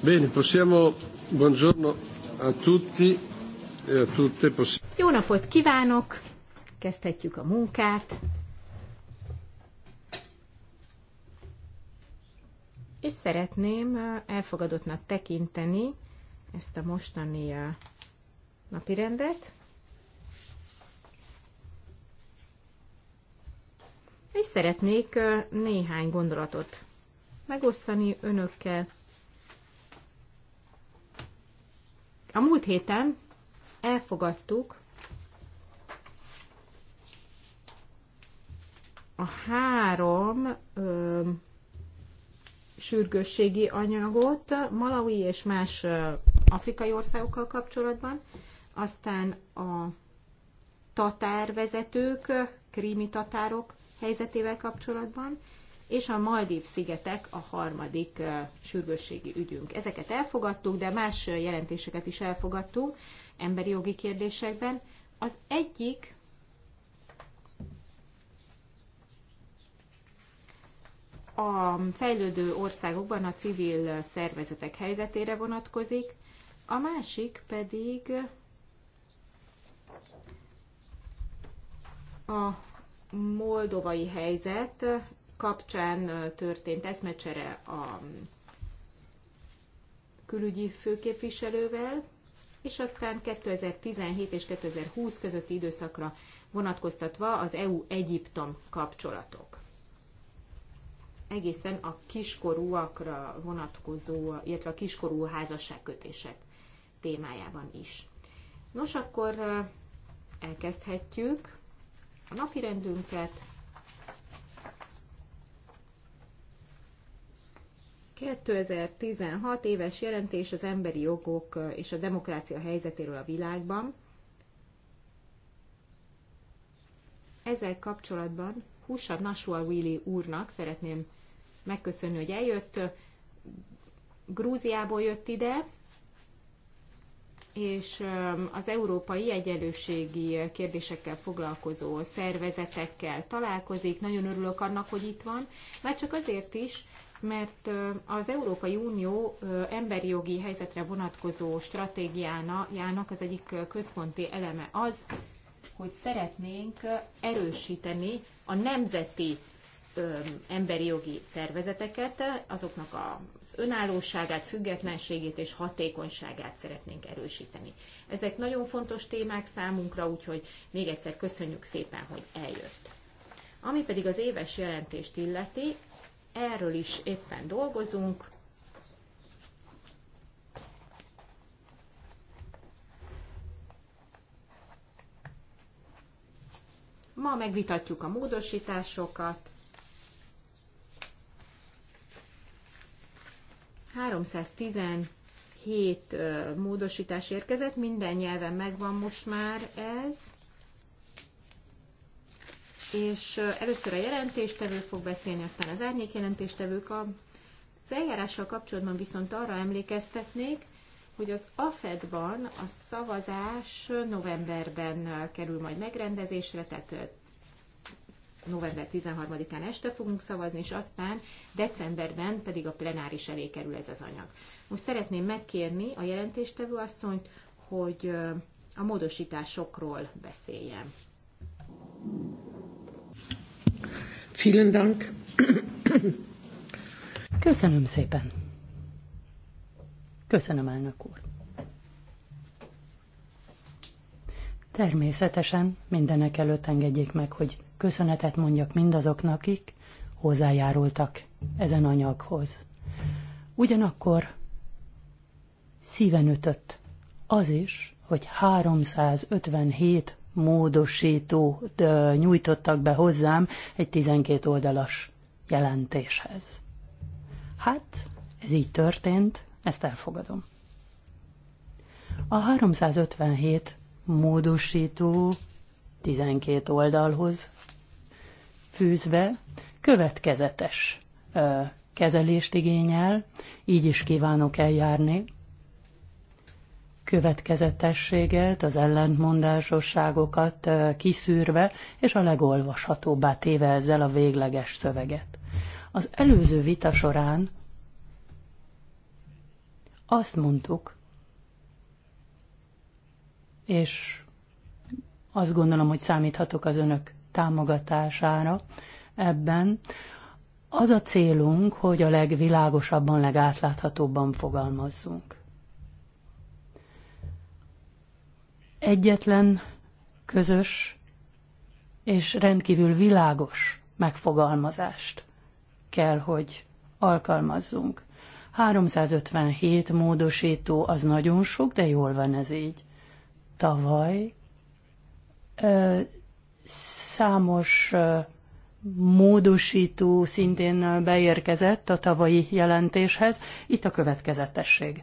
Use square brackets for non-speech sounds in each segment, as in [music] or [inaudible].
Bene, possiamo... Buongiorno a tutti e a tutte. Jó napot kívánok! Kezdhetjük a munkát. És szeretném elfogadottnak tekinteni ezt a mostani napirendet. És szeretnék néhány gondolatot megosztani önökkel. A múlt héten elfogadtuk a három ö, sürgősségi anyagot Malawi és más ö, afrikai országokkal kapcsolatban, aztán a tatárvezetők, krími tatárok helyzetével kapcsolatban, és a Maldív-szigetek a harmadik sürgősségi ügyünk. Ezeket elfogadtuk, de más jelentéseket is elfogadtunk emberi jogi kérdésekben. Az egyik a fejlődő országokban a civil szervezetek helyzetére vonatkozik, a másik pedig a moldovai helyzet, kapcsán történt eszmecsere a külügyi főképviselővel, és aztán 2017 és 2020 közötti időszakra vonatkoztatva az EU-Egyiptom kapcsolatok. Egészen a kiskorúakra vonatkozó, illetve a kiskorú házasságkötések témájában is. Nos, akkor elkezdhetjük a napirendünket. 2016 éves jelentés az emberi jogok és a demokrácia helyzetéről a világban. Ezzel kapcsolatban Húsabb Nasua Willy úrnak szeretném megköszönni, hogy eljött. Grúziából jött ide, és az európai egyenlőségi kérdésekkel foglalkozó szervezetekkel találkozik. Nagyon örülök annak, hogy itt van, már csak azért is, mert az Európai Unió emberi jogi helyzetre vonatkozó stratégiának az egyik központi eleme az, hogy szeretnénk erősíteni a nemzeti emberi jogi szervezeteket, azoknak az önállóságát, függetlenségét és hatékonyságát szeretnénk erősíteni. Ezek nagyon fontos témák számunkra, úgyhogy még egyszer köszönjük szépen, hogy eljött. Ami pedig az éves jelentést illeti, erről is éppen dolgozunk. Ma megvitatjuk a módosításokat. 317 módosítás érkezett, minden nyelven megvan most már ez és először a jelentéstevő fog beszélni, aztán az árnyék jelentéstevők. Az eljárással kapcsolatban viszont arra emlékeztetnék, hogy az AFED-ban a szavazás novemberben kerül majd megrendezésre, tehát november 13-án este fogunk szavazni, és aztán decemberben pedig a plenáris elé kerül ez az anyag. Most szeretném megkérni a jelentéstevő asszonyt, hogy a módosításokról beszéljen. Vielen Dank. Köszönöm szépen. Köszönöm, elnök úr. Természetesen mindenek előtt engedjék meg, hogy köszönetet mondjak mindazoknak, akik hozzájárultak ezen anyaghoz. Ugyanakkor szíven ütött az is, hogy 357 Módosító nyújtottak be hozzám egy 12 oldalas jelentéshez. Hát, ez így történt, ezt elfogadom. A 357 módosító 12 oldalhoz fűzve következetes ö, kezelést igényel, így is kívánok eljárni következetességet, az ellentmondásosságokat kiszűrve, és a legolvashatóbbá téve ezzel a végleges szöveget. Az előző vita során azt mondtuk, és azt gondolom, hogy számíthatok az önök támogatására ebben. Az a célunk, hogy a legvilágosabban, legátláthatóbban fogalmazzunk. egyetlen közös és rendkívül világos megfogalmazást kell, hogy alkalmazzunk. 357 módosító az nagyon sok, de jól van ez így. Tavaly ö, számos ö, módosító szintén beérkezett a tavalyi jelentéshez. Itt a következetesség.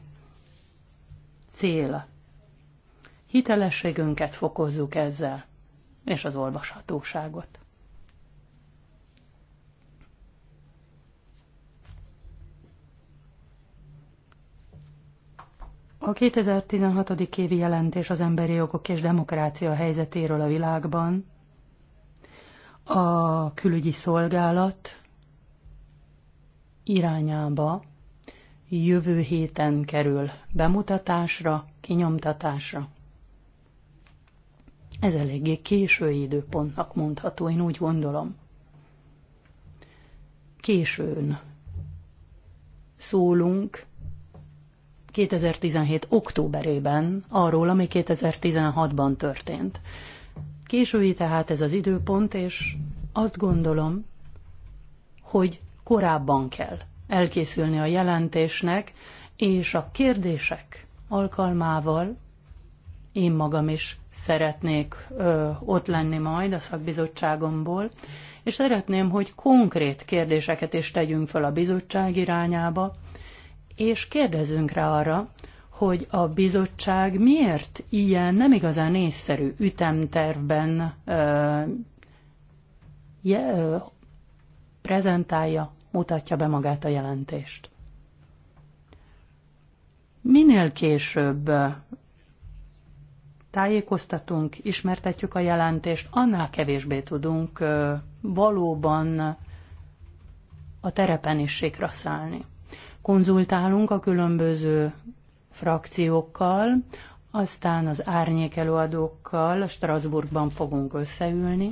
Cél Hitelességünket fokozzuk ezzel, és az olvashatóságot. A 2016. évi jelentés az emberi jogok és demokrácia helyzetéről a világban a külügyi szolgálat irányába jövő héten kerül bemutatásra, kinyomtatásra. Ez eléggé késői időpontnak mondható, én úgy gondolom. Későn szólunk 2017. októberében arról, ami 2016-ban történt. Késői tehát ez az időpont, és azt gondolom, hogy korábban kell elkészülni a jelentésnek, és a kérdések alkalmával én magam is szeretnék ö, ott lenni majd a szakbizottságomból, és szeretném, hogy konkrét kérdéseket is tegyünk fel a bizottság irányába, és kérdezzünk rá arra, hogy a bizottság miért ilyen nem igazán észszerű ütemtervben ö, je, ö, prezentálja, mutatja be magát a jelentést. Minél később tájékoztatunk, ismertetjük a jelentést, annál kevésbé tudunk valóban a terepen is sikra szállni. Konzultálunk a különböző frakciókkal, aztán az árnyék előadókkal Strasbourgban fogunk összeülni.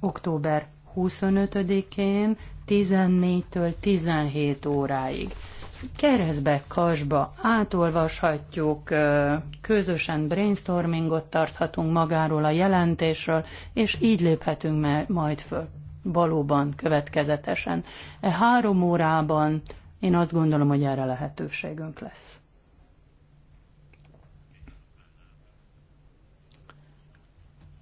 Október 25-én 14-től 17 óráig keresztbe, kasba átolvashatjuk, közösen brainstormingot tarthatunk magáról a jelentésről, és így léphetünk majd föl valóban következetesen. E három órában én azt gondolom, hogy erre lehetőségünk lesz.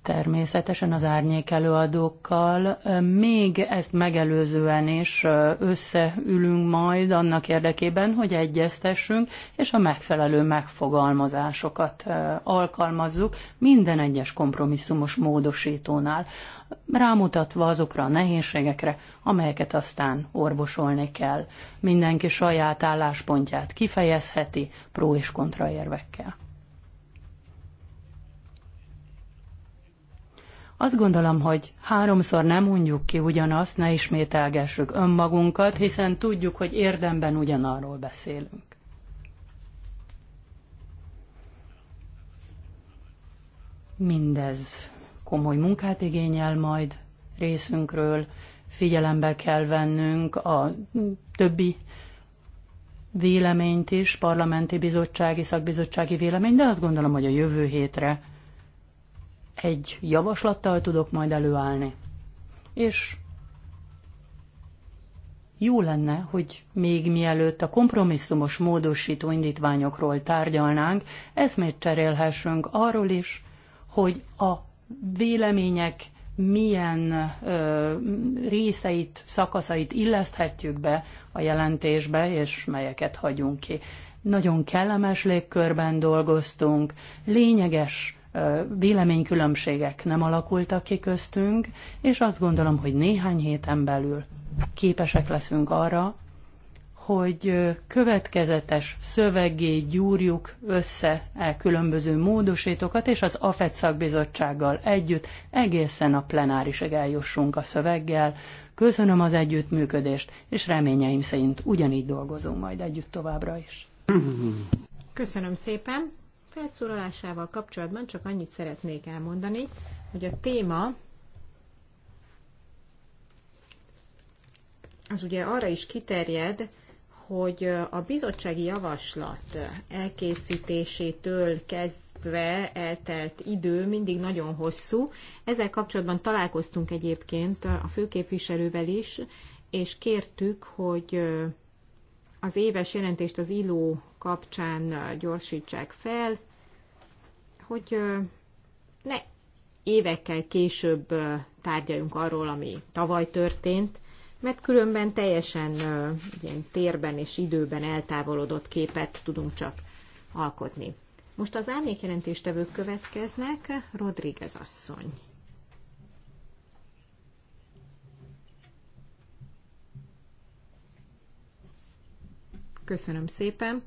természetesen az árnyék előadókkal. Még ezt megelőzően is összeülünk majd annak érdekében, hogy egyeztessünk, és a megfelelő megfogalmazásokat alkalmazzuk minden egyes kompromisszumos módosítónál, rámutatva azokra a nehézségekre, amelyeket aztán orvosolni kell. Mindenki saját álláspontját kifejezheti pró és kontraérvekkel. Azt gondolom, hogy háromszor nem mondjuk ki ugyanazt, ne ismételgessük önmagunkat, hiszen tudjuk, hogy érdemben ugyanarról beszélünk. Mindez komoly munkát igényel majd részünkről, figyelembe kell vennünk a többi véleményt is, parlamenti bizottsági, szakbizottsági véleményt, de azt gondolom, hogy a jövő hétre egy javaslattal tudok majd előállni. És jó lenne, hogy még mielőtt a kompromisszumos módosító indítványokról tárgyalnánk, eszmét cserélhessünk arról is, hogy a vélemények milyen ö, részeit, szakaszait illeszthetjük be a jelentésbe, és melyeket hagyunk ki. Nagyon kellemes légkörben dolgoztunk, lényeges véleménykülönbségek nem alakultak ki köztünk, és azt gondolom, hogy néhány héten belül képesek leszünk arra, hogy következetes szövegé gyúrjuk össze e különböző módosítókat, és az AFET szakbizottsággal együtt egészen a plenárisig eljussunk a szöveggel. Köszönöm az együttműködést, és reményeim szerint ugyanígy dolgozunk majd együtt továbbra is. Köszönöm szépen! felszólalásával kapcsolatban csak annyit szeretnék elmondani, hogy a téma az ugye arra is kiterjed, hogy a bizottsági javaslat elkészítésétől kezdve eltelt idő mindig nagyon hosszú. Ezzel kapcsolatban találkoztunk egyébként a főképviselővel is, és kértük, hogy az éves jelentést az ILO kapcsán gyorsítsák fel, hogy ne évekkel később tárgyaljunk arról, ami tavaly történt, mert különben teljesen ilyen térben és időben eltávolodott képet tudunk csak alkotni. Most az árnyékjelentéstevők következnek, Rodríguez asszony. Köszönöm szépen.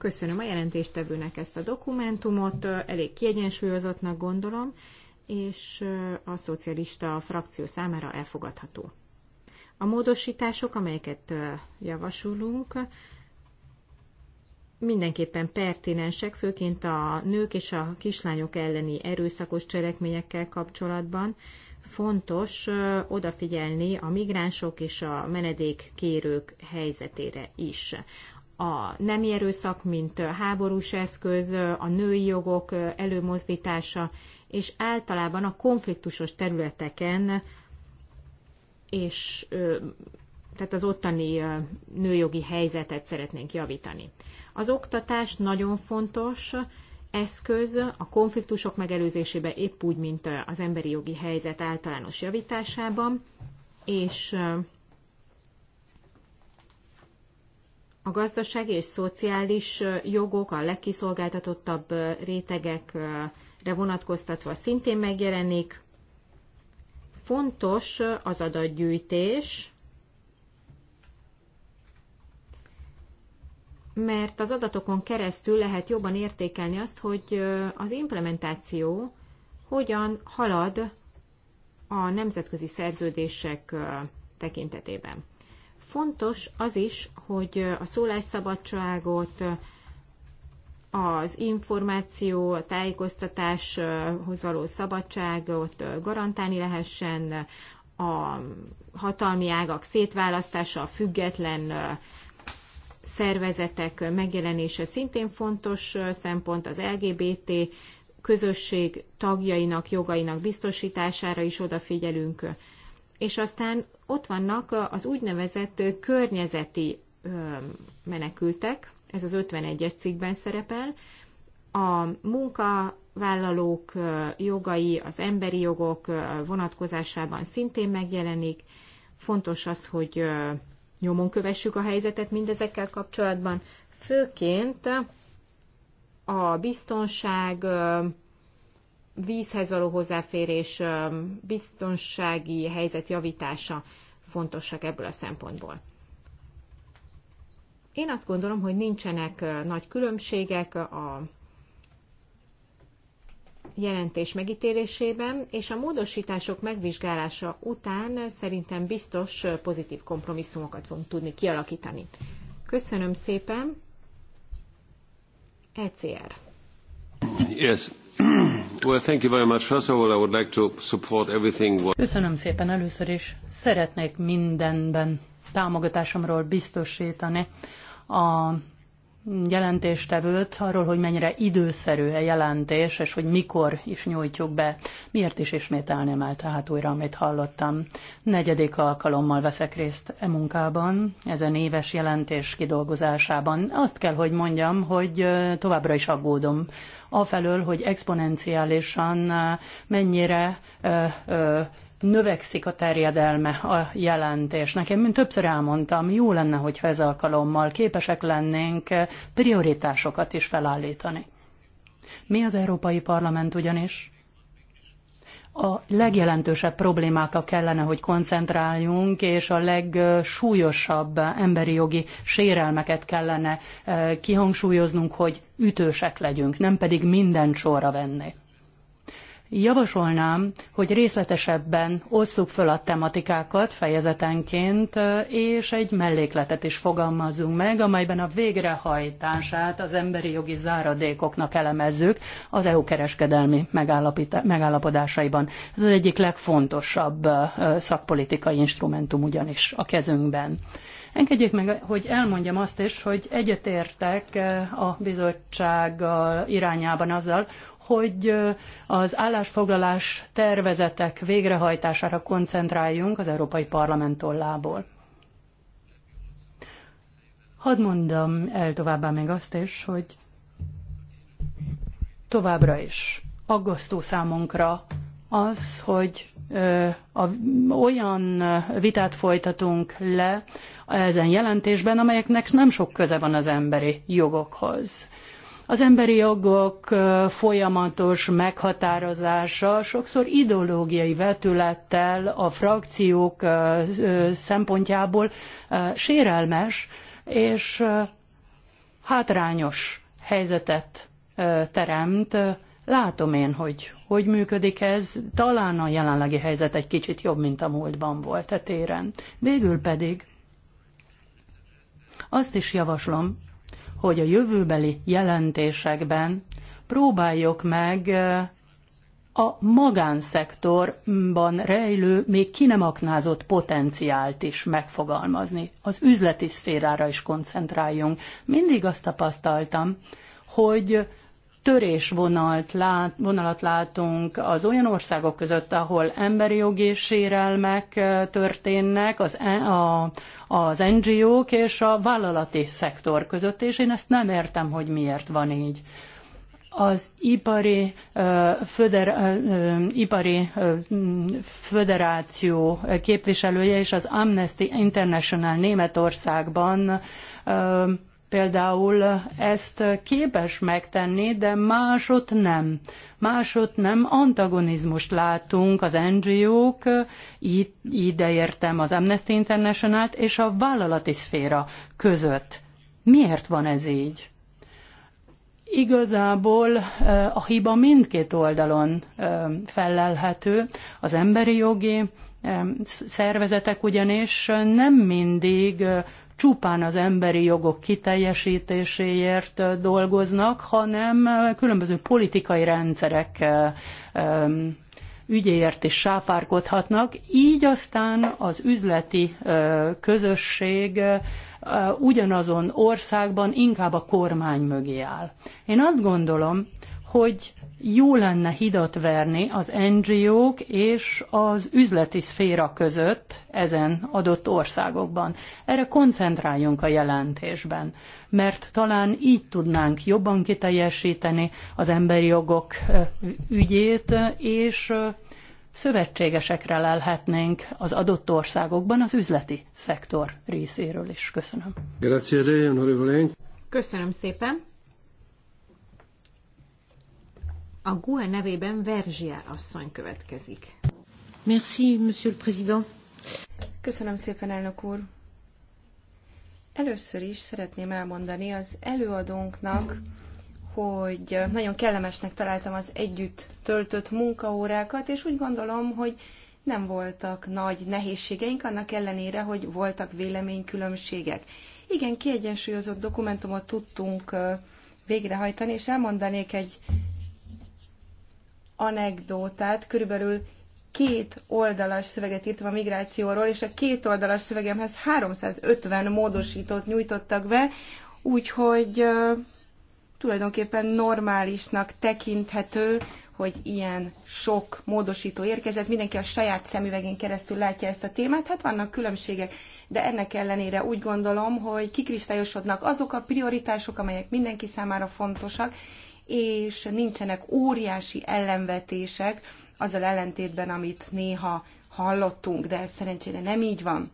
Köszönöm a jelentéstevőnek ezt a dokumentumot, elég kiegyensúlyozottnak gondolom, és a szocialista frakció számára elfogadható. A módosítások, amelyeket javasolunk, mindenképpen pertinensek, főként a nők és a kislányok elleni erőszakos cselekményekkel kapcsolatban. Fontos odafigyelni a migránsok és a menedékkérők helyzetére is a nem erőszak, mint háborús eszköz, a női jogok előmozdítása, és általában a konfliktusos területeken, és tehát az ottani nőjogi helyzetet szeretnénk javítani. Az oktatás nagyon fontos eszköz a konfliktusok megelőzésében, épp úgy, mint az emberi jogi helyzet általános javításában, és a gazdasági és szociális jogok a legkiszolgáltatottabb rétegekre vonatkoztatva szintén megjelenik. Fontos az adatgyűjtés, mert az adatokon keresztül lehet jobban értékelni azt, hogy az implementáció hogyan halad a nemzetközi szerződések tekintetében. Fontos az is, hogy a szólásszabadságot, az információ, a tájékoztatáshoz való szabadságot garantálni lehessen, a hatalmi ágak szétválasztása, a független szervezetek megjelenése szintén fontos szempont, az LGBT közösség tagjainak jogainak biztosítására is odafigyelünk, és aztán ott vannak az úgynevezett környezeti menekültek, ez az 51-es cikkben szerepel, a munkavállalók jogai, az emberi jogok vonatkozásában szintén megjelenik. Fontos az, hogy nyomon kövessük a helyzetet mindezekkel kapcsolatban, főként a biztonság, vízhez való hozzáférés, biztonsági helyzet javítása fontosak ebből a szempontból. Én azt gondolom, hogy nincsenek nagy különbségek a jelentés megítélésében, és a módosítások megvizsgálása után szerintem biztos pozitív kompromisszumokat fogunk tudni kialakítani. Köszönöm szépen. ECR. Yes. Köszönöm szépen először is. Szeretnék mindenben támogatásomról biztosítani a jelentéstevőt arról, hogy mennyire időszerű a jelentés, és hogy mikor is nyújtjuk be. Miért is ismételném el tehát újra, amit hallottam. Negyedik alkalommal veszek részt e munkában, ezen éves jelentés kidolgozásában. Azt kell, hogy mondjam, hogy továbbra is aggódom afelől, hogy exponenciálisan mennyire ö, ö, növekszik a terjedelme a jelentésnek. Én többször elmondtam, jó lenne, hogyha ez alkalommal képesek lennénk prioritásokat is felállítani. Mi az Európai Parlament ugyanis? a legjelentősebb problémákkal kellene, hogy koncentráljunk, és a legsúlyosabb emberi jogi sérelmeket kellene eh, kihangsúlyoznunk, hogy ütősek legyünk, nem pedig minden sorra venni. Javasolnám, hogy részletesebben osszuk föl a tematikákat fejezetenként, és egy mellékletet is fogalmazunk meg, amelyben a végrehajtását az emberi jogi záradékoknak elemezzük az EU kereskedelmi megállapodásaiban. Ez az egyik legfontosabb szakpolitikai instrumentum ugyanis a kezünkben. Engedjék meg, hogy elmondjam azt is, hogy egyetértek a bizottság irányában azzal, hogy az állásfoglalás tervezetek végrehajtására koncentráljunk az Európai Parlament tollából. Hadd mondom el továbbá még azt is, hogy továbbra is aggasztó számunkra az, hogy ö, a, olyan vitát folytatunk le ezen jelentésben, amelyeknek nem sok köze van az emberi jogokhoz. Az emberi jogok folyamatos meghatározása sokszor ideológiai vetülettel a frakciók szempontjából sérelmes és hátrányos helyzetet teremt. Látom én, hogy hogy működik ez. Talán a jelenlegi helyzet egy kicsit jobb, mint a múltban volt a téren. Végül pedig azt is javaslom, hogy a jövőbeli jelentésekben próbáljuk meg a magánszektorban rejlő, még ki nem aknázott potenciált is megfogalmazni. Az üzleti szférára is koncentráljunk. Mindig azt tapasztaltam, hogy törésvonalat lát, vonalat látunk az olyan országok között, ahol emberi jogi sérelmek történnek, az, e, a, az NGO-k és a vállalati szektor között, és én ezt nem értem, hogy miért van így az ipari, föder, ipari föderáció képviselője és az Amnesty International Németországban például ezt képes megtenni, de másot nem. Másot nem antagonizmust látunk az NGO-k, értem az Amnesty international és a vállalati szféra között. Miért van ez így? Igazából a hiba mindkét oldalon felelhető. Az emberi jogi szervezetek ugyanis nem mindig csupán az emberi jogok kiteljesítéséért dolgoznak, hanem különböző politikai rendszerek ügyéért is sáfárkodhatnak, így aztán az üzleti közösség ugyanazon országban inkább a kormány mögé áll. Én azt gondolom, hogy jó lenne hidat verni az NGO-k és az üzleti szféra között ezen adott országokban. Erre koncentráljunk a jelentésben, mert talán így tudnánk jobban kiteljesíteni az emberi jogok ügyét, és szövetségesekre lelhetnénk az adott országokban az üzleti szektor részéről is. Köszönöm. Grazie, Köszönöm szépen. A GUE nevében Verzsia asszony következik. Merci, monsieur le président. Köszönöm szépen, elnök úr. Először is szeretném elmondani az előadónknak, hogy nagyon kellemesnek találtam az együtt töltött munkaórákat, és úgy gondolom, hogy nem voltak nagy nehézségeink, annak ellenére, hogy voltak véleménykülönbségek. Igen, kiegyensúlyozott dokumentumot tudtunk végrehajtani, és elmondanék egy anekdótát, körülbelül két oldalas szöveget írtam a migrációról, és a két oldalas szövegemhez 350 módosítót nyújtottak be, úgyhogy tulajdonképpen normálisnak tekinthető, hogy ilyen sok módosító érkezett, mindenki a saját szemüvegén keresztül látja ezt a témát, hát vannak különbségek, de ennek ellenére úgy gondolom, hogy kikristályosodnak azok a prioritások, amelyek mindenki számára fontosak, és nincsenek óriási ellenvetések azzal ellentétben, amit néha hallottunk, de ez szerencsére nem így van.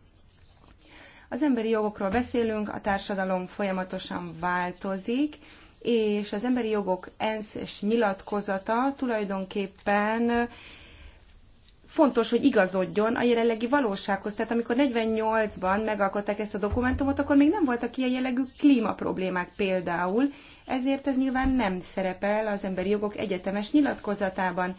Az emberi jogokról beszélünk, a társadalom folyamatosan változik, és az emberi jogok ENSZ es nyilatkozata tulajdonképpen fontos, hogy igazodjon a jelenlegi valósághoz. Tehát amikor 48-ban megalkották ezt a dokumentumot, akkor még nem voltak ilyen jellegű klímaproblémák például, ezért ez nyilván nem szerepel az emberi jogok egyetemes nyilatkozatában.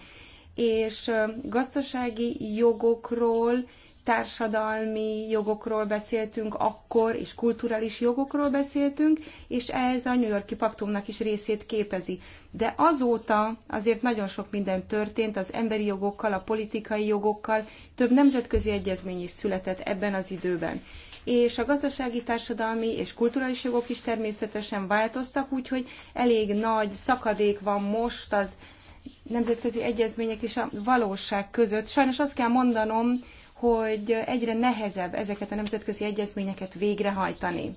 És gazdasági jogokról társadalmi jogokról beszéltünk akkor, és kulturális jogokról beszéltünk, és ez a New Yorki Paktumnak is részét képezi. De azóta azért nagyon sok minden történt az emberi jogokkal, a politikai jogokkal, több nemzetközi egyezmény is született ebben az időben. És a gazdasági, társadalmi és kulturális jogok is természetesen változtak, úgyhogy elég nagy szakadék van most az nemzetközi egyezmények és a valóság között. Sajnos azt kell mondanom, hogy egyre nehezebb ezeket a nemzetközi egyezményeket végrehajtani.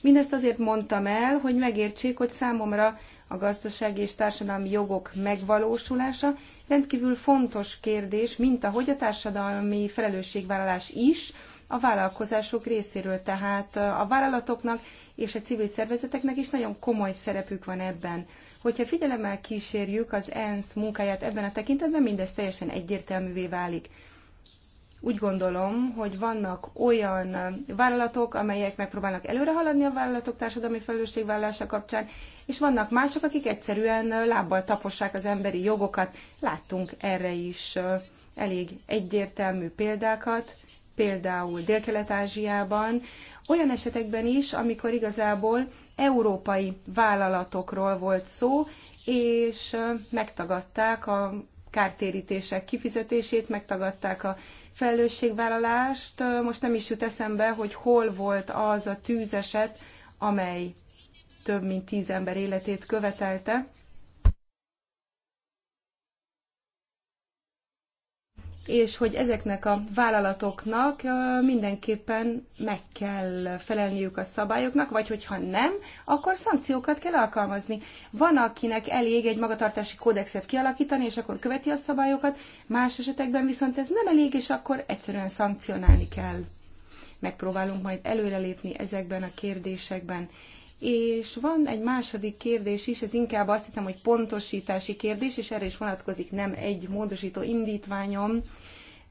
Mindezt azért mondtam el, hogy megértsék, hogy számomra a gazdasági és társadalmi jogok megvalósulása rendkívül fontos kérdés, mint ahogy a társadalmi felelősségvállalás is a vállalkozások részéről. Tehát a vállalatoknak és a civil szervezeteknek is nagyon komoly szerepük van ebben. Hogyha figyelemmel kísérjük az ENSZ munkáját ebben a tekintetben, mindez teljesen egyértelművé válik úgy gondolom, hogy vannak olyan vállalatok, amelyek megpróbálnak előre haladni a vállalatok társadalmi felelősségvállalása kapcsán, és vannak mások, akik egyszerűen lábbal tapossák az emberi jogokat. Láttunk erre is elég egyértelmű példákat, például Dél-Kelet-Ázsiában, olyan esetekben is, amikor igazából európai vállalatokról volt szó, és megtagadták a kártérítések kifizetését, megtagadták a felelősségvállalást. Most nem is jut eszembe, hogy hol volt az a tűzeset, amely több mint tíz ember életét követelte. és hogy ezeknek a vállalatoknak mindenképpen meg kell felelniük a szabályoknak, vagy hogyha nem, akkor szankciókat kell alkalmazni. Van, akinek elég egy magatartási kódexet kialakítani, és akkor követi a szabályokat, más esetekben viszont ez nem elég, és akkor egyszerűen szankcionálni kell. Megpróbálunk majd előrelépni ezekben a kérdésekben. És van egy második kérdés is, ez inkább azt hiszem, hogy pontosítási kérdés, és erre is vonatkozik nem egy módosító indítványom.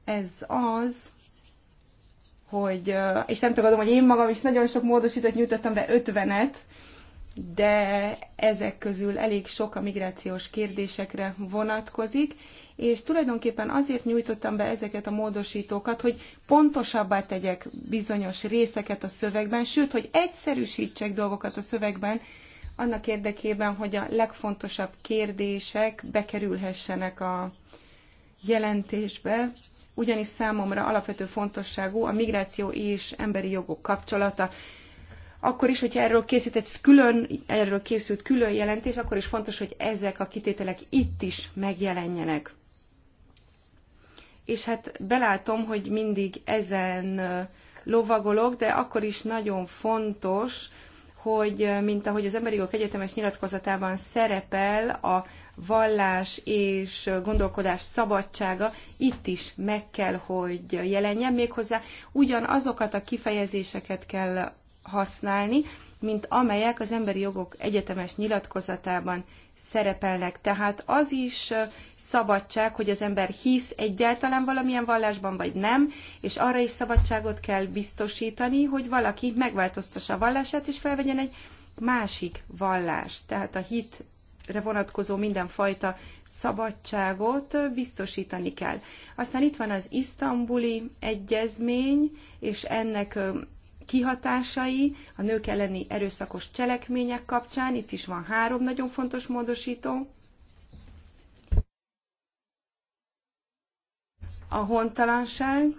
Ez az, hogy, és nem tagadom, hogy én magam is nagyon sok módosítót nyújtottam be, 50-et, de ezek közül elég sok a migrációs kérdésekre vonatkozik, és tulajdonképpen azért nyújtottam be ezeket a módosítókat, hogy pontosabbá tegyek bizonyos részeket a szövegben, sőt, hogy egyszerűsítsek dolgokat a szövegben, annak érdekében, hogy a legfontosabb kérdések bekerülhessenek a jelentésbe, ugyanis számomra alapvető fontosságú a migráció és emberi jogok kapcsolata. Akkor is, hogyha erről készített külön, erről készült külön jelentés, akkor is fontos, hogy ezek a kitételek itt is megjelenjenek és hát belátom, hogy mindig ezen lovagolok, de akkor is nagyon fontos, hogy mint ahogy az Emberi Jogok Egyetemes nyilatkozatában szerepel a vallás és gondolkodás szabadsága itt is meg kell, hogy jelenjen méghozzá. Ugyanazokat a kifejezéseket kell használni, mint amelyek az emberi jogok egyetemes nyilatkozatában szerepelnek. Tehát az is szabadság, hogy az ember hisz egyáltalán valamilyen vallásban, vagy nem, és arra is szabadságot kell biztosítani, hogy valaki megváltoztassa a vallását, és felvegyen egy másik vallást. Tehát a hit vonatkozó mindenfajta szabadságot biztosítani kell. Aztán itt van az isztambuli egyezmény, és ennek kihatásai a nők elleni erőszakos cselekmények kapcsán. Itt is van három nagyon fontos módosító. A hontalanság,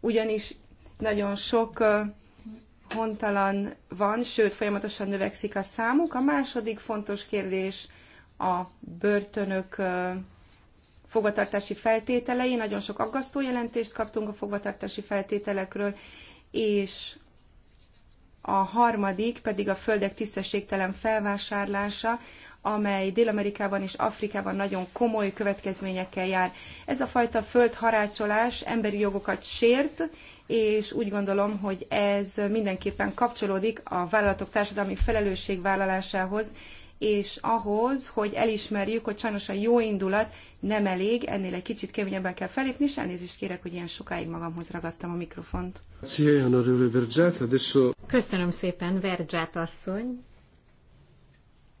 ugyanis nagyon sok hontalan van, sőt, folyamatosan növekszik a számuk. A második fontos kérdés a börtönök fogvatartási feltételei. Nagyon sok aggasztó jelentést kaptunk a fogvatartási feltételekről, és a harmadik pedig a földek tisztességtelen felvásárlása, amely Dél-Amerikában és Afrikában nagyon komoly következményekkel jár. Ez a fajta földharácsolás emberi jogokat sért, és úgy gondolom, hogy ez mindenképpen kapcsolódik a vállalatok társadalmi felelősségvállalásához, és ahhoz, hogy elismerjük, hogy sajnos a jó indulat nem elég, ennél egy kicsit keményebben kell felépni, és elnézést kérek, hogy ilyen sokáig magamhoz ragadtam a mikrofont. Köszönöm szépen, Vergyát asszony.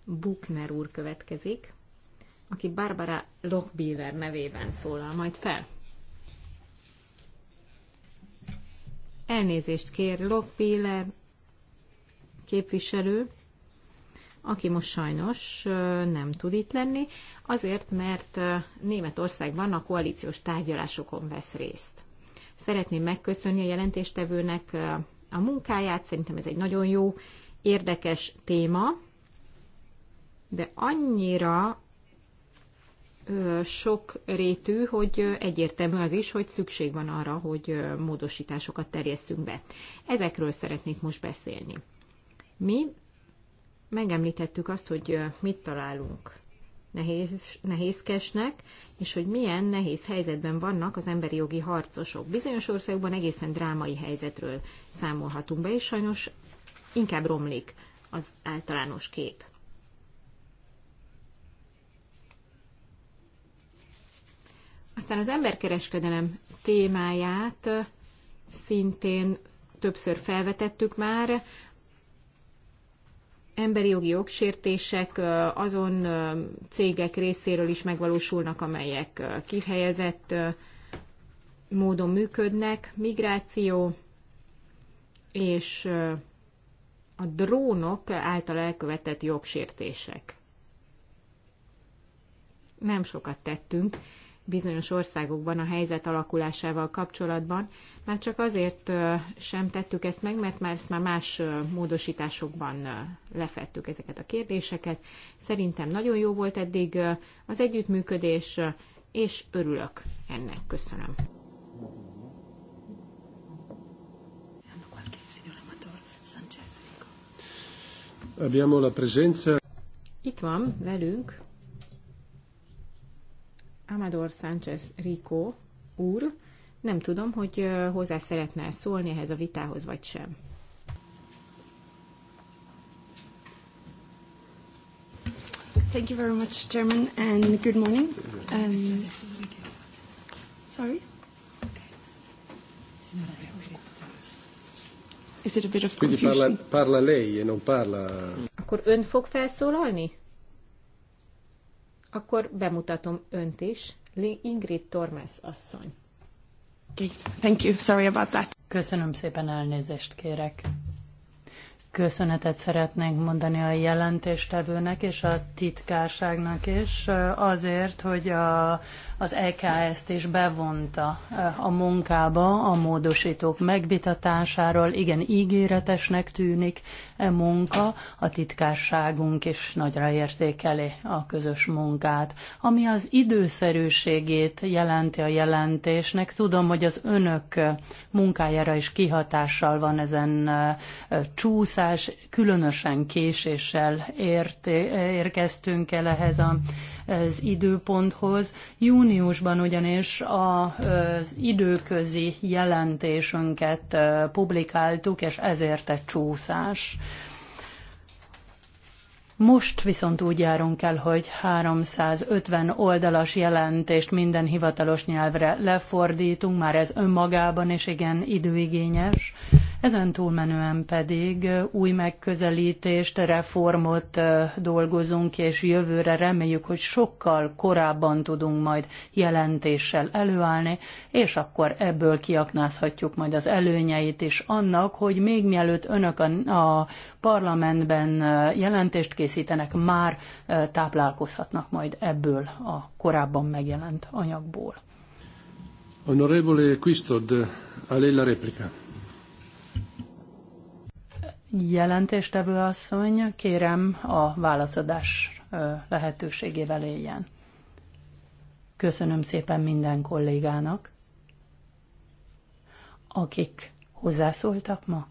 Buchner úr következik, aki Barbara Lochbieler nevében szólal majd fel. Elnézést kér Lochbieler képviselő, aki most sajnos nem tud itt lenni, azért, mert Németországban a koalíciós tárgyalásokon vesz részt. Szeretném megköszönni a jelentéstevőnek a munkáját, szerintem ez egy nagyon jó, érdekes téma, de annyira sok rétű, hogy egyértelmű az is, hogy szükség van arra, hogy módosításokat terjesszünk be. Ezekről szeretnék most beszélni. Mi megemlítettük azt, hogy mit találunk nehéz, nehézkesnek, és hogy milyen nehéz helyzetben vannak az emberi jogi harcosok. Bizonyos országokban egészen drámai helyzetről számolhatunk be, és sajnos inkább romlik az általános kép. Aztán az emberkereskedelem témáját szintén többször felvetettük már, emberi jogi jogsértések azon cégek részéről is megvalósulnak, amelyek kihelyezett módon működnek, migráció és a drónok által elkövetett jogsértések. Nem sokat tettünk bizonyos országokban a helyzet alakulásával kapcsolatban. Már csak azért sem tettük ezt meg, mert már ezt már más módosításokban lefettük ezeket a kérdéseket. Szerintem nagyon jó volt eddig az együttműködés, és örülök ennek. Köszönöm. Itt van velünk Amador Sánchez Rico úr, nem tudom, hogy hozzá szeretne szólni ehhez a vitához, vagy sem. Thank you very much, Chairman, and good morning. Um, sorry? Is it a bit of confusion? Quindi parla, parla lei e non parla... Akkor ön fog felszólalni? Akkor bemutatom önt is, Ingrid Tormes asszony. Thank you. Sorry about that. Köszönöm szépen, elnézést kérek köszönetet szeretnénk mondani a jelentéstevőnek és a titkárságnak is azért, hogy a, az EKS-t is bevonta a munkába a módosítók megvitatásáról. Igen, ígéretesnek tűnik e munka, a titkárságunk is nagyra értékeli a közös munkát. Ami az időszerűségét jelenti a jelentésnek, tudom, hogy az önök munkájára is kihatással van ezen csúszás, kutatás különösen késéssel ért, érkeztünk el ehhez a, az időponthoz. Júniusban ugyanis az időközi jelentésünket publikáltuk, és ezért egy csúszás most viszont úgy járunk el, hogy 350 oldalas jelentést minden hivatalos nyelvre lefordítunk, már ez önmagában is igen időigényes. Ezen túlmenően pedig új megközelítést, reformot dolgozunk, és jövőre reméljük, hogy sokkal korábban tudunk majd jelentéssel előállni, és akkor ebből kiaknázhatjuk majd az előnyeit is annak, hogy még mielőtt önök a, a parlamentben jelentést készítenek, már táplálkozhatnak majd ebből a korábban megjelent anyagból. Honorevole Quistod, a lei la replica. Jelentéstevő asszony, kérem a válaszadás lehetőségével éljen. Köszönöm szépen minden kollégának, akik hozzászóltak ma.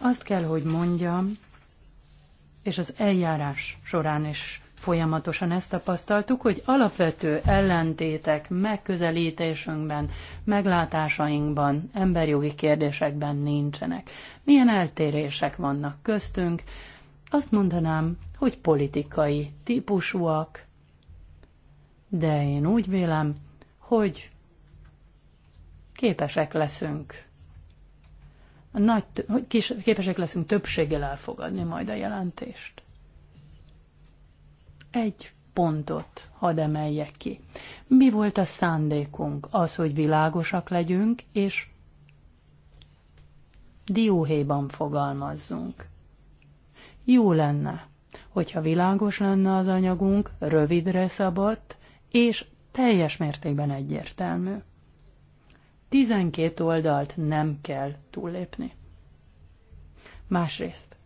Azt kell, hogy mondjam, és az eljárás során is folyamatosan ezt tapasztaltuk, hogy alapvető ellentétek megközelítésünkben, meglátásainkban, emberjogi kérdésekben nincsenek. Milyen eltérések vannak köztünk? Azt mondanám, hogy politikai típusúak, de én úgy vélem, hogy képesek leszünk nagy, hogy kis, képesek leszünk többséggel elfogadni majd a jelentést. Egy pontot hadd emeljek ki. Mi volt a szándékunk? Az, hogy világosak legyünk, és dióhéjban fogalmazzunk. Jó lenne, hogyha világos lenne az anyagunk, rövidre szabott, és teljes mértékben egyértelmű. 12 oldalt nem kell túllépni. Másrészt.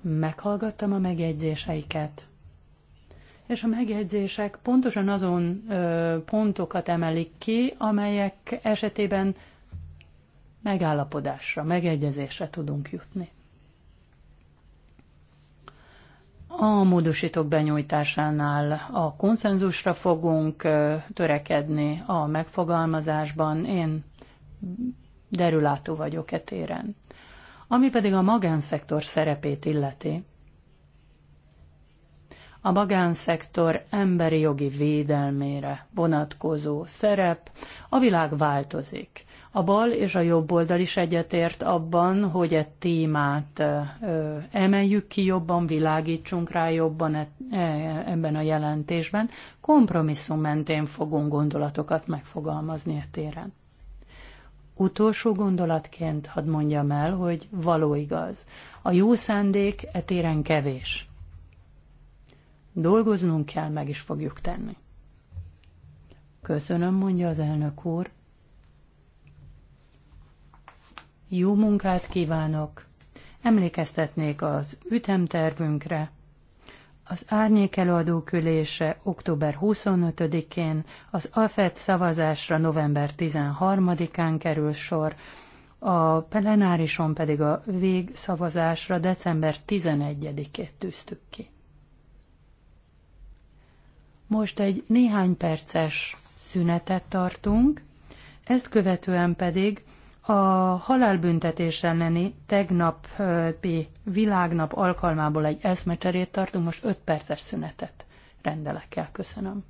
Meghallgattam a megjegyzéseiket, és a megjegyzések pontosan azon ö, pontokat emelik ki, amelyek esetében megállapodásra, megegyezésre tudunk jutni. A módosítók benyújtásánál a konszenzusra fogunk törekedni a megfogalmazásban. Én derülátó vagyok e téren. Ami pedig a magánszektor szerepét illeti, a magánszektor emberi jogi védelmére vonatkozó szerep, a világ változik. A bal és a jobb oldal is egyetért abban, hogy egy témát emeljük ki jobban, világítsunk rá jobban e, e, ebben a jelentésben. Kompromisszum mentén fogunk gondolatokat megfogalmazni a e téren. Utolsó gondolatként hadd mondjam el, hogy való igaz. A jó szándék e téren kevés. Dolgoznunk kell, meg is fogjuk tenni. Köszönöm, mondja az elnök úr. Jó munkát kívánok! Emlékeztetnék az ütemtervünkre. Az árnyék előadók október 25-én, az AFET szavazásra november 13-án kerül sor, a plenárison pedig a végszavazásra december 11-ét tűztük ki. Most egy néhány perces szünetet tartunk, ezt követően pedig a halálbüntetés elleni tegnapi világnap alkalmából egy eszmecserét tartunk, most 5 perces szünetet rendelek el. Köszönöm.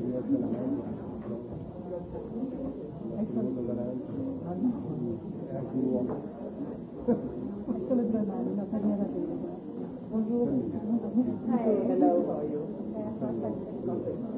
Hello, how are you?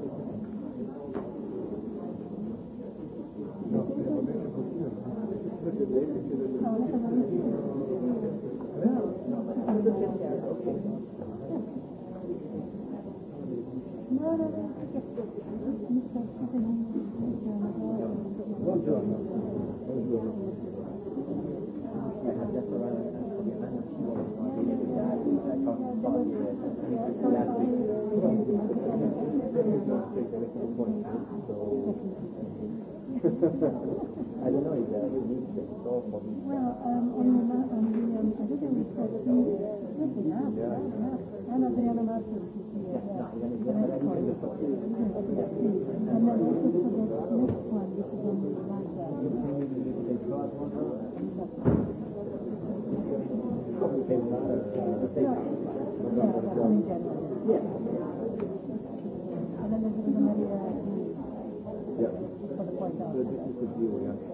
4.8, so I don't know if there are needs and so for me. Well, um, on the, on the um, I think we said that we good enough, yeah. right enough. And Adriana Martin is here. Yeah, yeah. yeah. yeah. yeah. yeah. yeah. yeah. And then this is for the next one, which is on the right there. You think they trust one another? Yeah, that's in general. Yeah. konklúziója.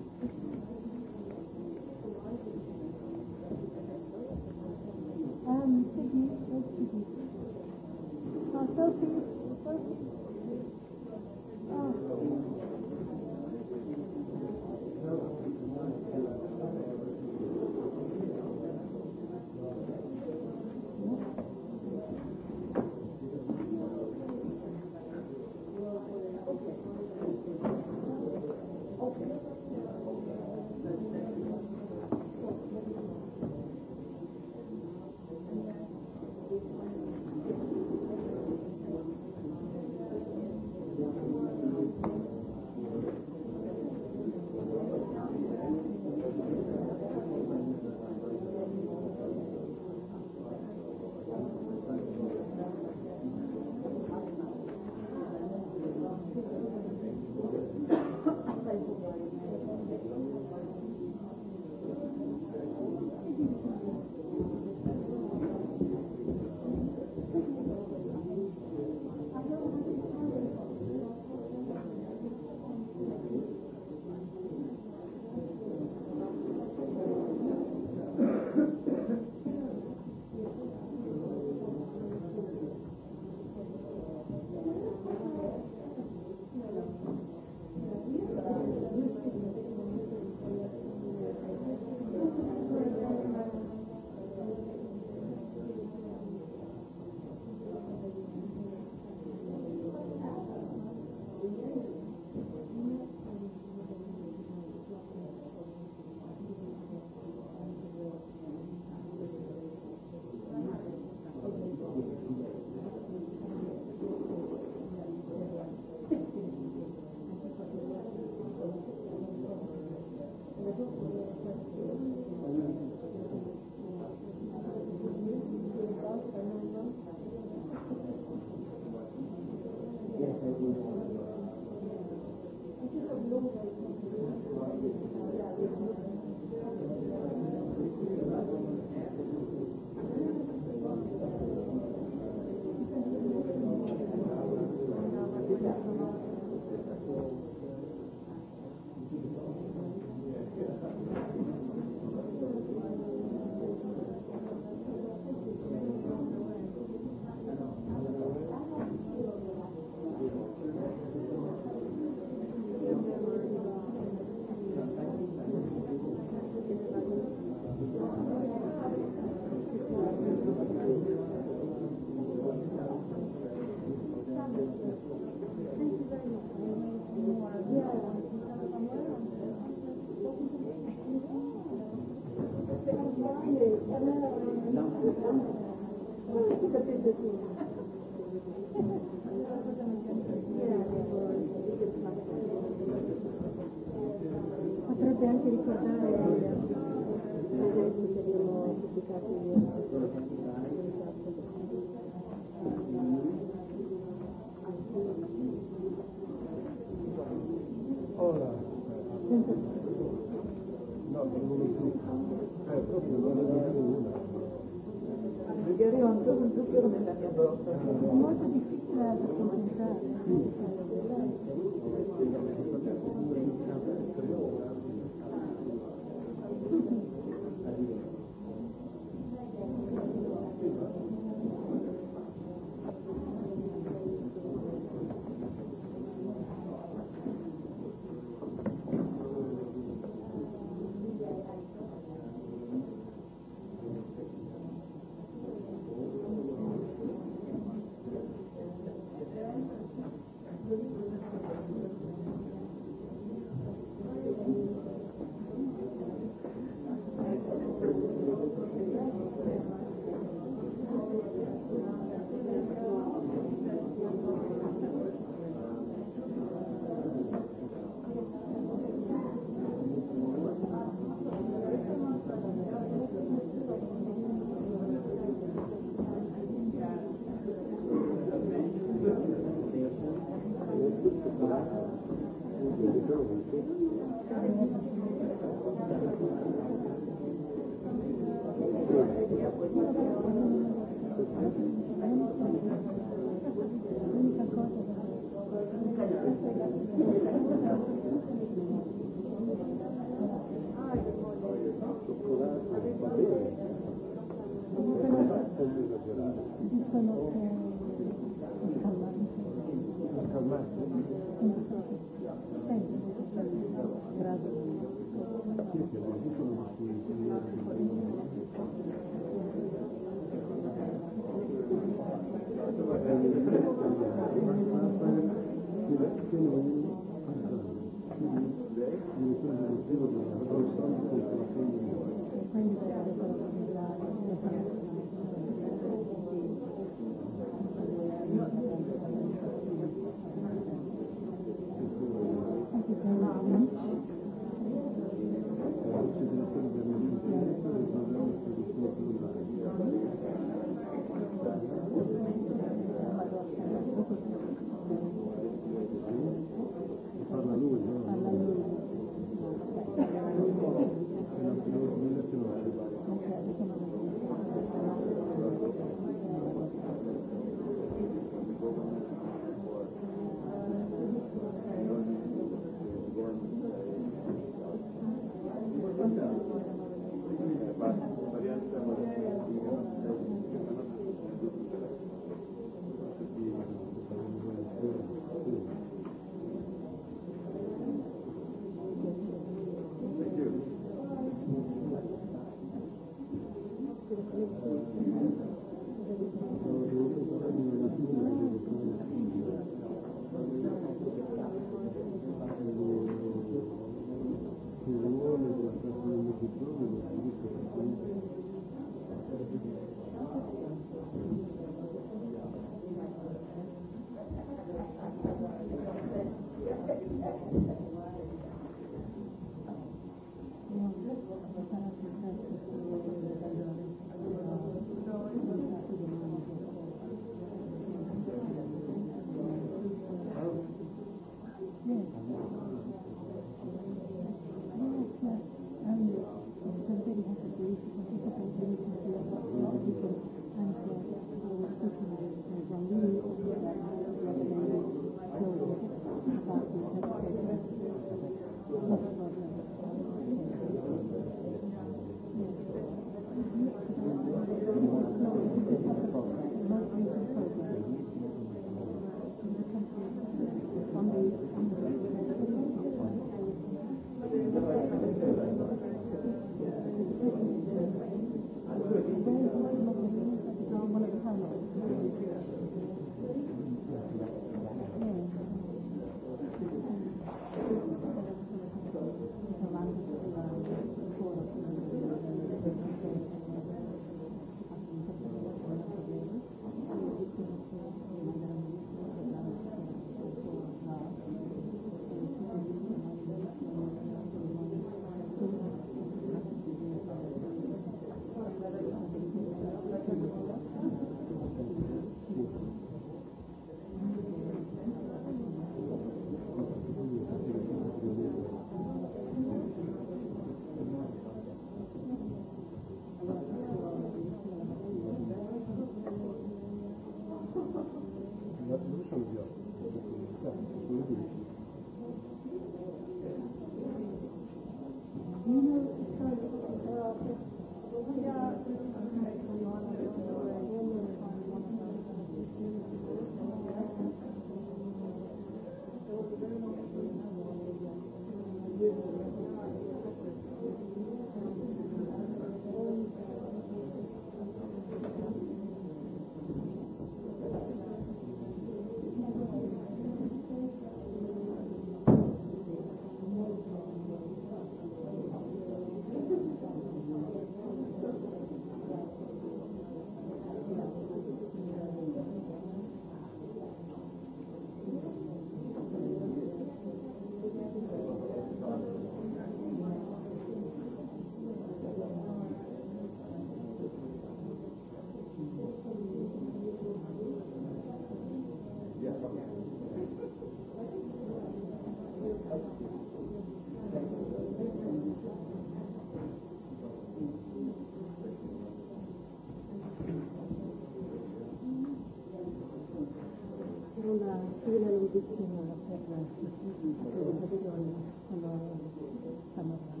Köszönöm.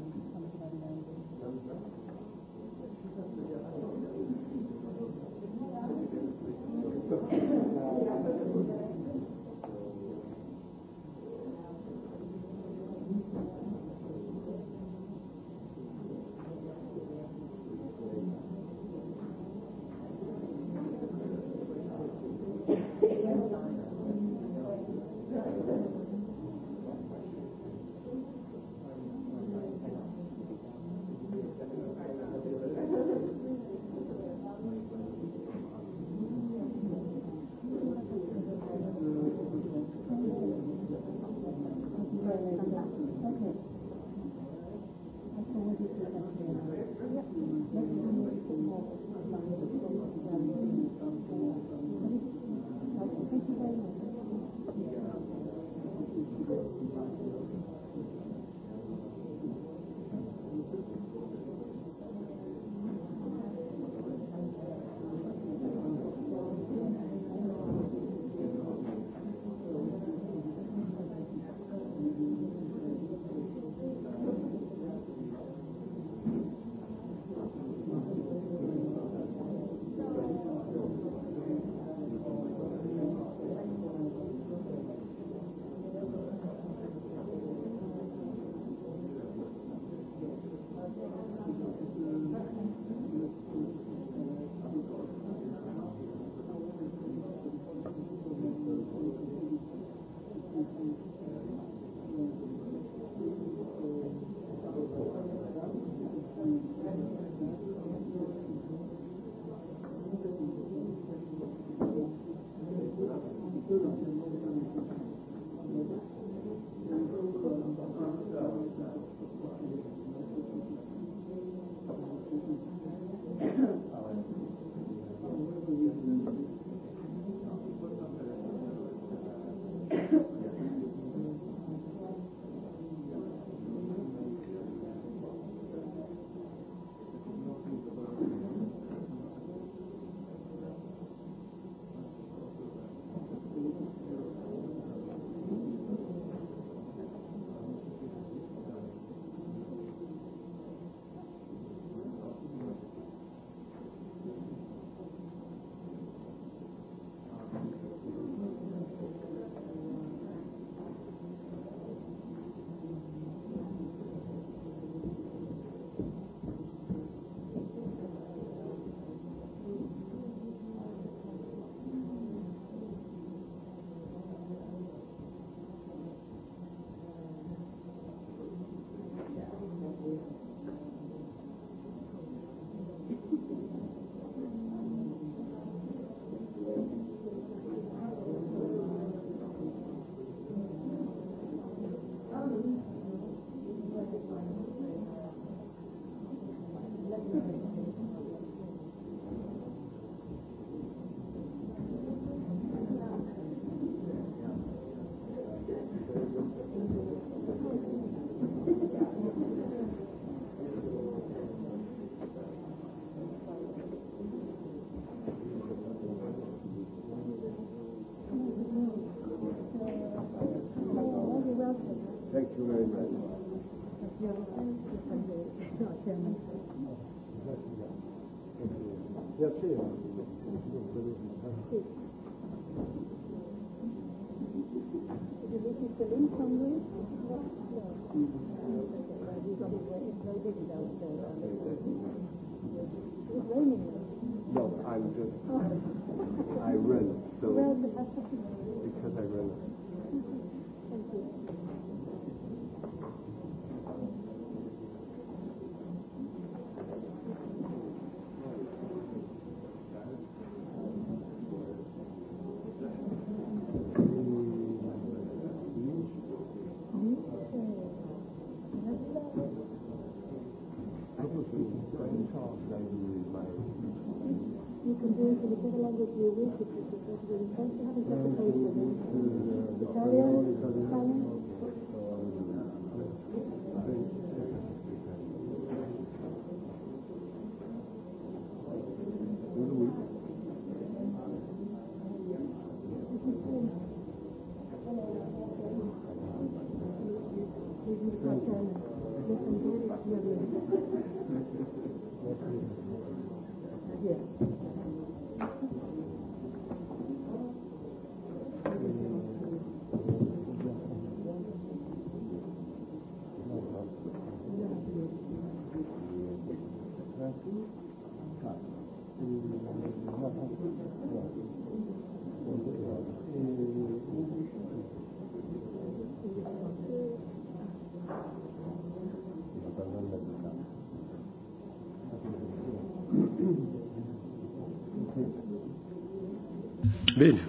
Bene.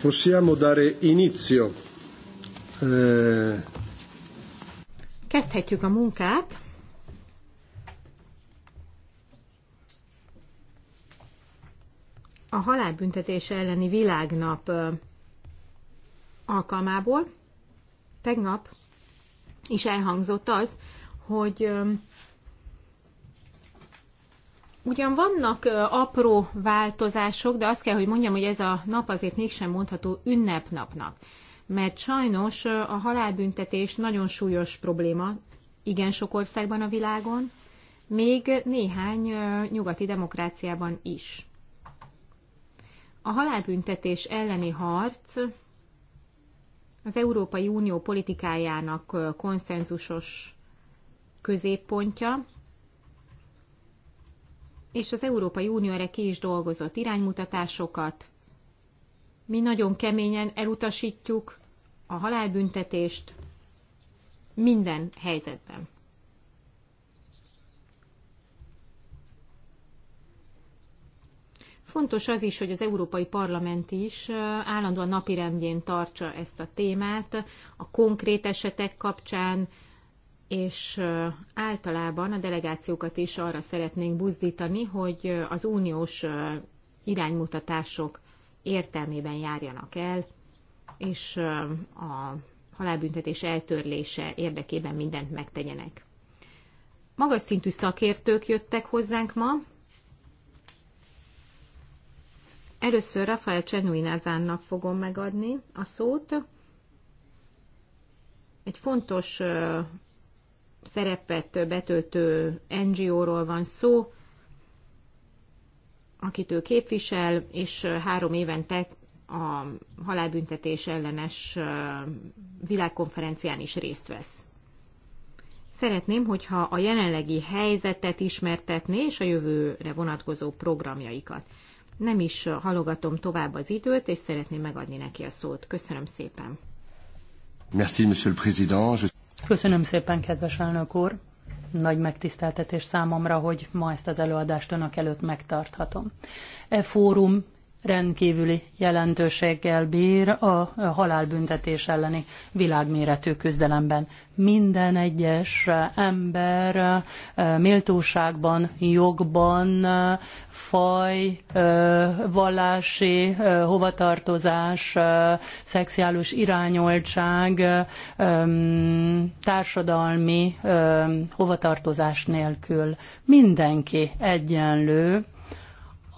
Possiamo dare inizio. Eh. Kezdhetjük a munkát. A halálbüntetés elleni világnap alkalmából tegnap is elhangzott az, hogy Ugyan vannak apró változások, de azt kell, hogy mondjam, hogy ez a nap azért mégsem mondható ünnepnapnak. Mert sajnos a halálbüntetés nagyon súlyos probléma igen sok országban a világon, még néhány nyugati demokráciában is. A halálbüntetés elleni harc az Európai Unió politikájának konszenzusos középpontja, és az Európai Unió erre ki is dolgozott iránymutatásokat. Mi nagyon keményen elutasítjuk a halálbüntetést minden helyzetben. Fontos az is, hogy az Európai Parlament is állandóan napirendjén tartsa ezt a témát a konkrét esetek kapcsán, és általában a delegációkat is arra szeretnénk buzdítani, hogy az uniós iránymutatások értelmében járjanak el, és a halálbüntetés eltörlése érdekében mindent megtegyenek. Magas szintű szakértők jöttek hozzánk ma. Először Rafael Csenuinázánnak fogom megadni a szót. Egy fontos szerepet betöltő NGO-ról van szó, akit ő képvisel, és három évente a halálbüntetés ellenes világkonferencián is részt vesz. Szeretném, hogyha a jelenlegi helyzetet ismertetné, és a jövőre vonatkozó programjaikat. Nem is halogatom tovább az időt, és szeretném megadni neki a szót. Köszönöm szépen. Merci, Monsieur le Président. Köszönöm szépen, kedves elnök úr! Nagy megtiszteltetés számomra, hogy ma ezt az előadást önök előtt megtarthatom. E fórum rendkívüli jelentőséggel bír a halálbüntetés elleni világméretű küzdelemben. Minden egyes ember méltóságban, jogban, faj, vallási hovatartozás, szexuális irányoltság, társadalmi hovatartozás nélkül mindenki egyenlő,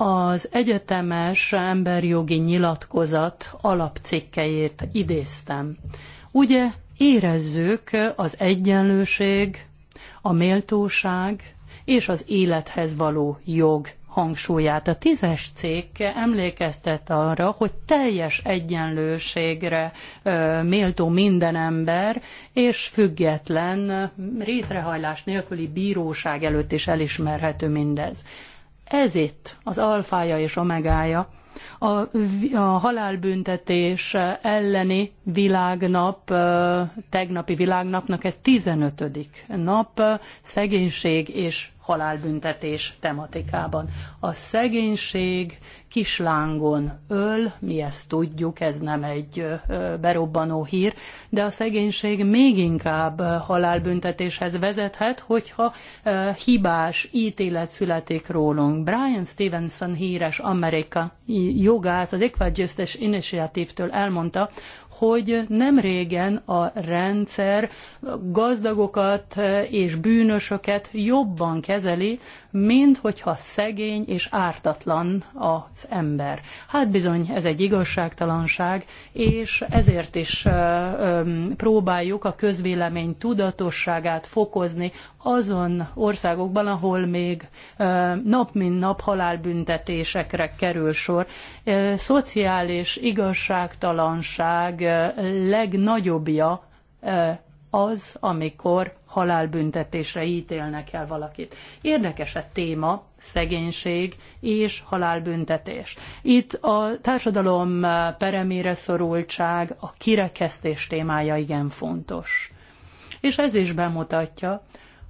az egyetemes emberjogi nyilatkozat alapcikkeit idéztem. Ugye érezzük az egyenlőség, a méltóság és az élethez való jog hangsúlyát. A tízes cikk emlékeztet arra, hogy teljes egyenlőségre méltó minden ember, és független részrehajlás nélküli bíróság előtt is elismerhető mindez. Ez itt az alfája és omegája a, a halálbüntetés elleni világnap, tegnapi világnapnak ez 15. nap, szegénység és halálbüntetés tematikában. A szegénység kislángon öl, mi ezt tudjuk, ez nem egy berobbanó hír, de a szegénység még inkább halálbüntetéshez vezethet, hogyha hibás ítélet születik rólunk. Brian Stevenson híres amerikai jogász az Equal Justice Initiative-től elmondta, hogy nem régen a rendszer gazdagokat és bűnösöket jobban kezeli, mint hogyha szegény és ártatlan az ember. Hát bizony, ez egy igazságtalanság, és ezért is próbáljuk a közvélemény tudatosságát fokozni azon országokban, ahol még nap mint nap halálbüntetésekre kerül sor. Szociális igazságtalanság legnagyobbja az, amikor halálbüntetésre ítélnek el valakit. Érdekes a téma, szegénység és halálbüntetés. Itt a társadalom peremére szorultság, a kirekesztés témája igen fontos. És ez is bemutatja,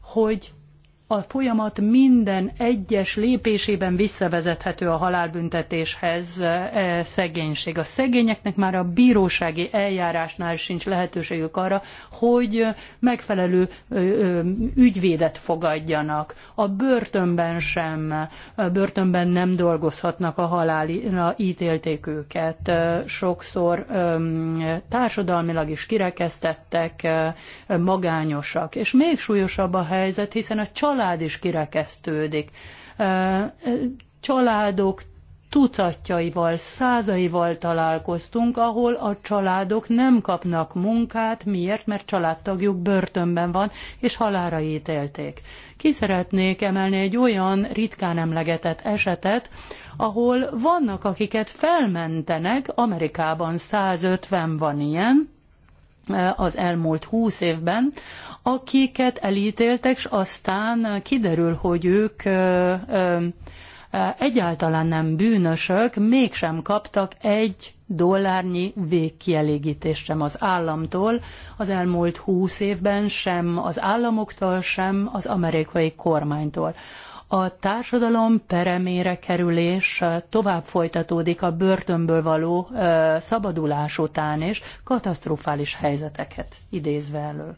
hogy a folyamat minden egyes lépésében visszavezethető a halálbüntetéshez e, szegénység. A szegényeknek már a bírósági eljárásnál sincs lehetőségük arra, hogy megfelelő ügyvédet fogadjanak. A börtönben sem, a börtönben nem dolgozhatnak a halálra ítélték őket. Sokszor társadalmilag is kirekesztettek, magányosak. És még súlyosabb a helyzet, hiszen a család család is kirekesztődik. Családok tucatjaival, százaival találkoztunk, ahol a családok nem kapnak munkát, miért? Mert családtagjuk börtönben van, és halára ítélték. Ki szeretnék emelni egy olyan ritkán emlegetett esetet, ahol vannak, akiket felmentenek, Amerikában 150 van ilyen, Eh, az elmúlt húsz évben, akiket elítéltek, és aztán kiderül, hogy ők eh, eh, egyáltalán nem bűnösök, mégsem kaptak egy dollárnyi végkielégítést sem az államtól, az elmúlt húsz évben sem az államoktól, sem az amerikai kormánytól a társadalom peremére kerülés tovább folytatódik a börtönből való szabadulás után is, katasztrofális helyzeteket idézve elő.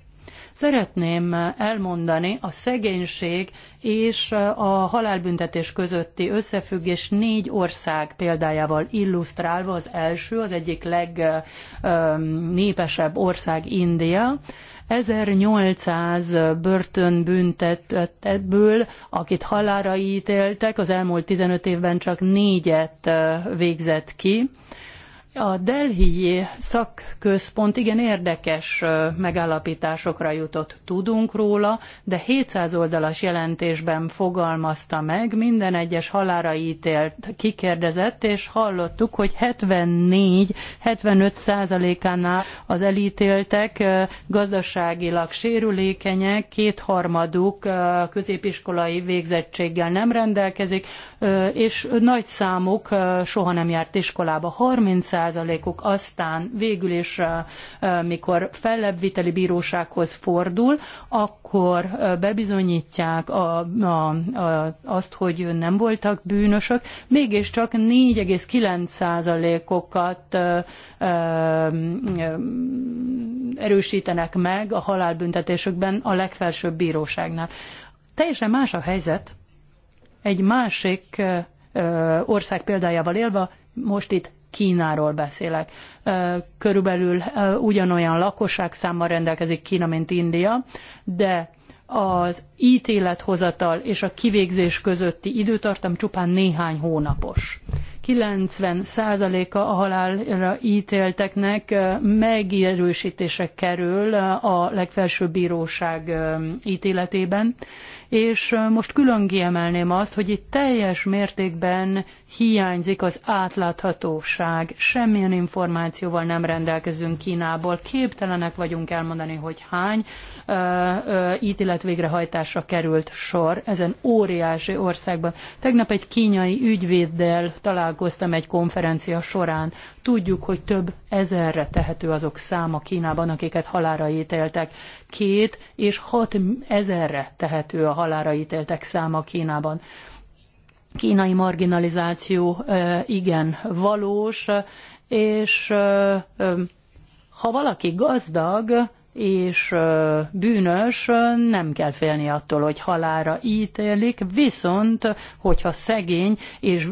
Szeretném elmondani a szegénység és a halálbüntetés közötti összefüggés négy ország példájával illusztrálva. Az első, az egyik legnépesebb ország India, 1800 börtönbüntetettből, akit halára ítéltek, az elmúlt 15 évben csak négyet végzett ki. A Delhi szakközpont igen érdekes megállapításokra jutott, tudunk róla, de 700 oldalas jelentésben fogalmazta meg, minden egyes halára ítélt, kikérdezett, és hallottuk, hogy 74-75 százalékánál az elítéltek gazdaságilag sérülékenyek, kétharmaduk középiskolai végzettséggel nem rendelkezik, és nagy számuk soha nem járt iskolába. 30 százalékuk aztán végül is, mikor fellebbviteli bírósághoz fordul, akkor bebizonyítják a, a, a, azt, hogy nem voltak bűnösök, mégiscsak 4,9 százalékokat erősítenek meg a halálbüntetésükben a legfelsőbb bíróságnál. Teljesen más a helyzet egy másik ország példájával élve, most itt Kínáról beszélek. Körülbelül ugyanolyan lakosság számmal rendelkezik Kína, mint India, de az ítélethozatal és a kivégzés közötti időtartam csupán néhány hónapos. 90%-a a halálra ítélteknek megerősítésre kerül a legfelsőbb bíróság ítéletében, és most külön kiemelném azt, hogy itt teljes mértékben hiányzik az átláthatóság, semmilyen információval nem rendelkezünk Kínából, képtelenek vagyunk elmondani, hogy hány ö, ö, ítélet végrehajtásra került sor ezen óriási országban. Tegnap egy kínai ügyvéddel találkoztam, találkoztam egy konferencia során. Tudjuk, hogy több ezerre tehető azok száma Kínában, akiket halára ítéltek. Két és hat ezerre tehető a halára ítéltek száma Kínában kínai marginalizáció igen valós, és ha valaki gazdag, és bűnös, nem kell félni attól, hogy halára ítélik, viszont hogyha szegény és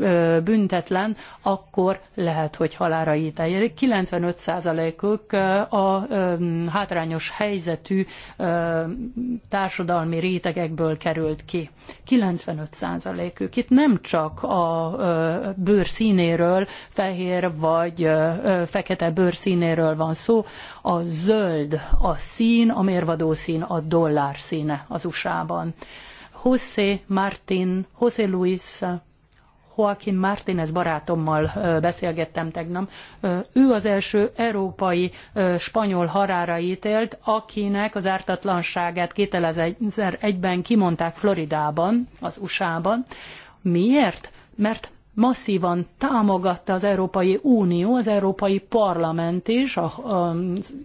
büntetlen, akkor lehet, hogy halára ítélik. 95%-uk a hátrányos helyzetű társadalmi rétegekből került ki. 95%-ük. Itt nem csak a bőr színéről, fehér vagy fekete bőr színéről van szó, a zöld, a a szín, a mérvadó szín, a dollár színe az USA-ban. José Martin, José Luis Joaquin ez barátommal beszélgettem tegnap. Ő az első európai spanyol harára ítélt, akinek az ártatlanságát 2001-ben kimondták Floridában, az USA-ban. Miért? Mert masszívan támogatta az Európai Unió, az Európai Parlament is, a, a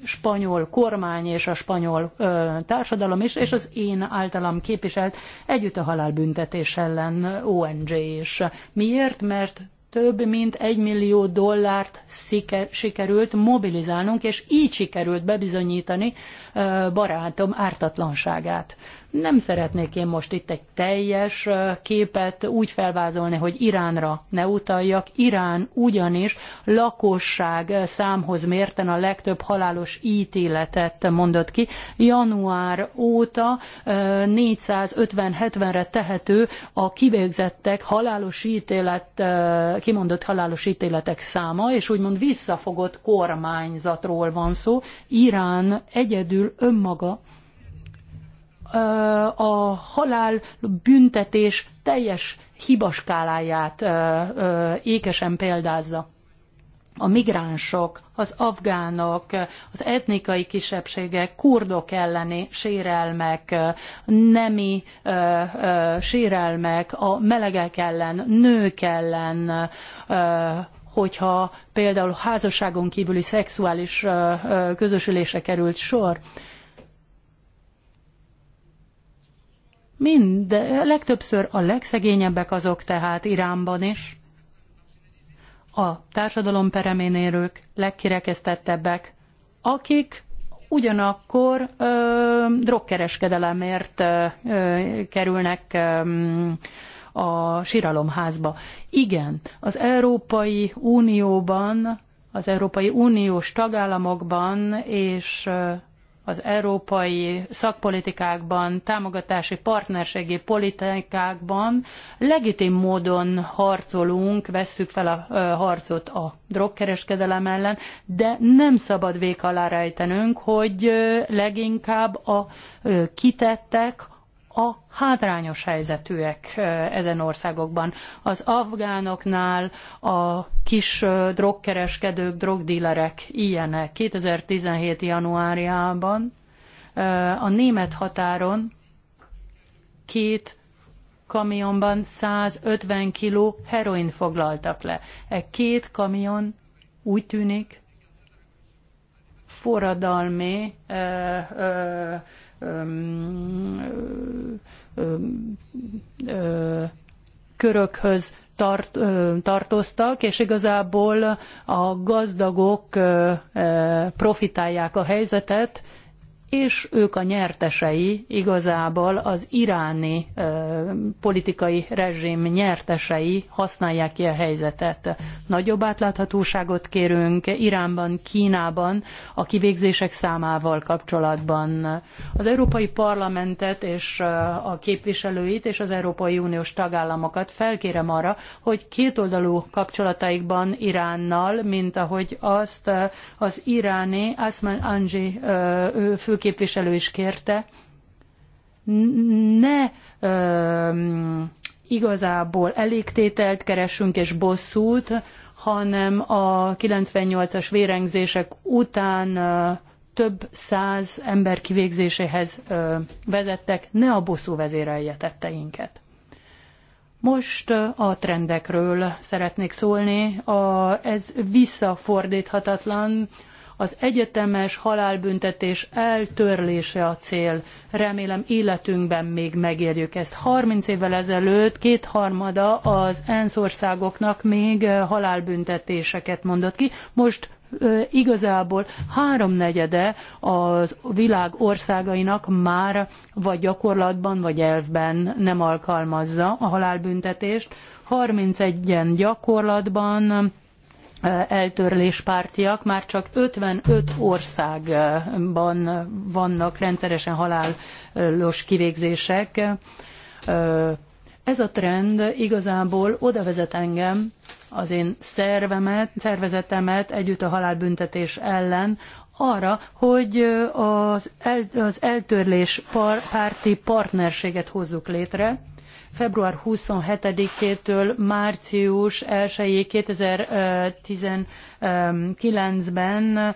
spanyol kormány és a spanyol ö, társadalom is, és az én általam képviselt együtt a halálbüntetés ellen ONG is. Miért? Mert több mint egy millió dollárt sziker, sikerült mobilizálnunk, és így sikerült bebizonyítani ö, barátom ártatlanságát. Nem szeretnék én most itt egy teljes képet úgy felvázolni, hogy Iránra ne utaljak. Irán ugyanis lakosság számhoz mérten a legtöbb halálos ítéletet mondott ki. Január óta 450-70-re tehető a kivégzettek halálos ítélet, kimondott halálos ítéletek száma, és úgymond visszafogott kormányzatról van szó. Irán egyedül önmaga a halál büntetés teljes hibaskáláját ékesen példázza. A migránsok, az afgánok, az etnikai kisebbségek, kurdok elleni sérelmek, nemi sérelmek, a melegek ellen, nők ellen, hogyha például házasságon kívüli szexuális közösülésre került sor, Mind, legtöbbször a legszegényebbek azok tehát Iránban is, a társadalom peremén érők, legkirekesztettebbek, akik ugyanakkor ö, drogkereskedelemért ö, ö, kerülnek ö, a síralomházba. Igen, az Európai Unióban, az Európai Uniós tagállamokban és az európai szakpolitikákban, támogatási partnerségi politikákban legitim módon harcolunk, vesszük fel a harcot a drogkereskedelem ellen, de nem szabad vék alá rejtenünk, hogy leginkább a kitettek, a hátrányos helyzetűek ezen országokban. Az afgánoknál a kis drogkereskedők, drogdílerek ilyenek. 2017. januárjában a német határon két kamionban 150 kg heroin foglaltak le. E két kamion úgy tűnik forradalmi ö, ö, körökhöz tart, tartoztak, és igazából a gazdagok profitálják a helyzetet, és ők a nyertesei igazából az iráni ö, politikai rezsim nyertesei használják ki a helyzetet. Nagyobb átláthatóságot kérünk Iránban, Kínában, a kivégzések számával kapcsolatban. Az Európai Parlamentet és a képviselőit és az Európai Uniós tagállamokat felkérem arra, hogy kétoldalú kapcsolataikban Iránnal, mint ahogy azt az iráni Asman Anji fő főképviselő is kérte, ne ö, igazából elégtételt keresünk és bosszút, hanem a 98-as vérengzések után ö, több száz ember kivégzéséhez ö, vezettek, ne a bosszú vezérelje tetteinket. Most a trendekről szeretnék szólni. A, ez visszafordíthatatlan az egyetemes halálbüntetés eltörlése a cél. Remélem életünkben még megérjük ezt. 30 évvel ezelőtt kétharmada az ENSZ országoknak még halálbüntetéseket mondott ki, most igazából háromnegyede a világ országainak már vagy gyakorlatban, vagy elvben nem alkalmazza a halálbüntetést. 31-en gyakorlatban eltörléspártiak, pártiak, már csak 55 országban vannak rendszeresen halálos kivégzések. Ez a trend igazából oda vezet engem, az én szervemet, szervezetemet együtt a halálbüntetés ellen, arra, hogy az, el, az eltörlés párti partnerséget hozzuk létre, február 27-től március 1 2019-ben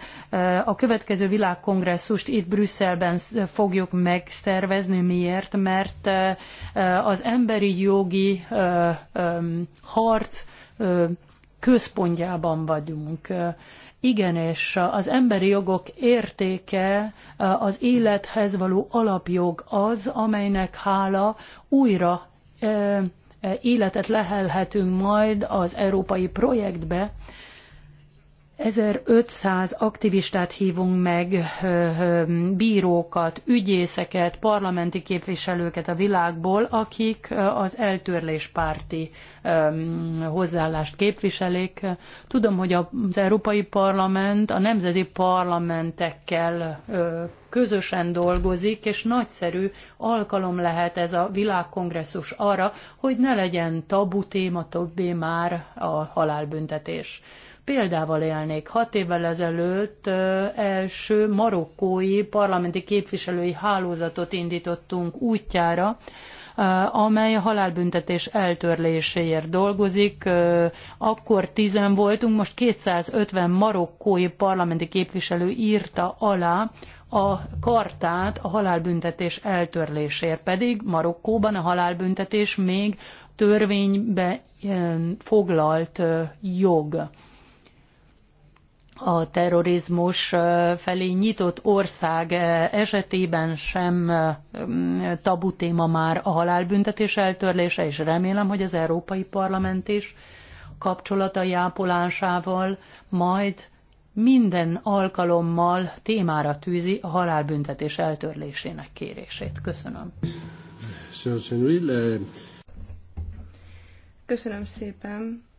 a következő világkongresszust itt Brüsszelben fogjuk megszervezni. Miért? Mert az emberi jogi harc központjában vagyunk. Igen, és az emberi jogok értéke, az élethez való alapjog az, amelynek hála újra életet lehelhetünk majd az európai projektbe, 1500 aktivistát hívunk meg, bírókat, ügyészeket, parlamenti képviselőket a világból, akik az eltörléspárti hozzáállást képviselik. Tudom, hogy az Európai Parlament a nemzeti parlamentekkel közösen dolgozik, és nagyszerű alkalom lehet ez a világkongresszus arra, hogy ne legyen tabu téma többé már a halálbüntetés. Példával élnék. Hat évvel ezelőtt első marokkói parlamenti képviselői hálózatot indítottunk útjára, amely a halálbüntetés eltörléséért dolgozik. Akkor tizen voltunk, most 250 marokkói parlamenti képviselő írta alá a kartát a halálbüntetés eltörlésért, pedig Marokkóban a halálbüntetés még törvénybe foglalt jog a terrorizmus felé nyitott ország esetében sem tabu téma már a halálbüntetés eltörlése, és remélem, hogy az Európai Parlament is kapcsolatai ápolásával majd minden alkalommal témára tűzi a halálbüntetés eltörlésének kérését. Köszönöm. Eh, Köszönöm szépen.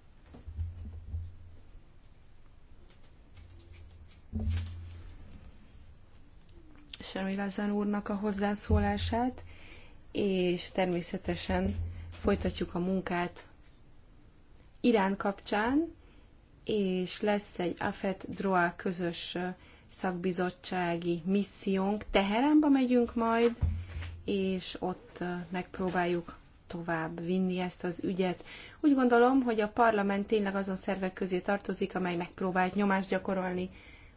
Semmi Lázán úrnak a hozzászólását, és természetesen folytatjuk a munkát Irán kapcsán, és lesz egy AFET DROA közös szakbizottsági missziónk. Teheránba megyünk majd, és ott megpróbáljuk tovább vinni ezt az ügyet. Úgy gondolom, hogy a parlament tényleg azon szervek közé tartozik, amely megpróbált nyomást gyakorolni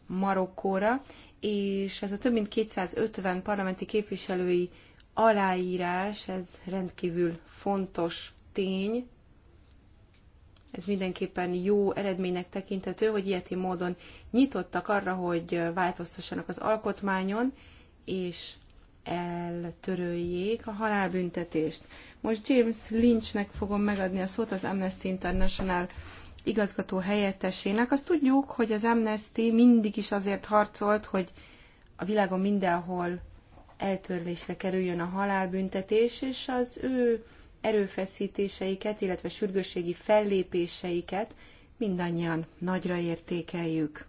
Marokkóra, és ez a több mint 250 parlamenti képviselői aláírás, ez rendkívül fontos tény. Ez mindenképpen jó eredménynek tekinthető, hogy ilyeti módon nyitottak arra, hogy változtassanak az alkotmányon, és eltöröljék a halálbüntetést. Most James Lynchnek fogom megadni a szót, az Amnesty International igazgató helyettesének. Azt tudjuk, hogy az Amnesty mindig is azért harcolt, hogy a világon mindenhol eltörlésre kerüljön a halálbüntetés, és az ő erőfeszítéseiket, illetve sürgősségi fellépéseiket mindannyian nagyra értékeljük.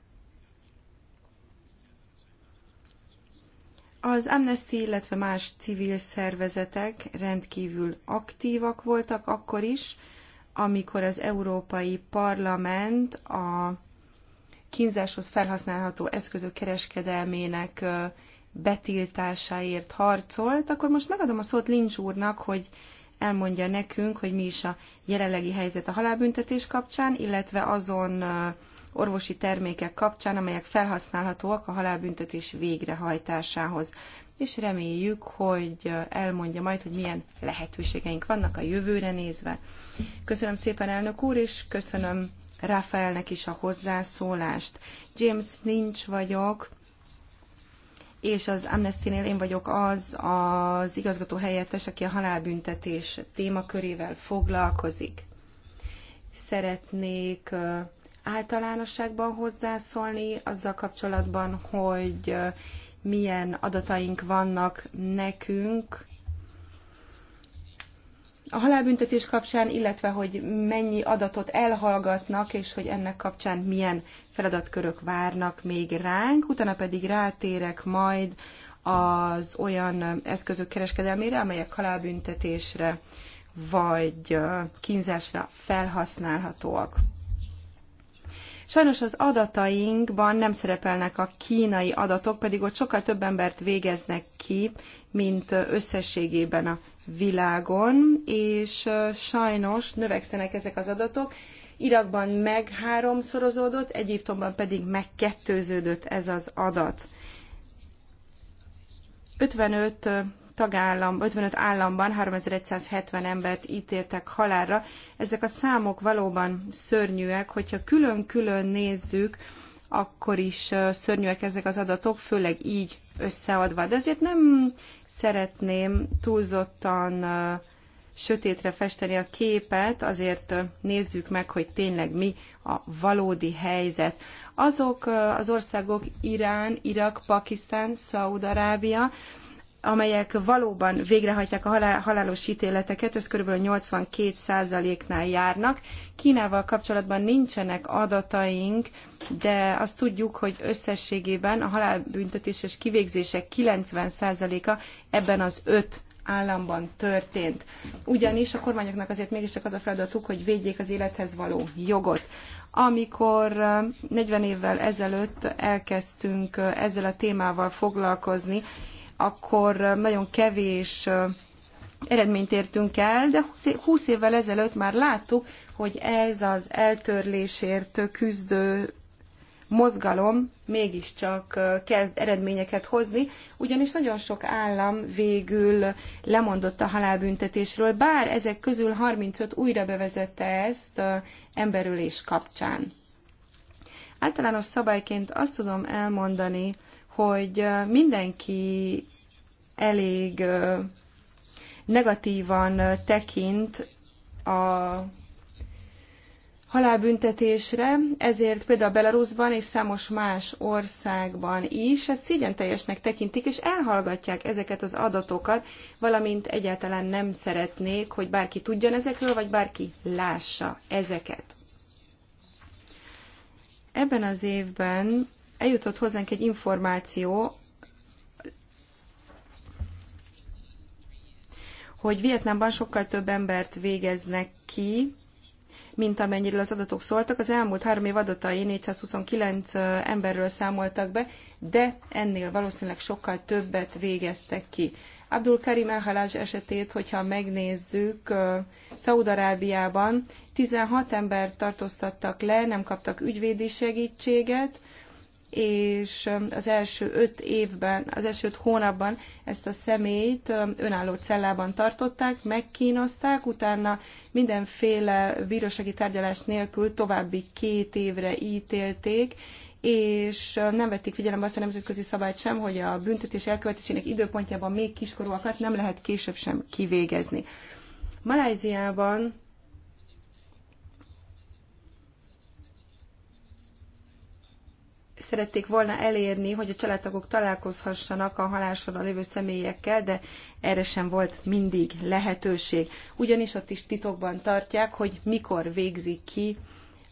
Az Amnesty, illetve más civil szervezetek rendkívül aktívak voltak akkor is, amikor az Európai Parlament a kínzáshoz felhasználható eszközök kereskedelmének betiltásáért harcolt, akkor most megadom a szót Lincs úrnak, hogy elmondja nekünk, hogy mi is a jelenlegi helyzet a halálbüntetés kapcsán, illetve azon orvosi termékek kapcsán, amelyek felhasználhatóak a halálbüntetés végrehajtásához és reméljük, hogy elmondja majd, hogy milyen lehetőségeink vannak a jövőre nézve. Köszönöm szépen, elnök úr, és köszönöm Rafaelnek is a hozzászólást. James nincs vagyok, és az Amnesty-nél én vagyok az az igazgató helyettes, aki a halálbüntetés témakörével foglalkozik. Szeretnék általánosságban hozzászólni azzal kapcsolatban, hogy milyen adataink vannak nekünk a halálbüntetés kapcsán, illetve hogy mennyi adatot elhallgatnak, és hogy ennek kapcsán milyen feladatkörök várnak még ránk, utána pedig rátérek majd az olyan eszközök kereskedelmére, amelyek halálbüntetésre vagy kínzásra felhasználhatóak. Sajnos az adatainkban nem szerepelnek a kínai adatok, pedig ott sokkal több embert végeznek ki, mint összességében a világon, és sajnos növekszenek ezek az adatok. Irakban meg háromszorozódott, Egyiptomban pedig megkettőződött ez az adat. 55 tagállam, 55 államban 3170 embert ítéltek halálra. Ezek a számok valóban szörnyűek, hogyha külön-külön nézzük, akkor is szörnyűek ezek az adatok, főleg így összeadva. De ezért nem szeretném túlzottan sötétre festeni a képet, azért nézzük meg, hogy tényleg mi a valódi helyzet. Azok az országok Irán, Irak, Pakisztán, Szaudarábia, amelyek valóban végrehajtják a halál, halálos ítéleteket, ez kb. 82%-nál járnak. Kínával kapcsolatban nincsenek adataink, de azt tudjuk, hogy összességében a halálbüntetéses kivégzések 90%-a ebben az öt államban történt. Ugyanis a kormányoknak azért mégiscsak az a feladatuk, hogy védjék az élethez való jogot. Amikor 40 évvel ezelőtt elkezdtünk ezzel a témával foglalkozni, akkor nagyon kevés eredményt értünk el, de 20 évvel ezelőtt már láttuk, hogy ez az eltörlésért küzdő mozgalom mégiscsak kezd eredményeket hozni, ugyanis nagyon sok állam végül lemondott a halálbüntetésről, bár ezek közül 35 újra bevezette ezt emberülés kapcsán. Általános szabályként azt tudom elmondani, hogy mindenki elég negatívan tekint a halálbüntetésre, ezért például Belarusban és számos más országban is ezt szígyen teljesnek tekintik, és elhallgatják ezeket az adatokat, valamint egyáltalán nem szeretnék, hogy bárki tudjon ezekről, vagy bárki lássa ezeket. Ebben az évben eljutott hozzánk egy információ, hogy Vietnámban sokkal több embert végeznek ki, mint amennyiről az adatok szóltak. Az elmúlt három év adatai 429 emberről számoltak be, de ennél valószínűleg sokkal többet végeztek ki. Abdul Karim elhalázs esetét, hogyha megnézzük, Szaudarábiában 16 embert tartóztattak le, nem kaptak ügyvédi segítséget, és um, az első öt évben, az első öt hónapban ezt a személyt um, önálló cellában tartották, megkínozták, utána mindenféle bírósági tárgyalás nélkül további két évre ítélték, és um, nem vették figyelembe azt a nemzetközi szabályt sem, hogy a büntetés elkövetésének időpontjában még kiskorúakat nem lehet később sem kivégezni. Malajziában szerették volna elérni, hogy a családtagok találkozhassanak a halálsorban lévő személyekkel, de erre sem volt mindig lehetőség. Ugyanis ott is titokban tartják, hogy mikor végzik ki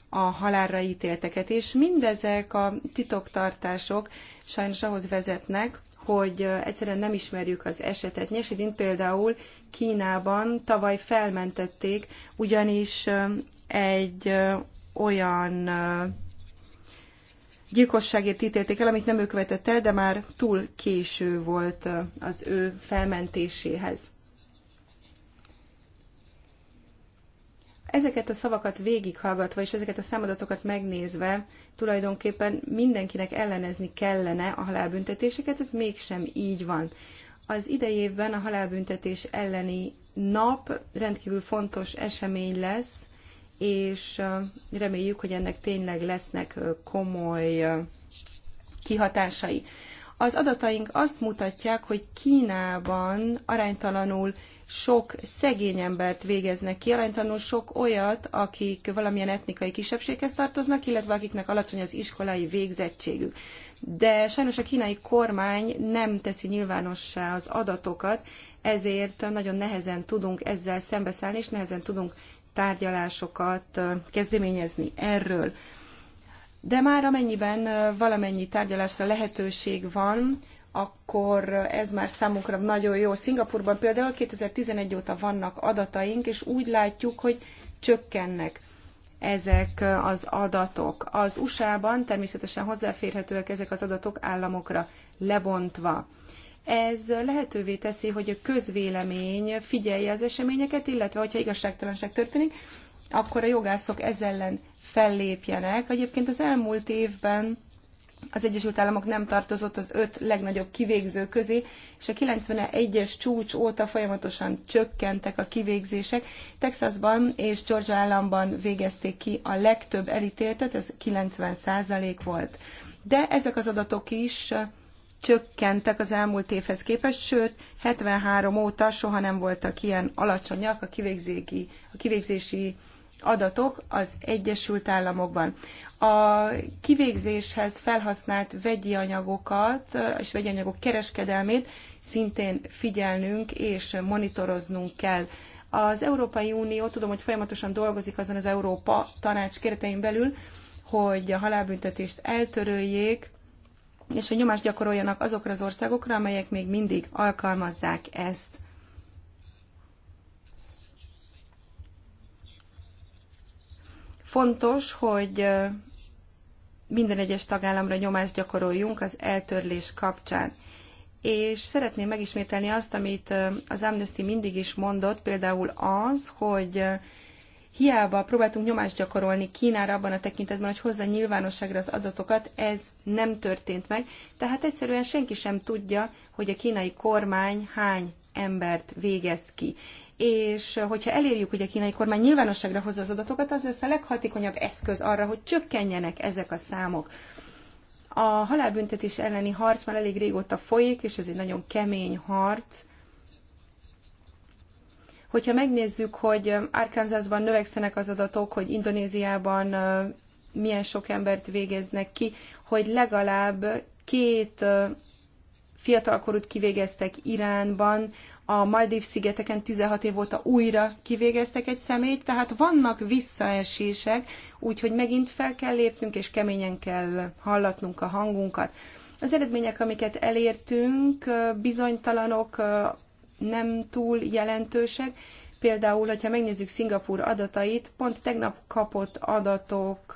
a halálra ítélteket. És mindezek a titoktartások sajnos ahhoz vezetnek, hogy egyszerűen nem ismerjük az esetet. Nyesidin például Kínában tavaly felmentették, ugyanis egy olyan gyilkosságért ítélték el, amit nem ő követett el, de már túl késő volt az ő felmentéséhez. Ezeket a szavakat végighallgatva és ezeket a számadatokat megnézve tulajdonképpen mindenkinek ellenezni kellene a halálbüntetéseket, ez mégsem így van. Az idejében a halálbüntetés elleni nap rendkívül fontos esemény lesz, és reméljük, hogy ennek tényleg lesznek komoly kihatásai. Az adataink azt mutatják, hogy Kínában aránytalanul sok szegény embert végeznek ki, aránytalanul sok olyat, akik valamilyen etnikai kisebbséghez tartoznak, illetve akiknek alacsony az iskolai végzettségük. De sajnos a kínai kormány nem teszi nyilvánossá az adatokat, ezért nagyon nehezen tudunk ezzel szembeszállni, és nehezen tudunk tárgyalásokat kezdeményezni erről. De már amennyiben valamennyi tárgyalásra lehetőség van, akkor ez már számunkra nagyon jó. Szingapurban például 2011 óta vannak adataink, és úgy látjuk, hogy csökkennek ezek az adatok. Az USA-ban természetesen hozzáférhetőek ezek az adatok államokra lebontva. Ez lehetővé teszi, hogy a közvélemény figyelje az eseményeket, illetve hogyha igazságtalanság történik, akkor a jogászok ezzel ellen fellépjenek. Egyébként az elmúlt évben az Egyesült Államok nem tartozott az öt legnagyobb kivégző közé, és a 91-es csúcs óta folyamatosan csökkentek a kivégzések. Texasban és Georgia államban végezték ki a legtöbb elítéltet, ez 90 volt. De ezek az adatok is csökkentek az elmúlt évhez képest, sőt, 73 óta soha nem voltak ilyen alacsonyak a, a kivégzési adatok az Egyesült Államokban. A kivégzéshez felhasznált vegyi anyagokat eh, és vegyi anyagok kereskedelmét szintén figyelnünk és monitoroznunk kell. Az Európai Unió, tudom, hogy folyamatosan dolgozik azon az Európa tanács keretein belül, hogy a halálbüntetést eltöröljék, és hogy nyomást gyakoroljanak azokra az országokra, amelyek még mindig alkalmazzák ezt. Fontos, hogy minden egyes tagállamra nyomást gyakoroljunk az eltörlés kapcsán. És szeretném megismételni azt, amit az Amnesty mindig is mondott, például az, hogy Hiába próbáltunk nyomást gyakorolni Kínára abban a tekintetben, hogy hozza nyilvánosságra az adatokat, ez nem történt meg. Tehát egyszerűen senki sem tudja, hogy a kínai kormány hány embert végez ki. És eh, hogyha elérjük, hogy a kínai kormány nyilvánosságra hozza az adatokat, az lesz a leghatékonyabb eszköz arra, hogy csökkenjenek ezek a számok. A halálbüntetés elleni harc már elég régóta folyik, és ez egy nagyon kemény harc Hogyha megnézzük, hogy Arkansasban növekszenek az adatok, hogy Indonéziában milyen sok embert végeznek ki, hogy legalább két fiatalkorút kivégeztek Iránban, a Maldív szigeteken 16 év óta újra kivégeztek egy személyt, tehát vannak visszaesések, úgyhogy megint fel kell lépnünk, és keményen kell hallatnunk a hangunkat. Az eredmények, amiket elértünk, bizonytalanok, nem túl jelentősek. Például, hogyha megnézzük Szingapúr adatait, pont tegnap kapott adatok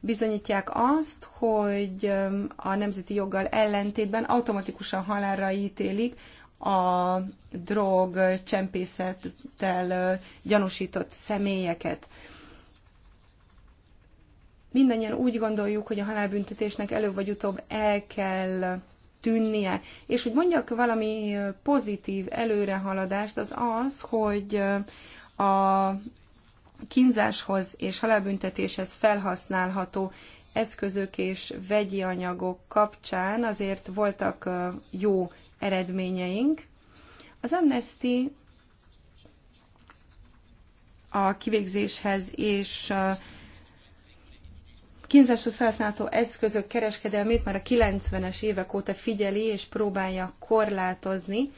bizonyítják azt, hogy a nemzeti joggal ellentétben automatikusan halálra ítélik a drog csempészettel gyanúsított személyeket. Mindannyian úgy gondoljuk, hogy a halálbüntetésnek előbb vagy utóbb el kell tűnnie. És hogy mondjak valami pozitív előrehaladást, az az, hogy a kínzáshoz és halálbüntetéshez felhasználható eszközök és vegyi anyagok kapcsán azért voltak jó eredményeink. Az Amnesty a kivégzéshez és kínzáshoz felhasználható eszközök kereskedelmét már a 90-es évek óta figyeli és próbálja korlátozni.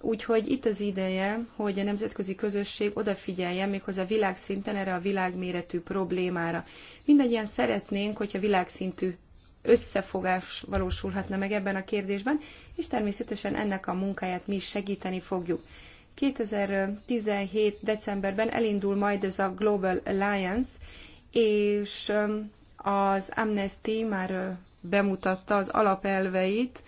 Úgyhogy itt az ideje, hogy a nemzetközi közösség odafigyeljen méghozzá világszinten erre a világméretű problémára. Mindannyian szeretnénk, hogyha világszintű összefogás valósulhatna meg ebben a kérdésben, és természetesen ennek a munkáját mi is segíteni fogjuk. 2017. decemberben elindul majd ez a Global Alliance, és um, az Amnesty már uh, bemutatta az alapelveit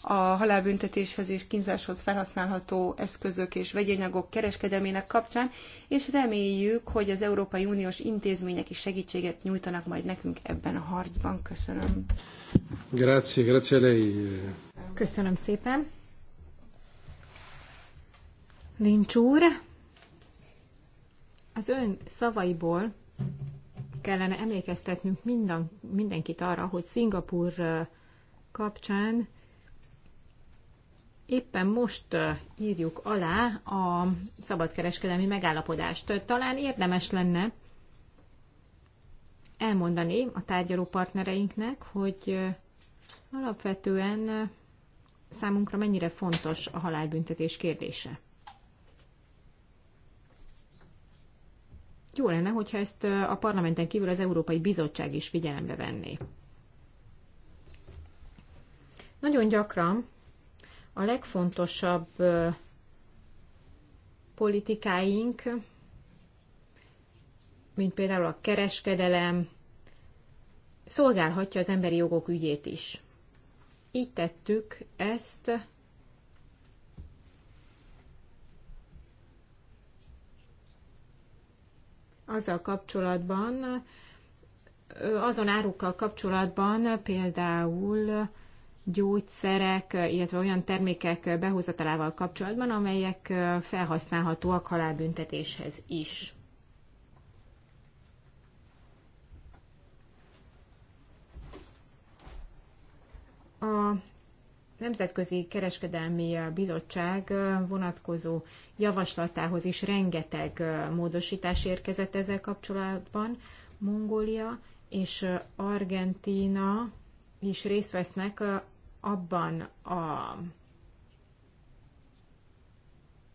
a halálbüntetéshez és kínzáshoz felhasználható eszközök és vegyanyagok kereskedelmének kapcsán, és reméljük, hogy az Európai Uniós intézmények is segítséget nyújtanak majd nekünk ebben a harcban. Köszönöm. Grazie, grazie lei. Köszönöm szépen. Nincs úr, az ön szavaiból kellene emlékeztetnünk minden, mindenkit arra, hogy Szingapur kapcsán éppen most írjuk alá a szabadkereskedelmi megállapodást. Talán érdemes lenne elmondani a tárgyaló partnereinknek, hogy alapvetően számunkra mennyire fontos a halálbüntetés kérdése. Jó lenne, hogyha ezt a parlamenten kívül az Európai Bizottság is figyelembe venné. Nagyon gyakran a legfontosabb politikáink, mint például a kereskedelem, szolgálhatja az emberi jogok ügyét is. Így tettük ezt azzal kapcsolatban, azon árukkal kapcsolatban például gyógyszerek, illetve olyan termékek behozatalával kapcsolatban, amelyek felhasználhatóak halálbüntetéshez is. A Nemzetközi Kereskedelmi Bizottság vonatkozó javaslatához is rengeteg módosítás érkezett ezzel kapcsolatban. Mongólia és Argentína is részt vesznek abban a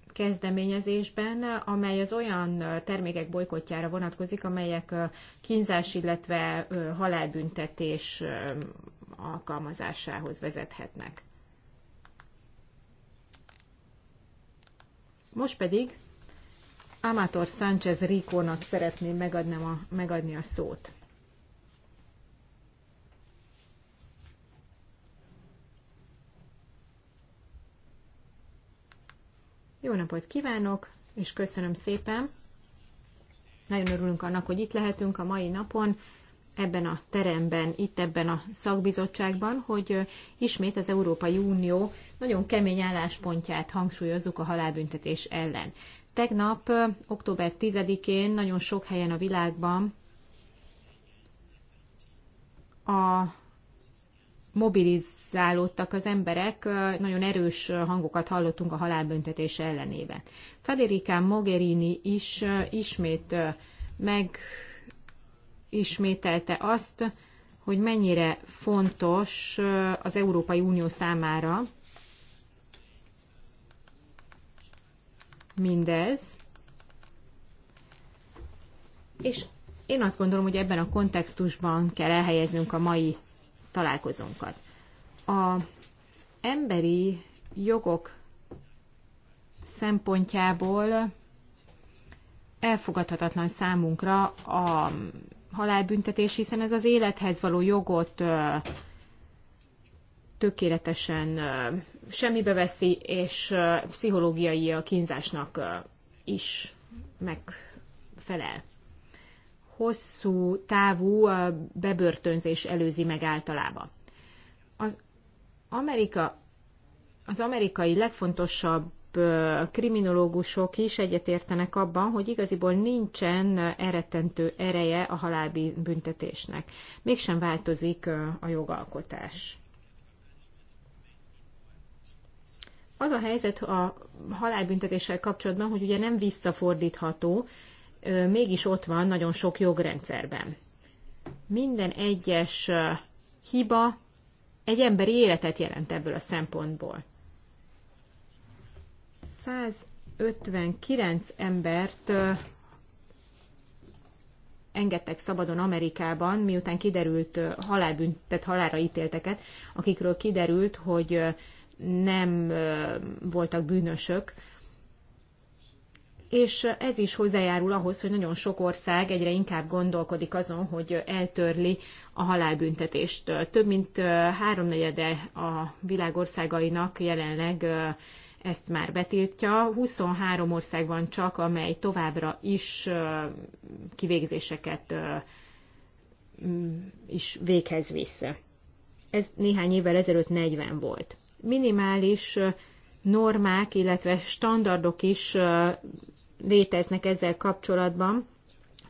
kezdeményezésben, amely az olyan termékek bolykotjára vonatkozik, amelyek kínzás, illetve halálbüntetés alkalmazásához vezethetnek. Most pedig Amator Sánchez Rikónak szeretném megadni a, megadni a szót. Jó napot kívánok, és köszönöm szépen! Nagyon örülünk annak, hogy itt lehetünk a mai napon, ebben a teremben, itt ebben a szakbizottságban, hogy ismét az Európai Unió nagyon kemény álláspontját hangsúlyozzuk a halálbüntetés ellen. Tegnap, október 10-én nagyon sok helyen a világban a mobilizálódtak az emberek, nagyon erős hangokat hallottunk a halálbüntetés ellenében. Federica Mogherini is ismét meg ismételte azt, hogy mennyire fontos az Európai Unió számára mindez. És én azt gondolom, hogy ebben a kontextusban kell elhelyeznünk a mai találkozónkat. Az emberi jogok szempontjából elfogadhatatlan számunkra a halálbüntetés, hiszen ez az élethez való jogot tökéletesen semmibe veszi, és pszichológiai a kínzásnak is megfelel. Hosszú távú bebörtönzés előzi meg általában. Az Amerika az amerikai legfontosabb kriminológusok is egyetértenek abban, hogy igaziból nincsen eretentő ereje a büntetésnek. Mégsem változik a jogalkotás. Az a helyzet a halálbüntetéssel kapcsolatban, hogy ugye nem visszafordítható, mégis ott van nagyon sok jogrendszerben. Minden egyes hiba egy emberi életet jelent ebből a szempontból. 159 embert engedtek szabadon Amerikában, miután kiderült halálbüntet, halára ítélteket, akikről kiderült, hogy nem voltak bűnösök, és ez is hozzájárul ahhoz, hogy nagyon sok ország egyre inkább gondolkodik azon, hogy eltörli a halálbüntetést. Több mint háromnegyede a világ országainak jelenleg ezt már betiltja. 23 ország van csak, amely továbbra is kivégzéseket is véghez visz. Ez néhány évvel ezelőtt 40 volt. Minimális normák, illetve standardok is léteznek ezzel kapcsolatban.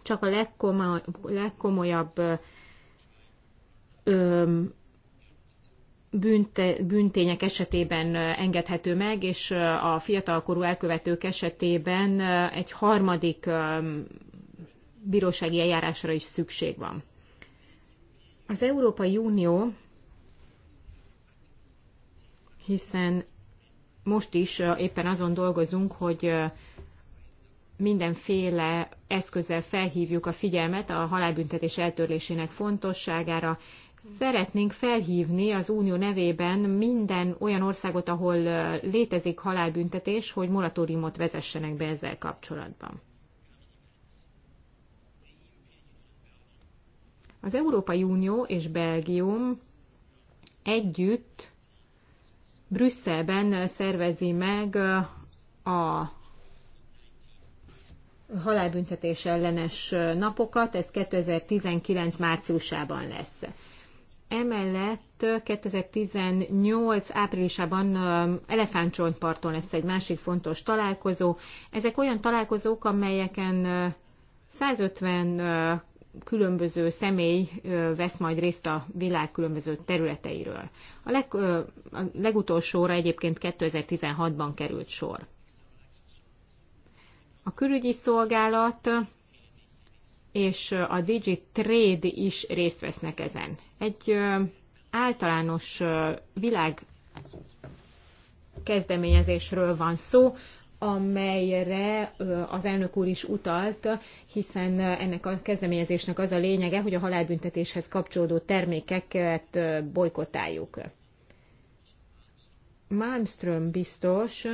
Csak a legkomoly, legkomolyabb bűntények esetében engedhető meg, és a fiatalkorú elkövetők esetében egy harmadik bírósági eljárásra is szükség van. Az Európai Unió, hiszen most is éppen azon dolgozunk, hogy mindenféle eszközzel felhívjuk a figyelmet a halálbüntetés eltörlésének fontosságára, Szeretnénk felhívni az Unió nevében minden olyan országot, ahol létezik halálbüntetés, hogy moratóriumot vezessenek be ezzel kapcsolatban. Az Európai Unió és Belgium együtt Brüsszelben szervezi meg a halálbüntetés ellenes napokat, ez 2019 márciusában lesz. Emellett 2018 áprilisában Elefántcsontparton lesz egy másik fontos találkozó. Ezek olyan találkozók, amelyeken 150 különböző személy vesz majd részt a világ különböző területeiről. A, leg, a legutolsóra egyébként 2016-ban került sor. A külügyi szolgálat és a DG Trade is részt vesznek ezen. Egy általános világ kezdeményezésről van szó, amelyre az elnök úr is utalt, hiszen ennek a kezdeményezésnek az a lényege, hogy a halálbüntetéshez kapcsolódó termékeket bolykotáljuk. Malmström biztos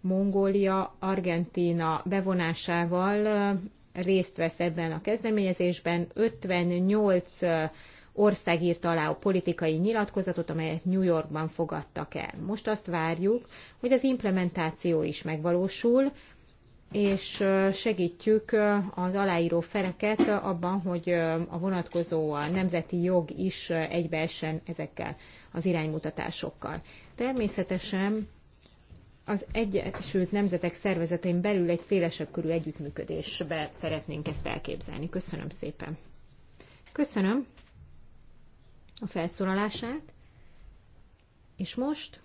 Mongólia, Argentína bevonásával részt vesz ebben a kezdeményezésben. 58 ország írt alá a politikai nyilatkozatot, amelyet New Yorkban fogadtak el. Most azt várjuk, hogy az implementáció is megvalósul, és segítjük az aláíró feleket abban, hogy a vonatkozó nemzeti jog is egybeessen ezekkel az iránymutatásokkal. Természetesen az Egyesült Nemzetek Szervezetein belül egy szélesebb körű együttműködésbe szeretnénk ezt elképzelni. Köszönöm szépen. Köszönöm a felszólalását, és most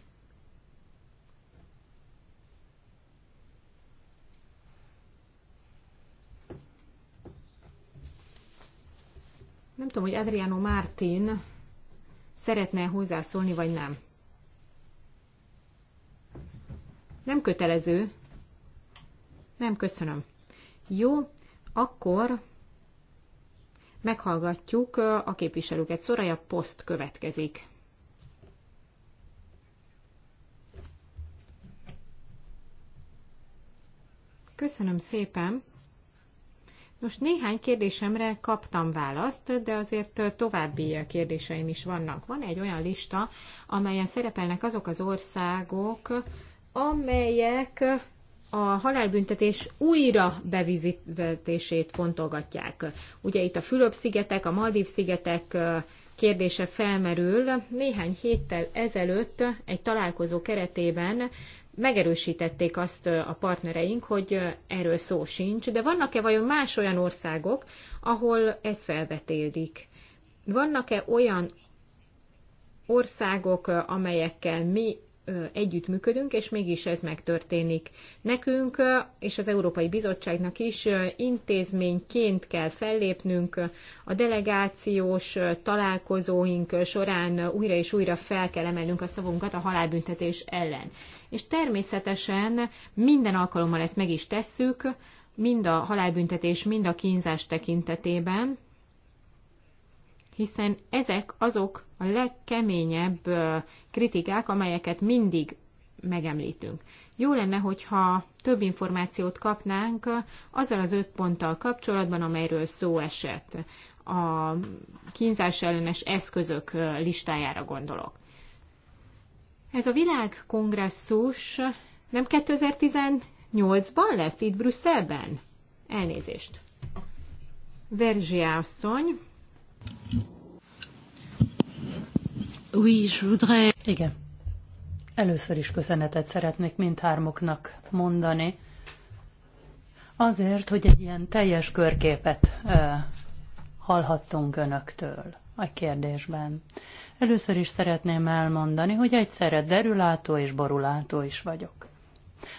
nem tudom, hogy Adriano Martin szeretne hozzászólni, vagy nem. Nem kötelező. Nem, köszönöm. Jó, akkor meghallgatjuk a képviselőket. Szoraja Poszt következik. Köszönöm szépen. Most néhány kérdésemre kaptam választ, de azért további kérdéseim is vannak. Van egy olyan lista, amelyen szerepelnek azok az országok, amelyek a halálbüntetés újra bevizetését fontolgatják. Ugye itt a Fülöp-szigetek, a Maldív-szigetek kérdése felmerül. Néhány héttel ezelőtt egy találkozó keretében megerősítették azt a partnereink, hogy erről szó sincs, de vannak-e vajon más olyan országok, ahol ez felvetődik? Vannak-e olyan országok, amelyekkel mi együttműködünk, és mégis ez megtörténik. Nekünk és az Európai Bizottságnak is intézményként kell fellépnünk, a delegációs találkozóink során újra és újra fel kell emelnünk a szavunkat a halálbüntetés ellen. És természetesen minden alkalommal ezt meg is tesszük, mind a halálbüntetés, mind a kínzás tekintetében, hiszen ezek azok a legkeményebb kritikák, amelyeket mindig megemlítünk. Jó lenne, hogyha több információt kapnánk azzal az öt ponttal kapcsolatban, amelyről szó esett. A kínzás ellenes eszközök listájára gondolok. Ez a világkongresszus nem 2018-ban lesz itt Brüsszelben? Elnézést. Verzsi asszony, Oui, je voudrais... Igen. Először is köszönetet szeretnék mindhármuknak mondani, azért, hogy egy ilyen teljes körképet ö, hallhattunk önöktől a kérdésben. Először is szeretném elmondani, hogy egyszerre derülátó és borulátó is vagyok.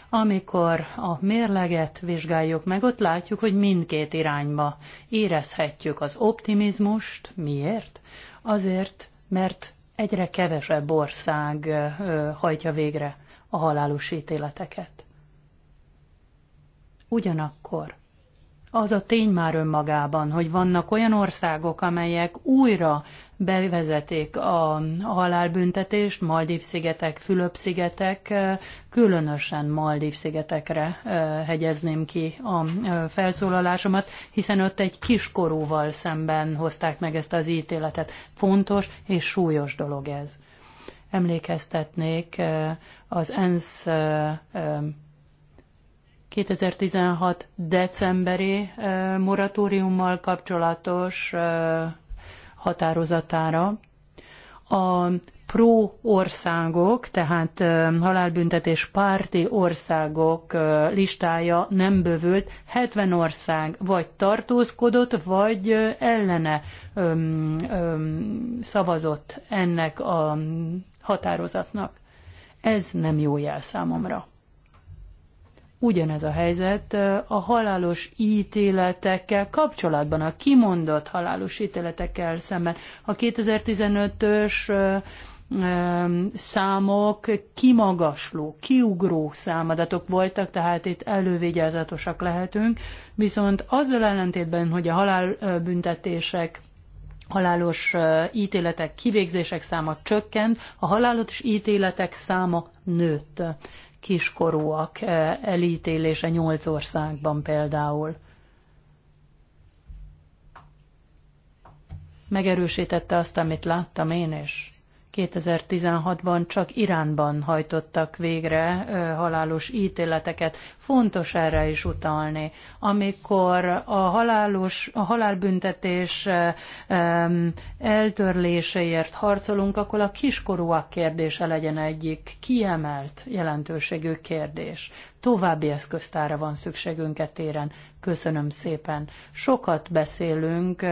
Amikor a mérleget vizsgáljuk meg, ott látjuk, hogy mindkét irányba érezhetjük az optimizmust. Miért? Azért, mert egyre kevesebb ország hajtja végre a halálos ítéleteket. Ugyanakkor az a tény már önmagában, hogy vannak olyan országok, amelyek újra bevezetik a halálbüntetést, Maldív-szigetek, Fülöp-szigetek, különösen Maldív-szigetekre hegyezném ki a felszólalásomat, hiszen ott egy kiskorúval szemben hozták meg ezt az ítéletet. Fontos és súlyos dolog ez. Emlékeztetnék az ENSZ 2016. decemberi moratóriummal kapcsolatos határozatára. A pro országok, tehát halálbüntetés párti országok listája nem bővült, 70 ország vagy tartózkodott, vagy ellene öm, öm, szavazott ennek a mm, határozatnak. Ez nem jó jel számomra. Ugyanez a helyzet a halálos ítéletekkel kapcsolatban, a kimondott halálos ítéletekkel szemben. A 2015-ös számok kimagasló, kiugró számadatok voltak, tehát itt elővigyázatosak lehetünk, viszont azzal ellentétben, hogy a halálbüntetések halálos ítéletek, kivégzések száma csökkent, a halálos ítéletek száma nőtt kiskorúak eh, elítélése nyolc országban például. Megerősítette azt, amit láttam én is. 2016-ban csak Iránban hajtottak végre halálos ítéleteket. Fontos erre is utalni. Amikor a, halálos, a halálbüntetés eltörléséért harcolunk, akkor a kiskorúak kérdése legyen egyik kiemelt jelentőségű kérdés. További eszköztára van szükségünk e téren. Köszönöm szépen. Sokat beszélünk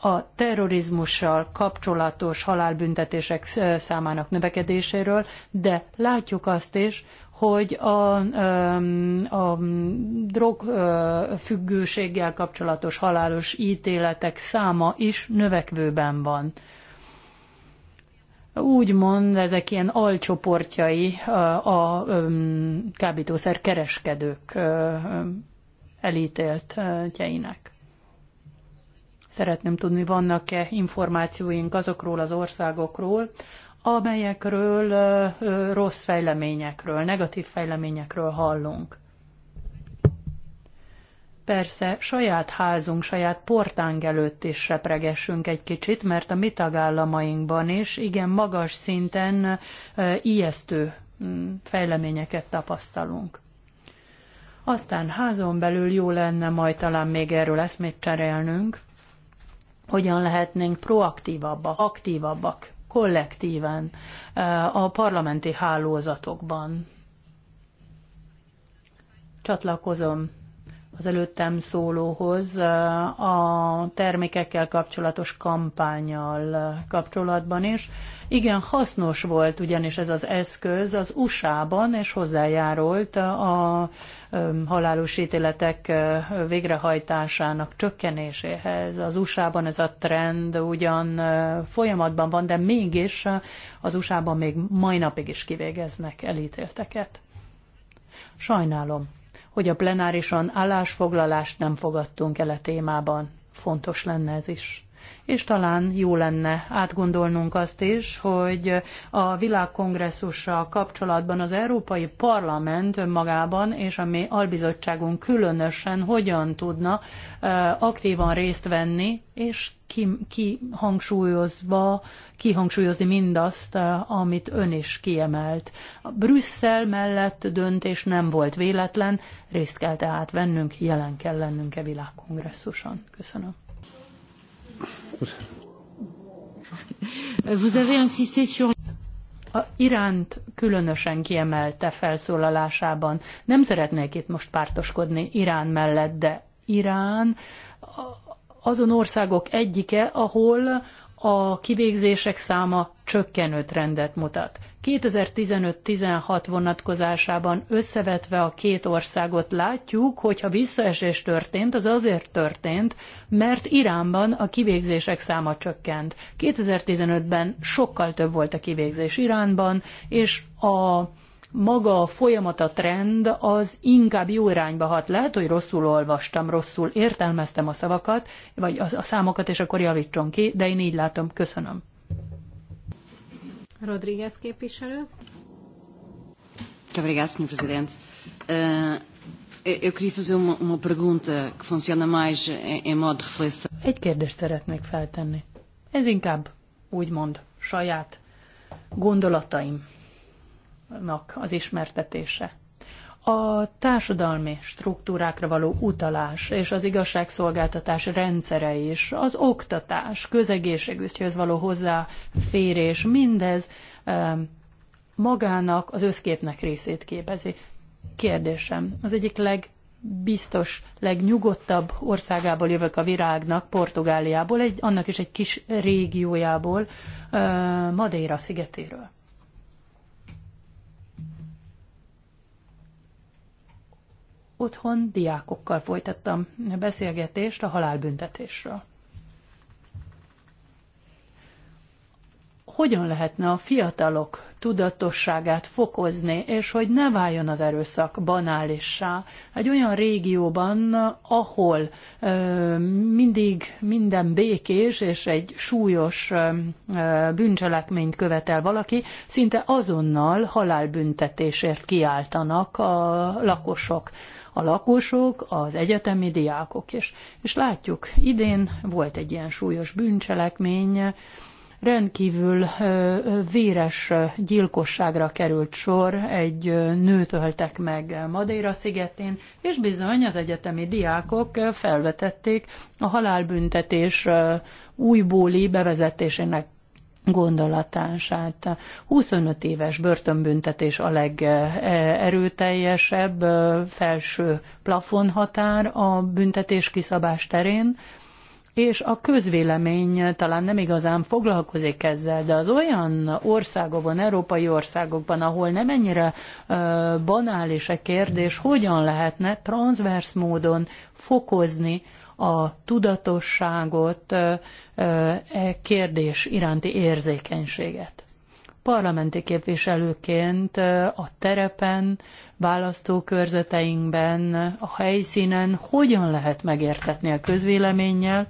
a terrorizmussal kapcsolatos halálbüntetések számának növekedéséről, de látjuk azt is, hogy a, a drogfüggőséggel kapcsolatos halálos ítéletek száma is növekvőben van. Úgy mond, ezek ilyen alcsoportjai a, a, a kábítószer kereskedők elítéltjeinek. Szeretném tudni, vannak-e információink azokról az országokról, amelyekről rossz fejleményekről, negatív fejleményekről hallunk. Persze, saját házunk, saját portánk előtt is sepregessünk egy kicsit, mert a mi tagállamainkban is igen magas szinten ijesztő mm, fejleményeket tapasztalunk. Aztán házon belül jó lenne majd talán még erről eszmét cserélnünk, hogyan lehetnénk proaktívabbak, aktívabbak, kollektíven eh, a parlamenti hálózatokban. Csatlakozom az előttem szólóhoz a termékekkel kapcsolatos kampányal kapcsolatban is. Igen, hasznos volt ugyanis ez az eszköz az USA-ban, és hozzájárult a halálos ítéletek végrehajtásának csökkenéséhez. Az USA-ban ez a trend ugyan folyamatban van, de mégis az USA-ban még mai napig is kivégeznek elítélteket. Sajnálom hogy a plenárison állásfoglalást nem fogadtunk el a témában. Fontos lenne ez is. És talán jó lenne átgondolnunk azt is, hogy a világkongresszussal kapcsolatban az Európai Parlament önmagában és a mi albizottságunk különösen hogyan tudna aktívan részt venni, és kihangsúlyozva, kihangsúlyozni mindazt, eh, amit ön is kiemelt. A Brüsszel mellett döntés nem volt véletlen, részt kell tehát vennünk, jelen kell lennünk e világkongresszuson. Köszönöm. Vous avez insisté sur... A Iránt különösen kiemelte felszólalásában. Nem szeretnék itt most pártoskodni Irán mellett, de Irán azon országok egyike, ahol a kivégzések száma csökkenő trendet mutat. 2015-16 vonatkozásában összevetve a két országot látjuk, hogyha visszaesés történt, az azért történt, mert Iránban a kivégzések száma csökkent. 2015-ben sokkal több volt a kivégzés Iránban, és a maga a folyamat, a trend az inkább jó irányba hat. Lehet, hogy rosszul olvastam, rosszul értelmeztem a szavakat, vagy a, a számokat, és akkor javítson ki, de én így látom. Köszönöm. Rodríguez képviselő. Obrigada, Sr. Presidente. Uh, eu queria fazer uma, uma pergunta que funciona mais em modo de reflexão. Egy kérdést szeretnék feltenni. Ez inkább, úgymond, saját gondolataim nak az ismertetése. A társadalmi struktúrákra való utalás és az igazságszolgáltatás rendszere is, az oktatás, közegészségügyhöz való hozzáférés, mindez magának, az összképnek részét képezi. Kérdésem, az egyik legbiztos, legnyugodtabb országából jövök a virágnak, Portugáliából, egy, annak is egy kis régiójából, Madeira szigetéről otthon diákokkal folytattam beszélgetést a halálbüntetésről. Hogyan lehetne a fiatalok tudatosságát fokozni, és hogy ne váljon az erőszak banálissá. Egy olyan régióban, ahol ö, mindig minden békés és egy súlyos ö, bűncselekményt követel valaki, szinte azonnal halálbüntetésért kiáltanak a lakosok a lakosok, az egyetemi diákok is. És látjuk, idén volt egy ilyen súlyos bűncselekmény, rendkívül véres gyilkosságra került sor, egy nőt öltek meg Madeira szigetén, és bizony az egyetemi diákok felvetették a halálbüntetés újbóli bevezetésének gondolatását. 25 éves börtönbüntetés a legerőteljesebb felső plafonhatár a büntetés kiszabás terén, és a közvélemény talán nem igazán foglalkozik ezzel, de az olyan országokban, európai országokban, ahol nem ennyire banális a kérdés, hogyan lehetne transzvers módon fokozni a tudatosságot, e kérdés iránti érzékenységet. Parlamenti képviselőként a terepen, választókörzeteinkben, a helyszínen hogyan lehet megértetni a közvéleménnyel,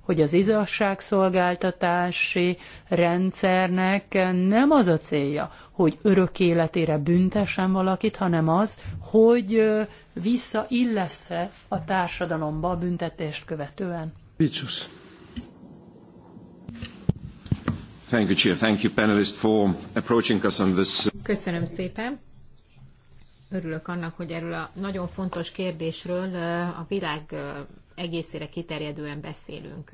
hogy az igazságszolgáltatási rendszernek nem az a célja, hogy örök életére büntessen valakit, hanem az, hogy visszaillesz-e a társadalomba a büntetést követően. Bicsus. Thank you, Chair. Thank you, panelists, for approaching us on this. Uh, Köszönöm szépen. Örülök annak, hogy erről a nagyon fontos kérdésről uh, a világ uh, egészére kiterjedően beszélünk.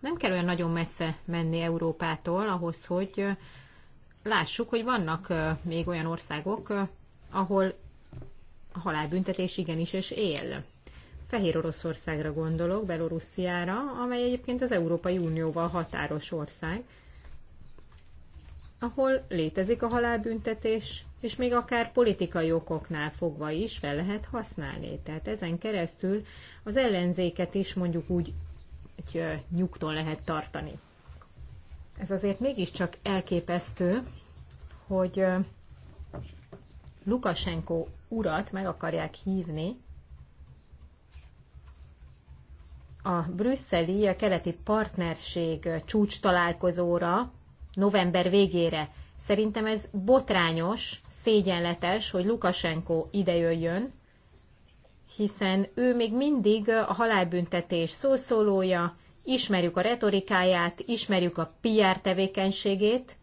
Nem kell olyan nagyon messze menni Európától ahhoz, hogy lássuk, hogy vannak még olyan országok, ahol a halálbüntetés igenis és él. Fehér Oroszországra gondolok, Belorussziára, amely egyébként az Európai Unióval határos ország, ahol létezik a halálbüntetés, és még akár politikai okoknál fogva is fel lehet használni. Tehát ezen keresztül az ellenzéket is mondjuk úgy hogy nyugton lehet tartani. Ez azért mégiscsak elképesztő, hogy Lukasenko urat meg akarják hívni a brüsszeli keleti partnerség csúcs találkozóra november végére. Szerintem ez botrányos, szégyenletes, hogy Lukasenko idejöjjön, hiszen ő még mindig a halálbüntetés szószólója, ismerjük a retorikáját, ismerjük a PR tevékenységét,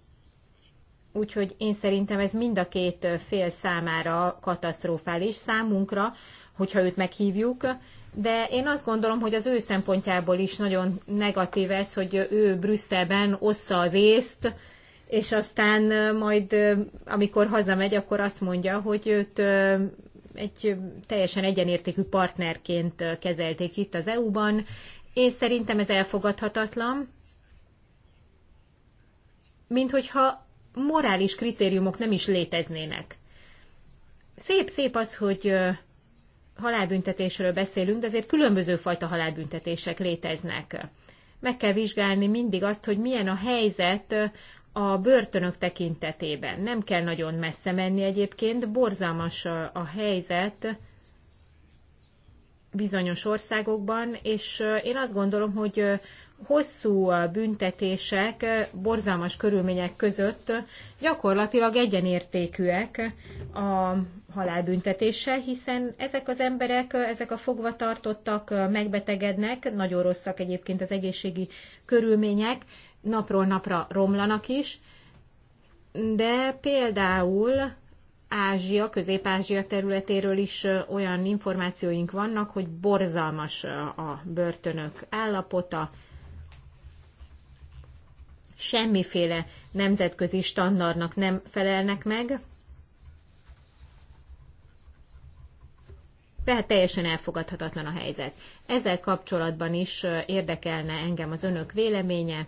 Úgyhogy én szerintem ez mind a két fél számára katasztrofális számunkra, hogyha őt meghívjuk, de én azt gondolom, hogy az ő szempontjából is nagyon negatív ez, hogy ő Brüsszelben ossza az észt, és aztán majd, amikor hazamegy, akkor azt mondja, hogy őt egy teljesen egyenértékű partnerként kezelték itt az EU-ban. Én szerintem ez elfogadhatatlan, mint hogyha morális kritériumok nem is léteznének. Szép-szép az, hogy halálbüntetésről beszélünk, de azért különböző fajta halálbüntetések léteznek. Meg kell vizsgálni mindig azt, hogy milyen a helyzet a börtönök tekintetében. Nem kell nagyon messze menni egyébként, borzalmas a helyzet bizonyos országokban, és én azt gondolom, hogy hosszú büntetések borzalmas körülmények között gyakorlatilag egyenértékűek a halálbüntetéssel, hiszen ezek az emberek, ezek a fogvatartottak megbetegednek, nagyon rosszak egyébként az egészségi körülmények, napról napra romlanak is, de például Ázsia, Közép-Ázsia területéről is olyan információink vannak, hogy borzalmas a börtönök állapota, semmiféle nemzetközi standardnak nem felelnek meg, tehát teljesen elfogadhatatlan a helyzet. Ezzel kapcsolatban is érdekelne engem az önök véleménye,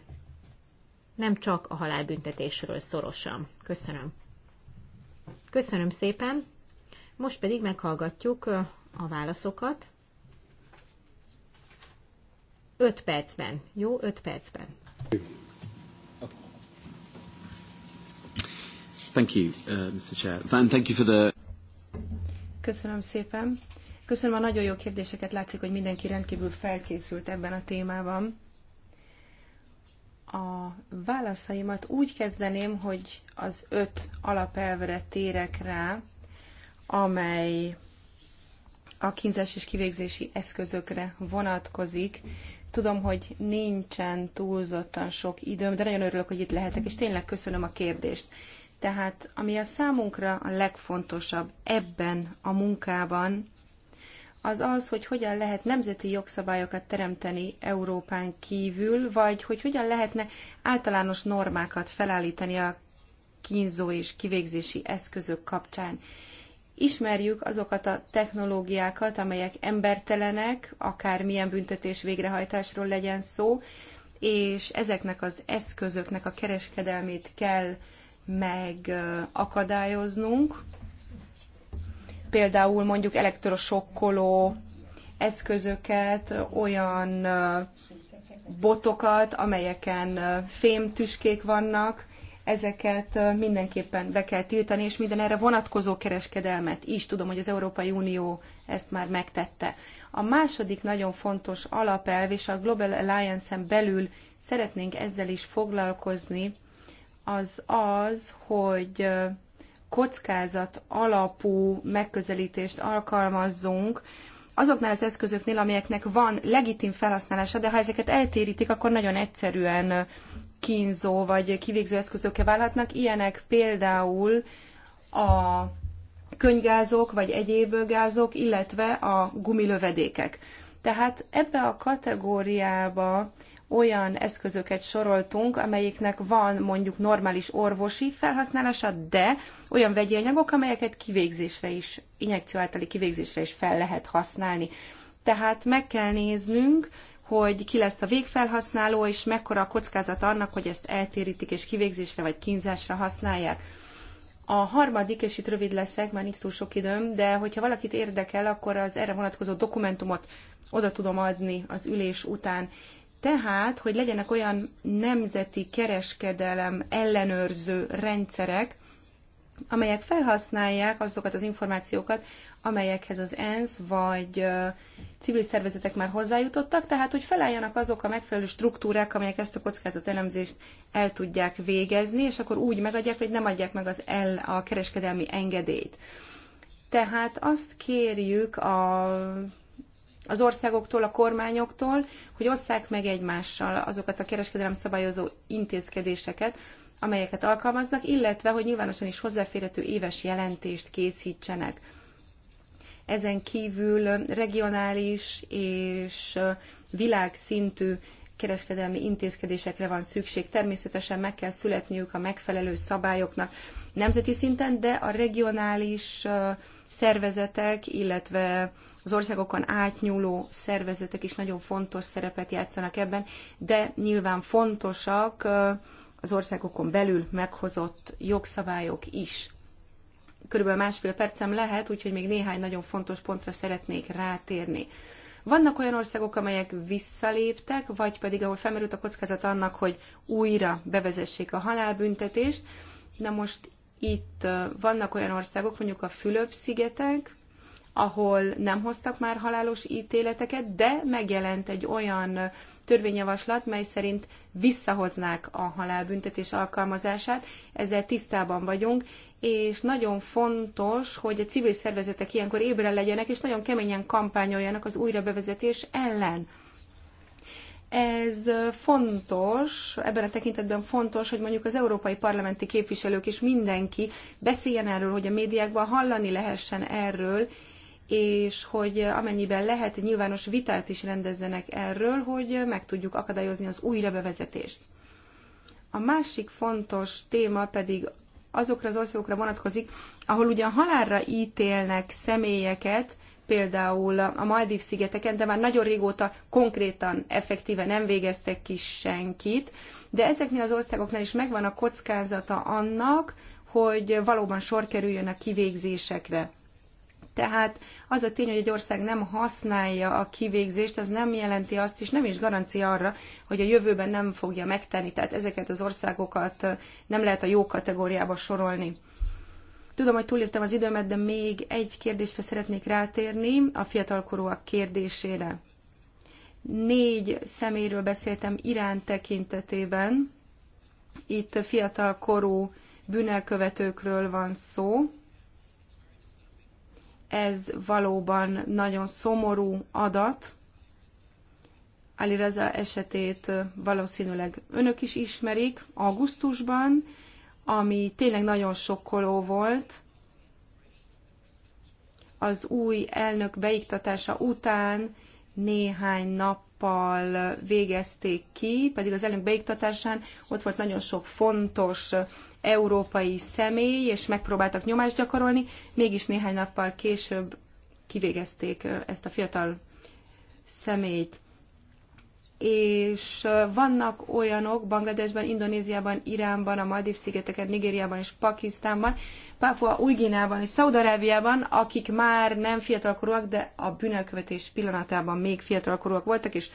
nem csak a halálbüntetésről szorosan. Köszönöm. Köszönöm szépen. Most pedig meghallgatjuk a válaszokat. 5 percben. Jó, 5 percben. Thank you, uh, Mr. Chair. thank you for the... Köszönöm szépen. Köszönöm a nagyon jó kérdéseket. Látszik, hogy mindenki rendkívül felkészült ebben a témában. A válaszaimat úgy kezdeném, hogy az öt alapelvre térek rá, amely a kínzás és kivégzési eszközökre vonatkozik. Tudom, hogy nincsen túlzottan sok időm, de nagyon örülök, hogy itt lehetek, és tényleg köszönöm a kérdést. Tehát ami a számunkra a legfontosabb ebben a munkában, az az, hogy hogyan lehet nemzeti jogszabályokat teremteni Európán kívül, vagy hogy hogyan lehetne általános normákat felállítani a kínzó és kivégzési eszközök kapcsán. Ismerjük azokat a technológiákat, amelyek embertelenek, akár milyen büntetés végrehajtásról legyen szó, és ezeknek az eszközöknek a kereskedelmét kell megakadályoznunk. Például mondjuk elektrosokkoló eszközöket, olyan botokat, amelyeken fémtüskék vannak, ezeket mindenképpen be kell tiltani, és minden erre vonatkozó kereskedelmet is tudom, hogy az Európai Unió ezt már megtette. A második nagyon fontos alapelv, és a Global Alliance-en belül szeretnénk ezzel is foglalkozni, az az, hogy kockázat alapú megközelítést alkalmazzunk azoknál az eszközöknél, amelyeknek van legitim felhasználása, de ha ezeket eltérítik, akkor nagyon egyszerűen kínzó vagy kivégző eszközökkel válhatnak. Ilyenek például a könygázok vagy egyéb gázok, illetve a gumilövedékek. Tehát ebbe a kategóriába olyan eszközöket soroltunk, amelyiknek van mondjuk normális orvosi felhasználása, de olyan vegyi anyagok, amelyeket kivégzésre is, injekció általi kivégzésre is fel lehet használni. Tehát meg kell néznünk, hogy ki lesz a végfelhasználó, és mekkora a kockázat annak, hogy ezt eltérítik és kivégzésre vagy kínzásra használják. A harmadik, és itt rövid leszek, már nincs túl sok időm, de hogyha valakit érdekel, akkor az erre vonatkozó dokumentumot oda tudom adni az ülés után. Tehát, hogy legyenek olyan nemzeti kereskedelem ellenőrző rendszerek, amelyek felhasználják azokat az információkat, amelyekhez az ENSZ vagy civil szervezetek már hozzájutottak, tehát hogy felálljanak azok a megfelelő struktúrák, amelyek ezt a kockázatelemzést el tudják végezni, és akkor úgy megadják, hogy nem adják meg az el, a kereskedelmi engedélyt. Tehát azt kérjük a az országoktól, a kormányoktól, hogy osszák meg egymással azokat a kereskedelem szabályozó intézkedéseket, amelyeket alkalmaznak, illetve hogy nyilvánosan is hozzáférhető éves jelentést készítsenek. Ezen kívül regionális és világszintű kereskedelmi intézkedésekre van szükség. Természetesen meg kell születniük a megfelelő szabályoknak nemzeti szinten, de a regionális szervezetek, illetve az országokon átnyúló szervezetek is nagyon fontos szerepet játszanak ebben, de nyilván fontosak az országokon belül meghozott jogszabályok is. Körülbelül másfél percem lehet, úgyhogy még néhány nagyon fontos pontra szeretnék rátérni. Vannak olyan országok, amelyek visszaléptek, vagy pedig ahol felmerült a kockázat annak, hogy újra bevezessék a halálbüntetést. Na most itt vannak olyan országok, mondjuk a Fülöp-szigetek, ahol nem hoztak már halálos ítéleteket, de megjelent egy olyan törvényjavaslat, mely szerint visszahoznák a halálbüntetés alkalmazását. Ezzel tisztában vagyunk, és nagyon fontos, hogy a civil szervezetek ilyenkor ébren legyenek, és nagyon keményen kampányoljanak az újrabevezetés ellen. Ez fontos, ebben a tekintetben fontos, hogy mondjuk az európai parlamenti képviselők és mindenki beszéljen erről, hogy a médiákban hallani lehessen erről, és hogy amennyiben lehet, nyilvános vitát is rendezzenek erről, hogy meg tudjuk akadályozni az újrabevezetést. A másik fontos téma pedig azokra az országokra vonatkozik, ahol ugyan halálra ítélnek személyeket, például a Maldív szigeteken, de már nagyon régóta konkrétan, effektíven nem végeztek ki senkit, de ezeknél az országoknál is megvan a kockázata annak, hogy valóban sor kerüljön a kivégzésekre. Tehát az a tény, hogy egy ország nem használja a kivégzést, az nem jelenti azt, és nem is garancia arra, hogy a jövőben nem fogja megtenni. Tehát ezeket az országokat nem lehet a jó kategóriába sorolni. Tudom, hogy túléptem az időmet, de még egy kérdésre szeretnék rátérni, a fiatalkorúak kérdésére. Négy személyről beszéltem Irán tekintetében. Itt fiatalkorú bűnelkövetőkről van szó ez valóban nagyon szomorú adat. Alireza esetét valószínűleg önök is ismerik augusztusban, ami tényleg nagyon sokkoló volt. Az új elnök beiktatása után néhány nappal végezték ki, pedig az elnök beiktatásán ott volt nagyon sok fontos európai személy, és megpróbáltak nyomást gyakorolni, mégis néhány nappal később kivégezték ezt a fiatal személyt. És vannak olyanok Bangladesben, Indonéziában, Iránban, a Maldív-szigeteken, Nigériában és Pakisztánban, Pápua új és Szaudarábiában, akik már nem fiatalkorúak, de a bűnelkövetés pillanatában még fiatalkorúak voltak, és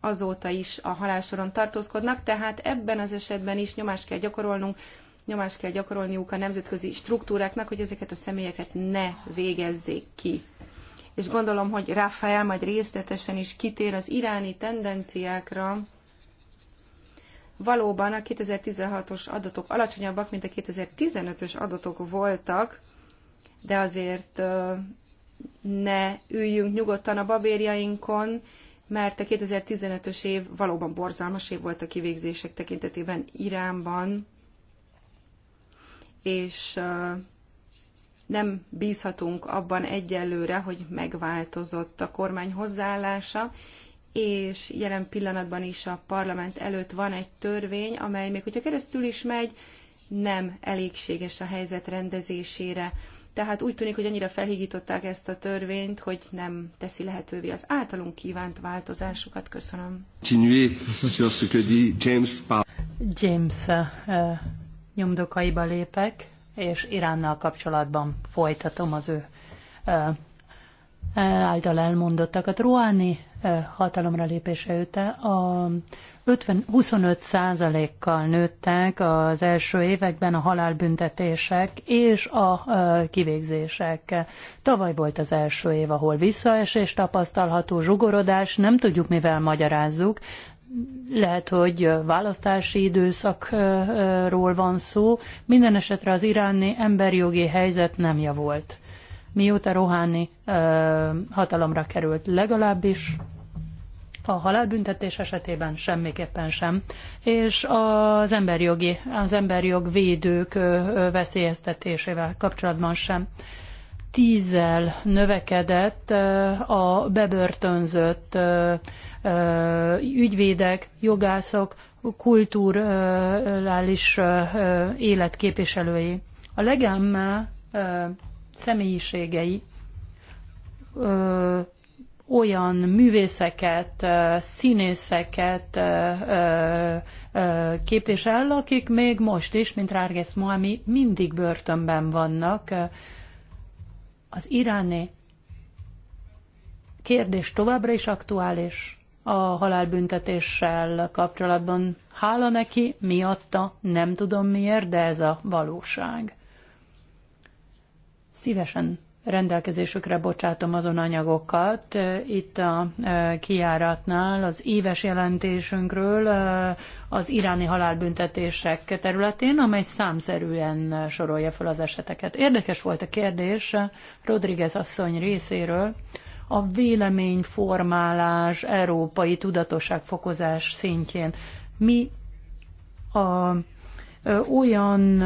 azóta is a halálsoron tartózkodnak, tehát ebben az esetben is nyomást kell gyakorolnunk nyomást kell gyakorolniuk a nemzetközi struktúráknak, hogy ezeket a személyeket ne végezzék ki. És gondolom, hogy Rafael majd részletesen is kitér az iráni tendenciákra. Valóban a 2016-os adatok alacsonyabbak, mint a 2015-ös adatok voltak, de azért ne üljünk nyugodtan a babérjainkon, mert a 2015-ös év valóban borzalmas év volt a kivégzések tekintetében Iránban és nem bízhatunk abban egyelőre, hogy megváltozott a kormány hozzáállása, és jelen pillanatban is a parlament előtt van egy törvény, amely még hogyha keresztül is megy, nem elégséges a helyzet rendezésére. Tehát úgy tűnik, hogy annyira felhígították ezt a törvényt, hogy nem teszi lehetővé az általunk kívánt változásokat. Köszönöm. James James euh, nyomdokaiba lépek, és Iránnal kapcsolatban folytatom az ő ö, által elmondottakat. Ruáni hatalomra lépése őte a 50, 25 százalékkal nőttek az első években a halálbüntetések és a kivégzések. Tavaly volt az első év, ahol visszaesés tapasztalható, zsugorodás, nem tudjuk mivel magyarázzuk, lehet, hogy választási időszakról van szó. Minden esetre az iráni emberjogi helyzet nem javult. Mióta Rohani hatalomra került legalábbis, a halálbüntetés esetében semmiképpen sem, és az emberjogi, az jog védők veszélyeztetésével kapcsolatban sem. Tízzel növekedett a bebörtönzött ügyvédek, jogászok, kulturális életképviselői. A legemme személyiségei olyan művészeket, színészeket képvisel, akik még most is, mint Rárgész Moami, mindig börtönben vannak. Az iráni kérdés továbbra is aktuális a halálbüntetéssel kapcsolatban. Hála neki, miatta, nem tudom miért, de ez a valóság. Szívesen rendelkezésükre bocsátom azon anyagokat. Itt a e, kiáratnál az éves jelentésünkről e, az iráni halálbüntetések területén, amely számszerűen sorolja fel az eseteket. Érdekes volt a kérdés Rodriguez asszony részéről, a véleményformálás, európai tudatosságfokozás szintjén. Mi a olyan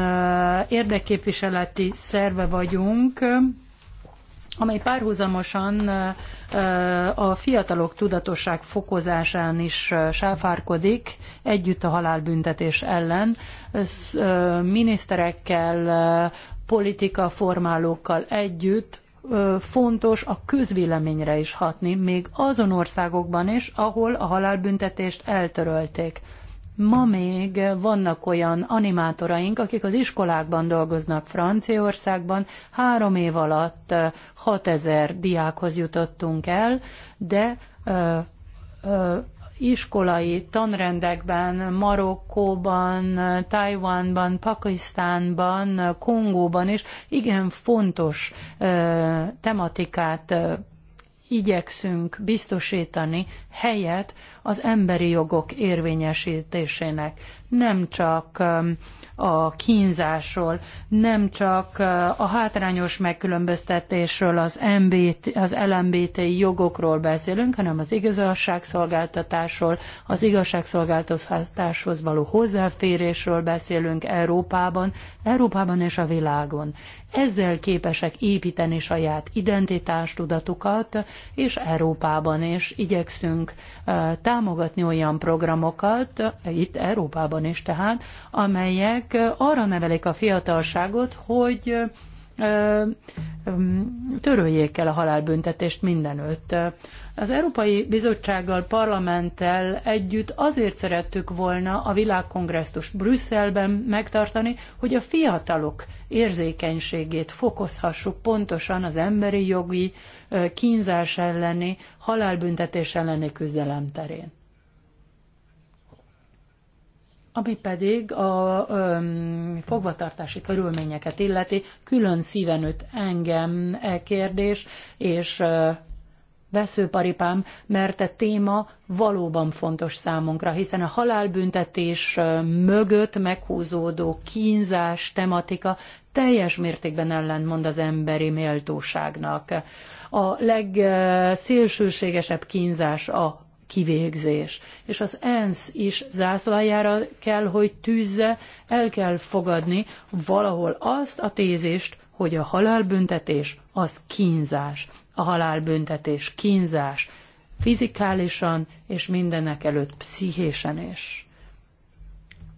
érdekképviseleti szerve vagyunk, amely párhuzamosan a fiatalok tudatosság fokozásán is sáfárkodik, együtt a halálbüntetés ellen, miniszterekkel, politikaformálókkal együtt, fontos a közvéleményre is hatni, még azon országokban is, ahol a halálbüntetést eltörölték. Ma még vannak olyan animátoraink, akik az iskolákban dolgoznak Franciaországban. Három év alatt 6000 diákhoz jutottunk el, de iskolai tanrendekben, Marokkóban, Tajvanban, Pakisztánban, Kongóban is igen fontos tematikát igyekszünk biztosítani helyet, az emberi jogok érvényesítésének. Nem csak um, a kínzásról, nem csak uh, a hátrányos megkülönböztetésről, az, MBT, az LMBT jogokról beszélünk, hanem az igazságszolgáltatásról, az igazságszolgáltatáshoz való hozzáférésről beszélünk Európában, Európában és a világon. Ezzel képesek építeni saját identitástudatukat, és Európában is igyekszünk uh, támogatni olyan programokat, itt Európában is tehát, amelyek arra nevelik a fiatalságot, hogy töröljék el a halálbüntetést mindenütt. Az Európai Bizottsággal, parlamenttel együtt azért szerettük volna a világkongresszus Brüsszelben megtartani, hogy a fiatalok érzékenységét fokozhassuk pontosan az emberi jogi kínzás elleni, halálbüntetés elleni küzdelem terén. Ami pedig a öm, fogvatartási körülményeket illeti, külön szíven üt engem e kérdés, és ö, veszőparipám, mert a téma valóban fontos számunkra, hiszen a halálbüntetés mögött meghúzódó kínzás tematika teljes mértékben ellentmond az emberi méltóságnak. A legszélsőségesebb kínzás a kivégzés. És az ENSZ is zászlajára kell, hogy tűzze, el kell fogadni valahol azt a tézést, hogy a halálbüntetés az kínzás a halálbüntetés, kínzás, fizikálisan és mindenek előtt pszichésen is.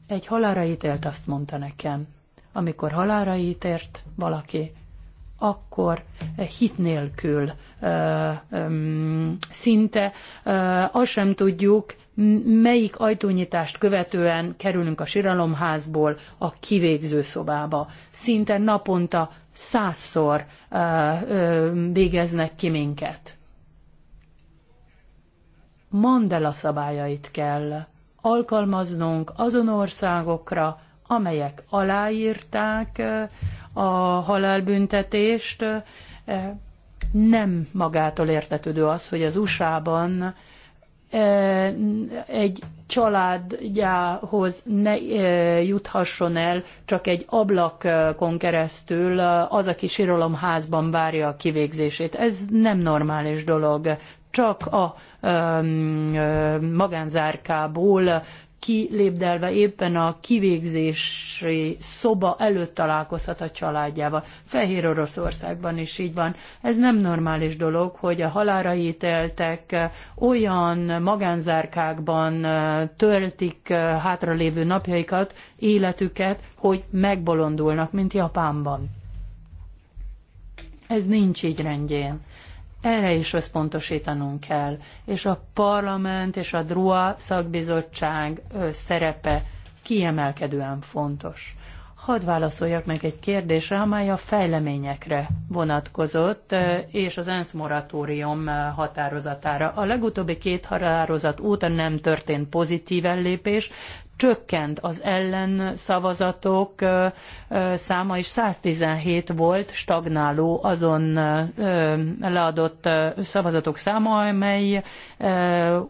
Egy halára ítélt azt mondta nekem, amikor halára ítélt valaki, akkor hit nélkül szinte azt sem tudjuk, melyik ajtónyitást követően kerülünk a síralomházból a kivégző szobába. Szinte naponta százszor végeznek ki minket. Mandela szabályait kell alkalmaznunk azon országokra, amelyek aláírták a halálbüntetést. Nem magától értetődő az, hogy az USA-ban egy családjához ne juthasson el csak egy ablakon keresztül az, aki síralomházban várja a kivégzését. Ez nem normális dolog. Csak a magánzárkából kilépdelve éppen a kivégzési szoba előtt találkozhat a családjával. Fehér Oroszországban is így van. Ez nem normális dolog, hogy a halára ítéltek olyan magánzárkákban töltik hátralévő napjaikat, életüket, hogy megbolondulnak, mint Japánban. Ez nincs így rendjén erre is összpontosítanunk kell, és a parlament és a DRUA szakbizottság szerepe kiemelkedően fontos. Hadd válaszoljak meg egy kérdésre, amely a fejleményekre vonatkozott, és az ENSZ moratórium határozatára. A legutóbbi két határozat óta nem történt pozitív ellépés, csökkent az ellen szavazatok száma, és 117 volt stagnáló azon leadott szavazatok száma, amely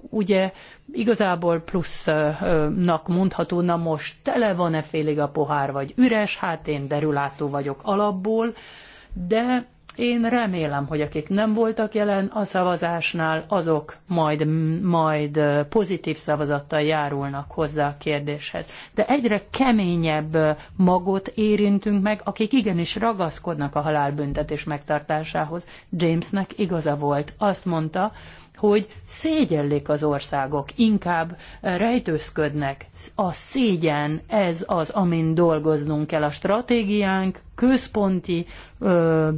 ugye igazából plusznak mondható, na most tele van-e félig a pohár, vagy üres, hát én derülátó vagyok alapból, de én remélem, hogy akik nem voltak jelen a szavazásnál, azok majd, majd pozitív szavazattal járulnak hozzá a kérdéshez. De egyre keményebb magot érintünk meg, akik igenis ragaszkodnak a halálbüntetés megtartásához. Jamesnek igaza volt. Azt mondta, hogy szégyellik az országok, inkább rejtőzködnek. A szégyen ez az, amin dolgoznunk kell. A stratégiánk központi ö,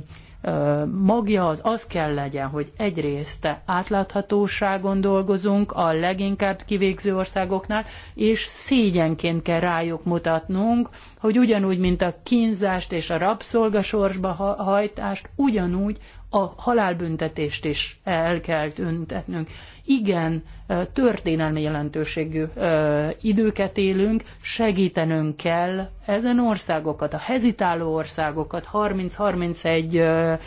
magja az az kell legyen, hogy egyrészt átláthatóságon dolgozunk a leginkább kivégző országoknál, és szégyenként kell rájuk mutatnunk, hogy ugyanúgy, mint a kínzást és a rabszolgasorsba hajtást, ugyanúgy a halálbüntetést is el kell tüntetnünk. Igen, történelmi jelentőségű időket élünk, segítenünk kell ezen országokat, a hezitáló országokat, 30-31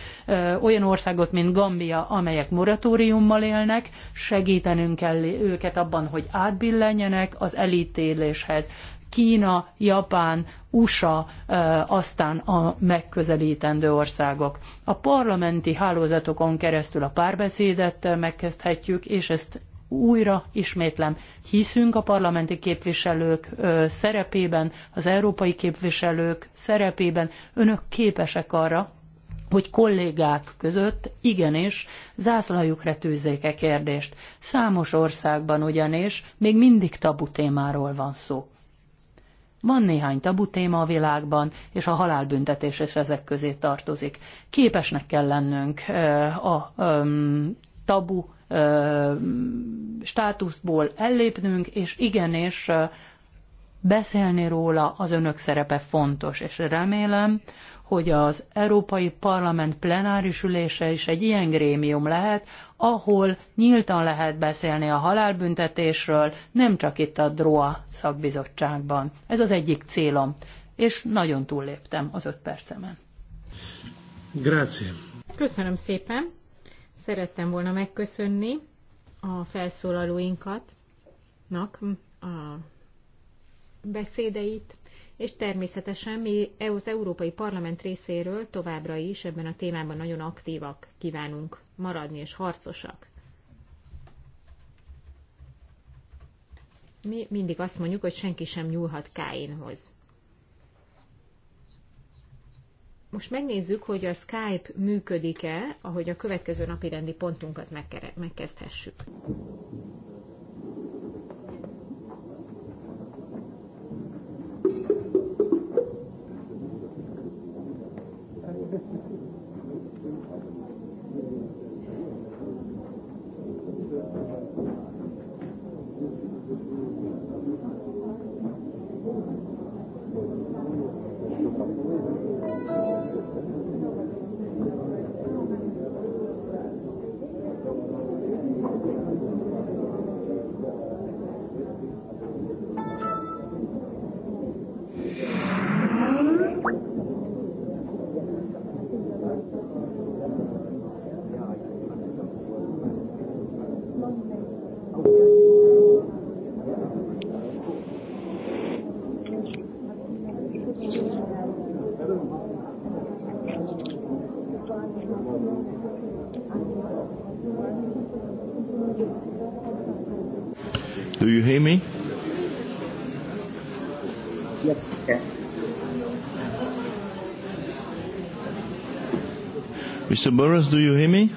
olyan országot, mint Gambia, amelyek moratóriummal élnek, segítenünk kell őket abban, hogy átbillenjenek az elítéléshez. Kína, Japán, USA, aztán a megközelítendő országok. A parlamenti hálózatokon keresztül a párbeszédet megkezdhetjük, és ezt újra ismétlem, hiszünk a parlamenti képviselők ö, szerepében, az európai képviselők szerepében, önök képesek arra, hogy kollégák között igenis zászlajukra tűzzék e kérdést. Számos országban ugyanis még mindig tabu témáról van szó. Van néhány tabu téma a világban, és a halálbüntetés is ezek közé tartozik. Képesnek kell lennünk a tabu státuszból ellépnünk, és igenis beszélni róla az önök szerepe fontos, és remélem, hogy az Európai Parlament plenáris ülése is egy ilyen grémium lehet, ahol nyíltan lehet beszélni a halálbüntetésről, nem csak itt a DROA szakbizottságban. Ez az egyik célom, és nagyon túlléptem az öt percemen. Grazie. Köszönöm szépen. Szerettem volna megköszönni a felszólalóinkat, a beszédeit, és természetesen mi e- az Európai Parlament részéről továbbra is ebben a témában nagyon aktívak kívánunk maradni és harcosak. Mi mindig azt mondjuk, hogy senki sem nyúlhat Káinhoz. Most megnézzük, hogy a Skype működik-e, ahogy a következő napi rendi pontunkat megkezdhessük. Mr. Burris, do you hear me?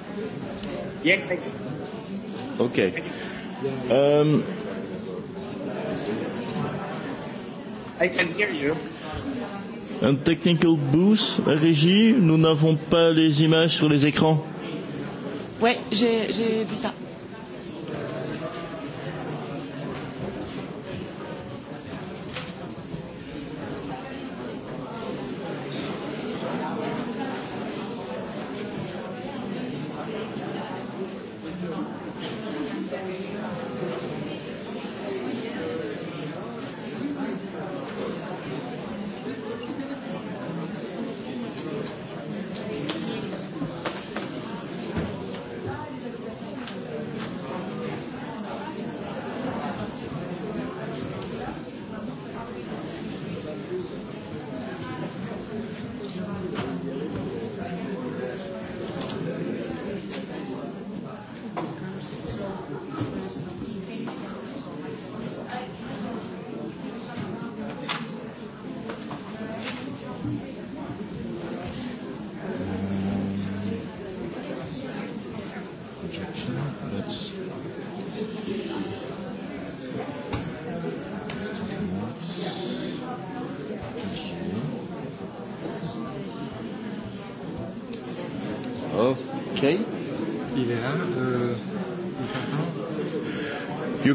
Yes, thank you. Okay. Um, I can hear you. Un technical boost, Régie, nous n'avons pas les images sur les écrans. Oui, j'ai vu ça.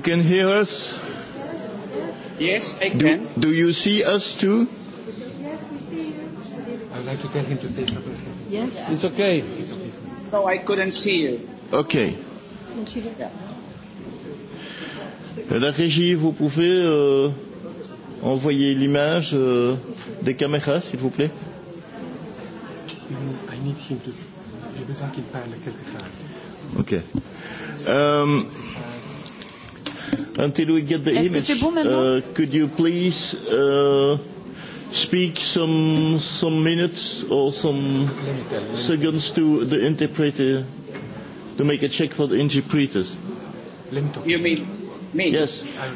can hear us? Yes, I do, can. Do you see us too? Yes, we see you. I'd like to tell him to stay a couple of seconds. Yes. It's okay. No, I couldn't see you. Okay. Euh, la régie, vous pouvez euh, envoyer l'image euh, des caméras, s'il vous plaît. I need him to... J'ai besoin qu'il parle quelque chose. Ok. um, until we get the Est image. Bon uh, could you please uh, speak some some minutes or some seconds to the interpreter to make a check for the interpreters? You mean me? Yes. I will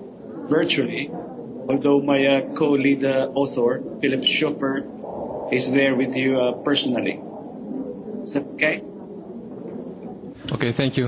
virtually, although my uh, co-lead uh, author, Philip Schoffer, is there with you uh, personally. Is that okay? Okay, thank you.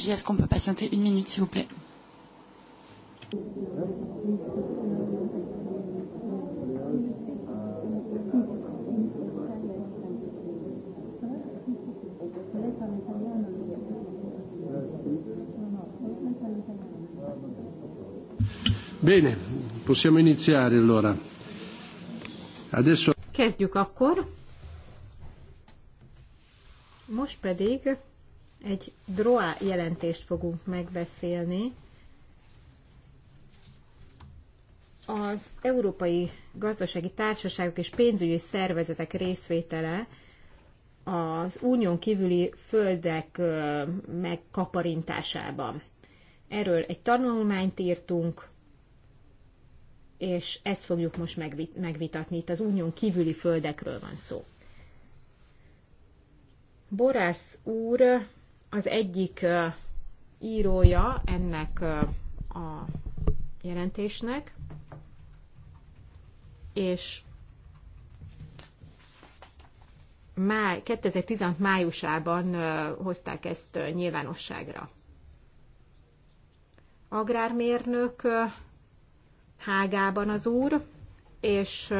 Régie, est-ce qu'on peut patienter une minute, s'il vous plaît Bene, possiamo iniziare allora. Adesso... Kezdjük akkor. Most pedig egy droá jelentést fogunk megbeszélni. Az Európai Gazdasági Társaságok és Pénzügyi Szervezetek részvétele az unión kívüli földek megkaparintásában. Erről egy tanulmányt írtunk, és ezt fogjuk most megvitatni. Itt az unión kívüli földekről van szó. Borász úr az egyik írója ennek a jelentésnek, és máj, 2016 májusában hozták ezt nyilvánosságra. Agrármérnök Hágában az úr, és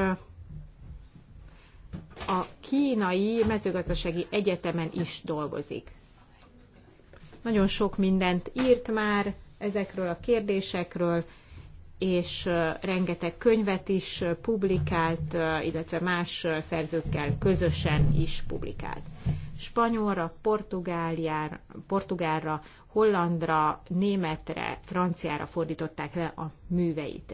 a kínai mezőgazdasági egyetemen is dolgozik. Nagyon sok mindent írt már ezekről a kérdésekről, és rengeteg könyvet is publikált, illetve más szerzőkkel közösen is publikált. Spanyolra, portugálra, hollandra, németre, franciára fordították le a műveit.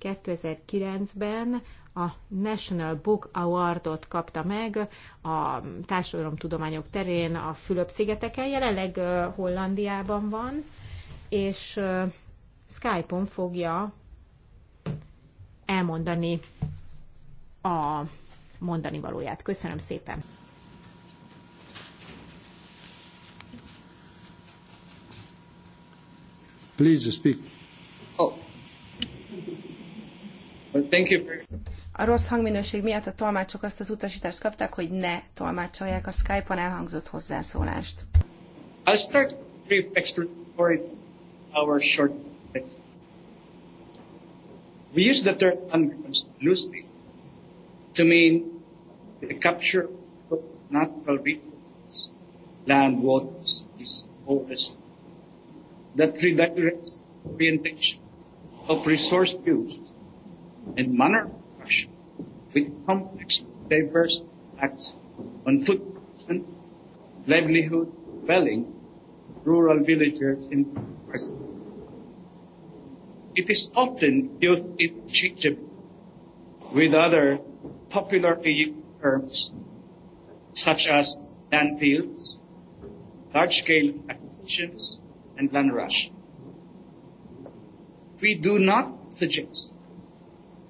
2009-ben a National Book Awardot kapta meg a társadalomtudományok terén a Fülöp-szigeteken, jelenleg Hollandiában van, és Skype-on fogja elmondani a mondani valóját. Köszönöm szépen! Please speak. Oh. Thank you. A rossz hangminőség miatt a tolmácsok azt az utasítást kapták, hogy ne tolmácsolják a Skype-on elhangzott hozzászólást. I'll start brief explanatory our short text. We use the term unbalanced loosely to mean the capture of natural resources, land, waters, seas, forests, that redirects the orientation of resource use and manner production with complex, diverse acts on food production, livelihood, dwelling, rural villagers in present. It is often used interchangeably with other popular terms such as land fields, large-scale acquisitions, and land rush. We do not suggest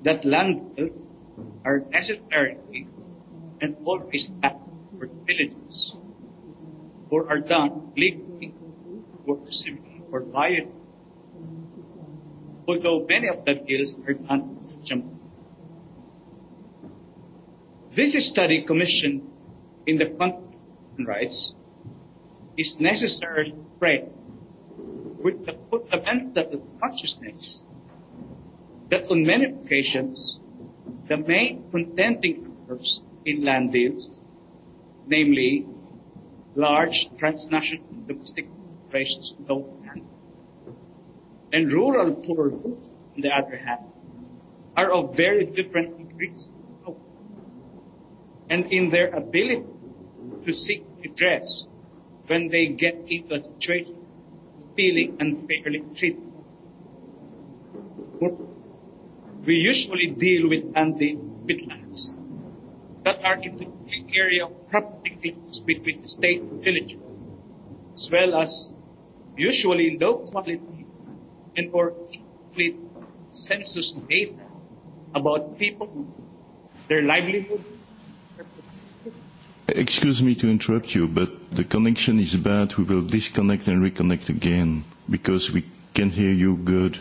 that landfills are necessarily and always have for villages or are done legally or civilly or violently. Although many of the deals are done in such a This study commissioned in the content rights is necessary to pray with the fundamental consciousness that on many occasions, the main contending actors in land deals, namely large transnational domestic corporations on the one hand, and rural poor groups on the other hand, are of very different degrees and in their ability to seek redress when they get into a situation feeling unfairly treated we usually deal with anti wetlands that are in the area of property claims between the state and villages, as well as usually low quality and or incomplete census data about people, their livelihood. Excuse me to interrupt you, but the connection is bad. We will disconnect and reconnect again because we can hear you good.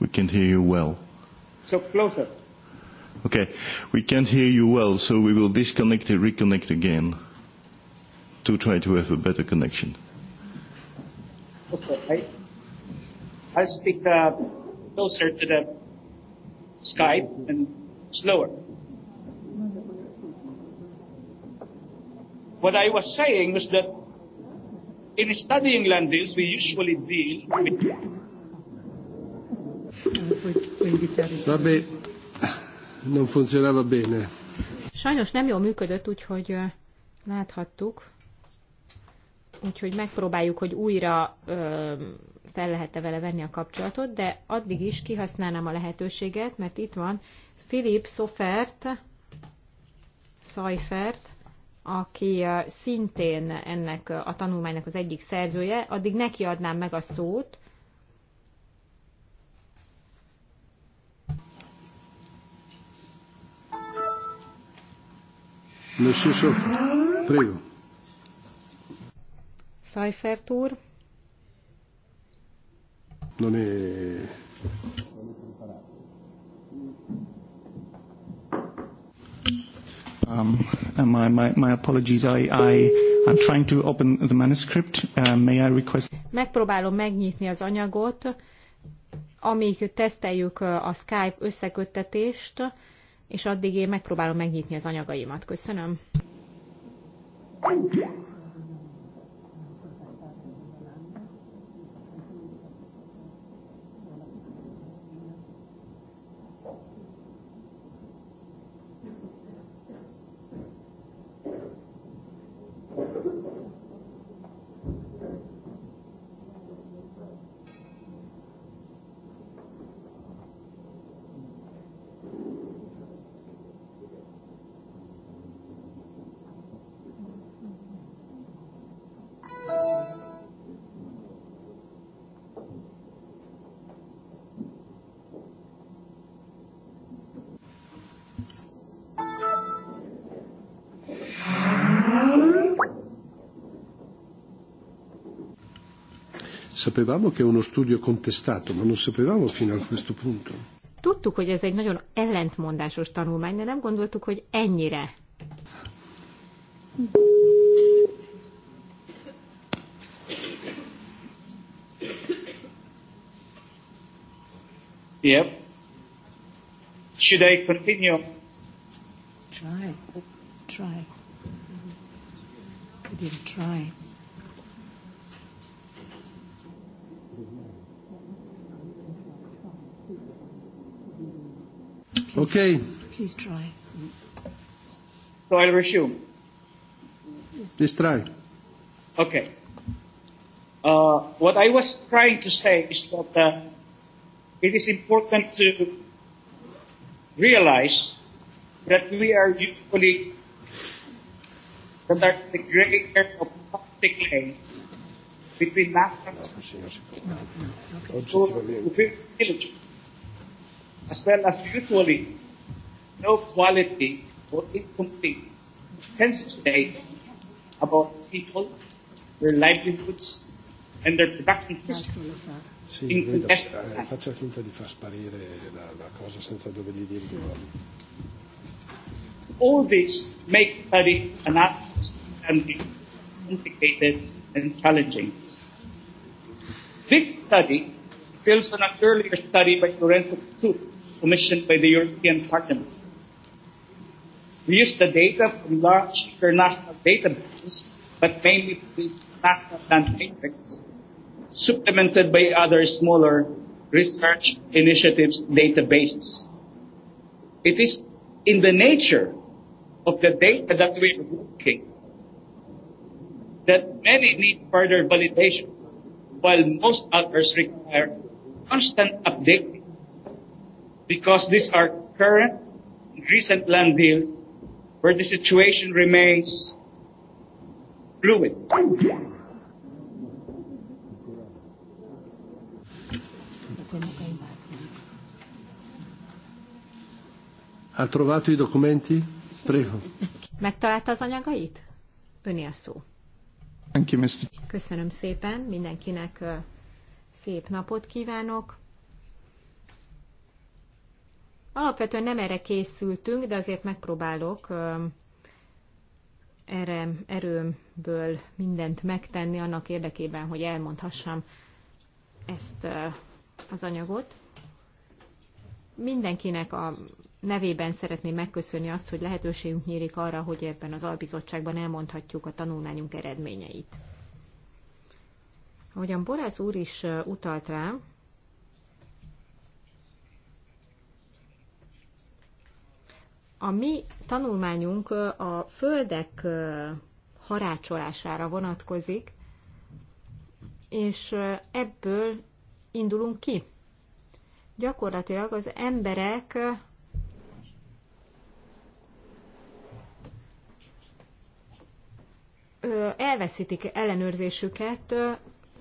We can hear you well. So closer. Okay, we can't hear you well, so we will disconnect and reconnect again to try to have a better connection. Okay, I, I speak uh, closer to the Skype and slower. What I was saying was that in studying land deals, we usually deal with Vabbè, non funzionava bene. Sajnos nem jól működött, úgyhogy láthattuk. Úgyhogy megpróbáljuk, hogy újra ö, fel lehet-e vele venni a kapcsolatot, de addig is kihasználnám a lehetőséget, mert itt van Philip Sofert, Szajfert, aki szintén ennek a tanulmánynak az egyik szerzője, addig neki adnám meg a szót, Monsieur Prego. Seifert úr. Non è... Um, my, my, my apologies, I, I, I'm trying to open the manuscript. Uh, may I request... Megpróbálom megnyitni az anyagot, amíg teszteljük uh, a Skype összeköttetést és addig én megpróbálom megnyitni az anyagaimat. Köszönöm. Sapevamo che è uno studio contestato, ma non sapevamo fino a questo punto. Tudtuk, hogy ez egy nagyon ellentmondásos tanulmány, de nem gondoltuk, hogy ennyire. Yep. Should I continue? Try. Try. I didn't try. Okay. Please try. So I'll resume. Please try. Okay. Uh, what I was trying to say is that uh, it is important to realize that we are usually that the greater of public claim between national and the village as well as mutually no quality or incomplete census data about people, their livelihoods, and their production system. Sì, vedo. Eh, faccia finta di far sparire la, la cosa senza dovergli dire di nuovo. All this make study analysis and be complicated and challenging. This study builds on an earlier study by Lorenzo Tutu commissioned by the European Parliament. We use the data from large international databases, but mainly the national land matrix, supplemented by other smaller research initiatives databases. It is in the nature of the data that we are working that many need further validation, while most others require constant updating because these are current recent land deals where the situation remains fluid. Ha trovato i documenti? Prego. Megtalálta az anyagait? Öni a szó. Köszönöm szépen mindenkinek, szép napot kívánok. Alapvetően nem erre készültünk, de azért megpróbálok erre erőmből mindent megtenni annak érdekében, hogy elmondhassam ezt az anyagot. Mindenkinek a nevében szeretném megköszönni azt, hogy lehetőségünk nyílik arra, hogy ebben az albizottságban elmondhatjuk a tanulmányunk eredményeit. Ahogyan Borász úr is utalt rám, A mi tanulmányunk a földek harácsolására vonatkozik, és ebből indulunk ki. Gyakorlatilag az emberek elveszítik ellenőrzésüket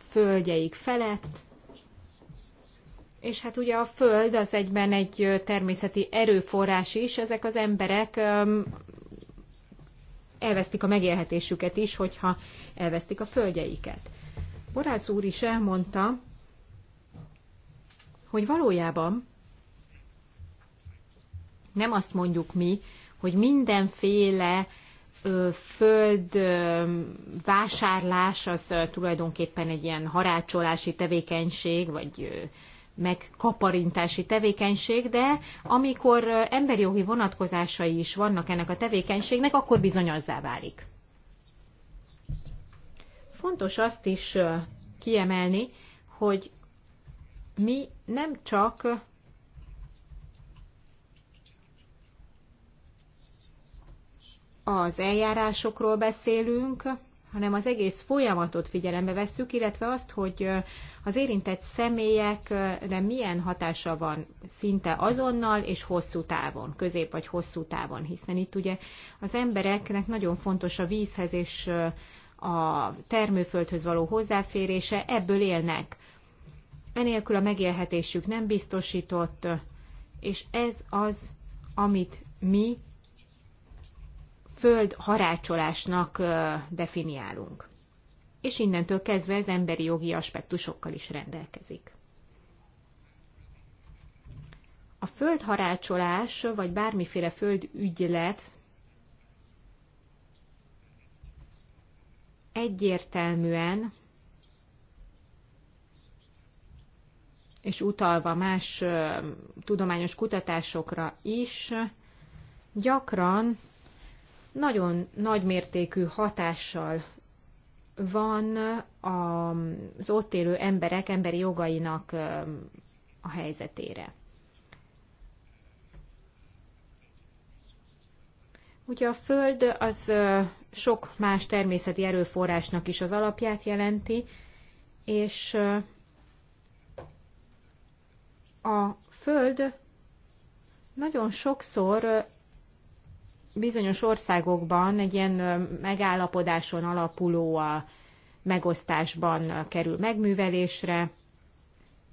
földjeik felett, és hát ugye a föld az egyben egy természeti erőforrás is, ezek az emberek elvesztik a megélhetésüket is, hogyha elvesztik a földjeiket. Borász úr is elmondta, hogy valójában nem azt mondjuk mi, hogy mindenféle ö, föld ö, vásárlás az ö, tulajdonképpen egy ilyen harácsolási tevékenység, vagy ö, megkaparintási tevékenység, de amikor emberjogi vonatkozásai is vannak ennek a tevékenységnek, akkor bizony azzá válik. Fontos azt is kiemelni, hogy mi nem csak az eljárásokról beszélünk, hanem az egész folyamatot figyelembe vesszük, illetve azt, hogy az érintett személyekre milyen hatása van szinte azonnal és hosszú távon, közép vagy hosszú távon, hiszen itt ugye az embereknek nagyon fontos a vízhez és a termőföldhöz való hozzáférése, ebből élnek. Enélkül a megélhetésük nem biztosított, és ez az, amit mi föld harácsolásnak definiálunk. És innentől kezdve ez emberi jogi aspektusokkal is rendelkezik. A földharácsolás, vagy bármiféle földügylet egyértelműen és utalva más tudományos kutatásokra is, gyakran nagyon nagymértékű hatással van az ott élő emberek emberi jogainak a helyzetére. Ugye a Föld az sok más természeti erőforrásnak is az alapját jelenti, és a Föld nagyon sokszor bizonyos országokban egy ilyen megállapodáson alapuló a megosztásban kerül megművelésre.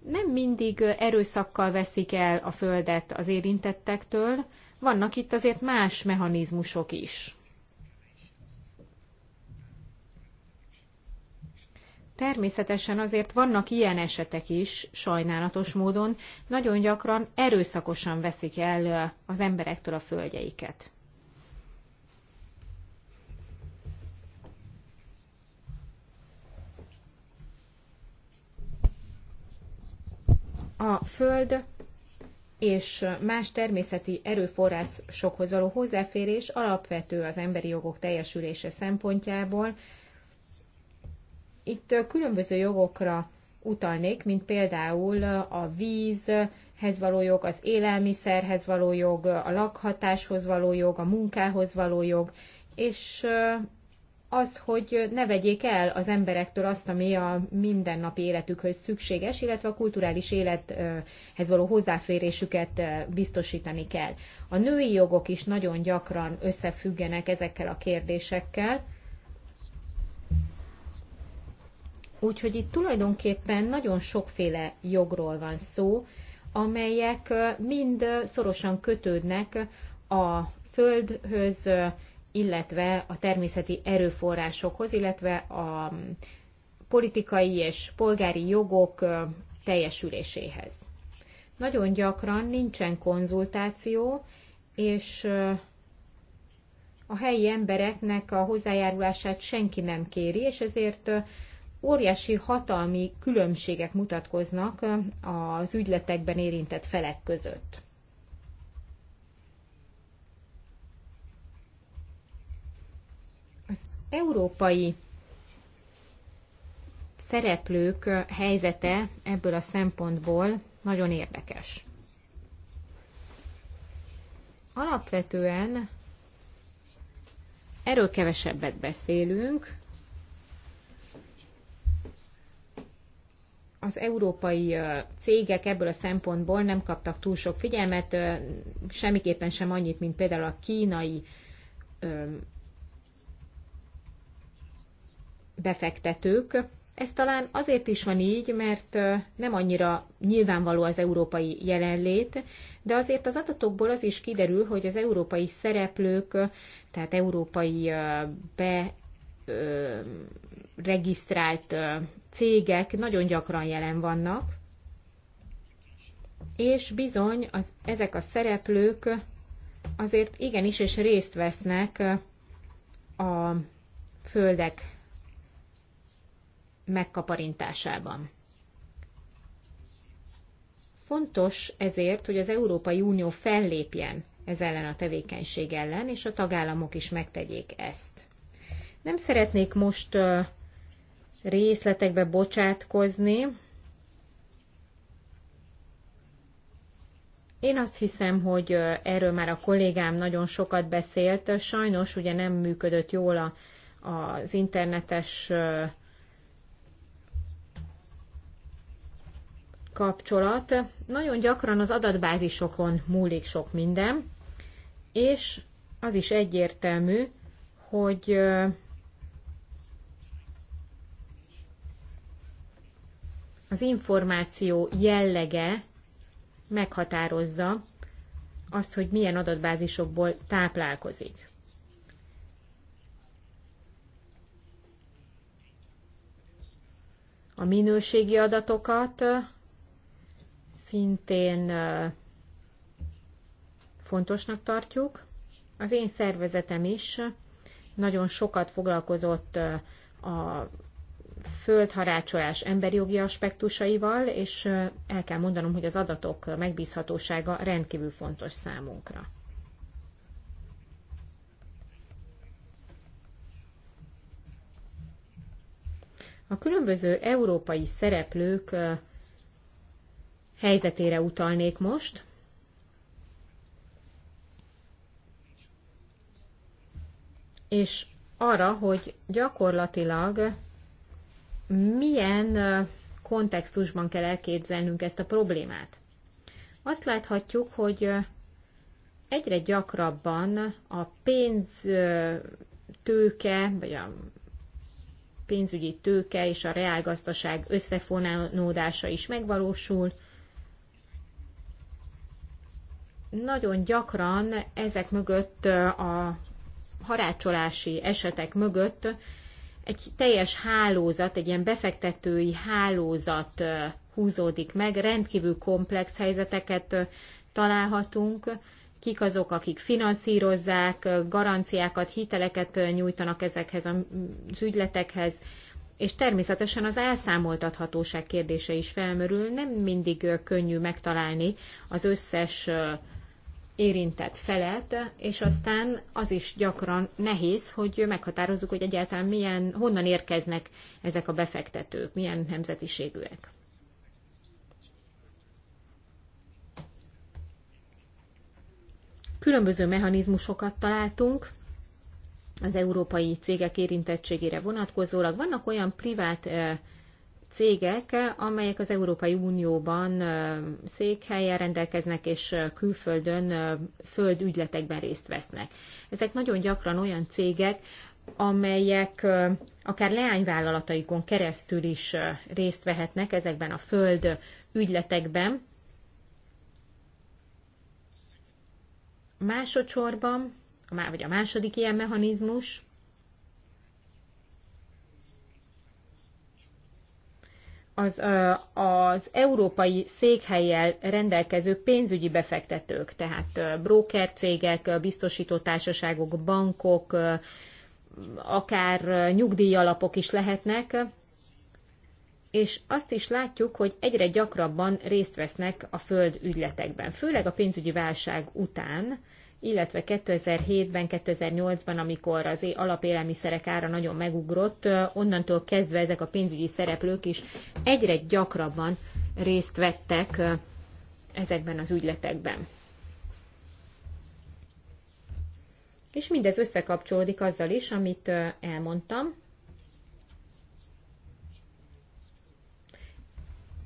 Nem mindig erőszakkal veszik el a földet az érintettektől, vannak itt azért más mechanizmusok is. Természetesen azért vannak ilyen esetek is, sajnálatos módon, nagyon gyakran erőszakosan veszik el az emberektől a földjeiket. a föld és más természeti erőforrásokhoz való hozzáférés alapvető az emberi jogok teljesülése szempontjából. Itt különböző jogokra utalnék, mint például a vízhez való jog, az élelmiszerhez való jog, a lakhatáshoz való jog, a munkához való jog, és az, hogy ne vegyék el az emberektől azt, ami a mindennapi életükhöz szükséges, illetve a kulturális élethez való hozzáférésüket biztosítani kell. A női jogok is nagyon gyakran összefüggenek ezekkel a kérdésekkel, Úgyhogy itt tulajdonképpen nagyon sokféle jogról van szó, amelyek mind szorosan kötődnek a földhöz, illetve a természeti erőforrásokhoz, illetve a politikai és polgári jogok teljesüléséhez. Nagyon gyakran nincsen konzultáció, és a helyi embereknek a hozzájárulását senki nem kéri, és ezért óriási hatalmi különbségek mutatkoznak az ügyletekben érintett felek között. európai szereplők helyzete ebből a szempontból nagyon érdekes. Alapvetően erről kevesebbet beszélünk. Az európai cégek ebből a szempontból nem kaptak túl sok figyelmet, semmiképpen sem annyit, mint például a kínai befektetők. Ez talán azért is van így, mert nem annyira nyilvánvaló az európai jelenlét, de azért az adatokból az is kiderül, hogy az európai szereplők, tehát európai be regisztrált cégek nagyon gyakran jelen vannak, és bizony az, ezek a szereplők azért igenis és részt vesznek a földek megkaparintásában. Fontos ezért, hogy az Európai Unió fellépjen ez ellen a tevékenység ellen, és a tagállamok is megtegyék ezt. Nem szeretnék most részletekbe bocsátkozni. Én azt hiszem, hogy erről már a kollégám nagyon sokat beszélt. Sajnos ugye nem működött jól a, az internetes kapcsolat. Nagyon gyakran az adatbázisokon múlik sok minden, és az is egyértelmű, hogy az információ jellege meghatározza azt, hogy milyen adatbázisokból táplálkozik. A minőségi adatokat szintén fontosnak tartjuk. Az én szervezetem is nagyon sokat foglalkozott a földharácsolás emberi jogi aspektusaival, és el kell mondanom, hogy az adatok megbízhatósága rendkívül fontos számunkra. A különböző európai szereplők helyzetére utalnék most. És arra, hogy gyakorlatilag milyen kontextusban kell elképzelnünk ezt a problémát. Azt láthatjuk, hogy egyre gyakrabban a pénz tőke, vagy a pénzügyi tőke és a reálgazdaság összefonódása is megvalósul, nagyon gyakran ezek mögött a harácsolási esetek mögött egy teljes hálózat, egy ilyen befektetői hálózat húzódik meg, rendkívül komplex helyzeteket találhatunk, kik azok, akik finanszírozzák, garanciákat, hiteleket nyújtanak ezekhez az ügyletekhez, és természetesen az elszámoltathatóság kérdése is felmerül. Nem mindig könnyű megtalálni az összes érintett felet, és aztán az is gyakran nehéz, hogy meghatározzuk, hogy egyáltalán milyen, honnan érkeznek ezek a befektetők, milyen nemzetiségűek. Különböző mechanizmusokat találtunk az európai cégek érintettségére vonatkozólag. Vannak olyan privát eh, cégek, amelyek az Európai Unióban székhelyen rendelkeznek és külföldön földügyletekben részt vesznek. Ezek nagyon gyakran olyan cégek, amelyek akár leányvállalataikon keresztül is részt vehetnek ezekben a föld ügyletekben. Másodszorban, vagy a második ilyen mechanizmus, az, az európai székhelyjel rendelkező pénzügyi befektetők, tehát brókercégek, biztosítótársaságok, bankok, akár nyugdíjalapok is lehetnek, és azt is látjuk, hogy egyre gyakrabban részt vesznek a föld ügyletekben, főleg a pénzügyi válság után, illetve 2007-ben, 2008-ban, amikor az alapélelmiszerek ára nagyon megugrott, onnantól kezdve ezek a pénzügyi szereplők is egyre gyakrabban részt vettek ezekben az ügyletekben. És mindez összekapcsolódik azzal is, amit elmondtam.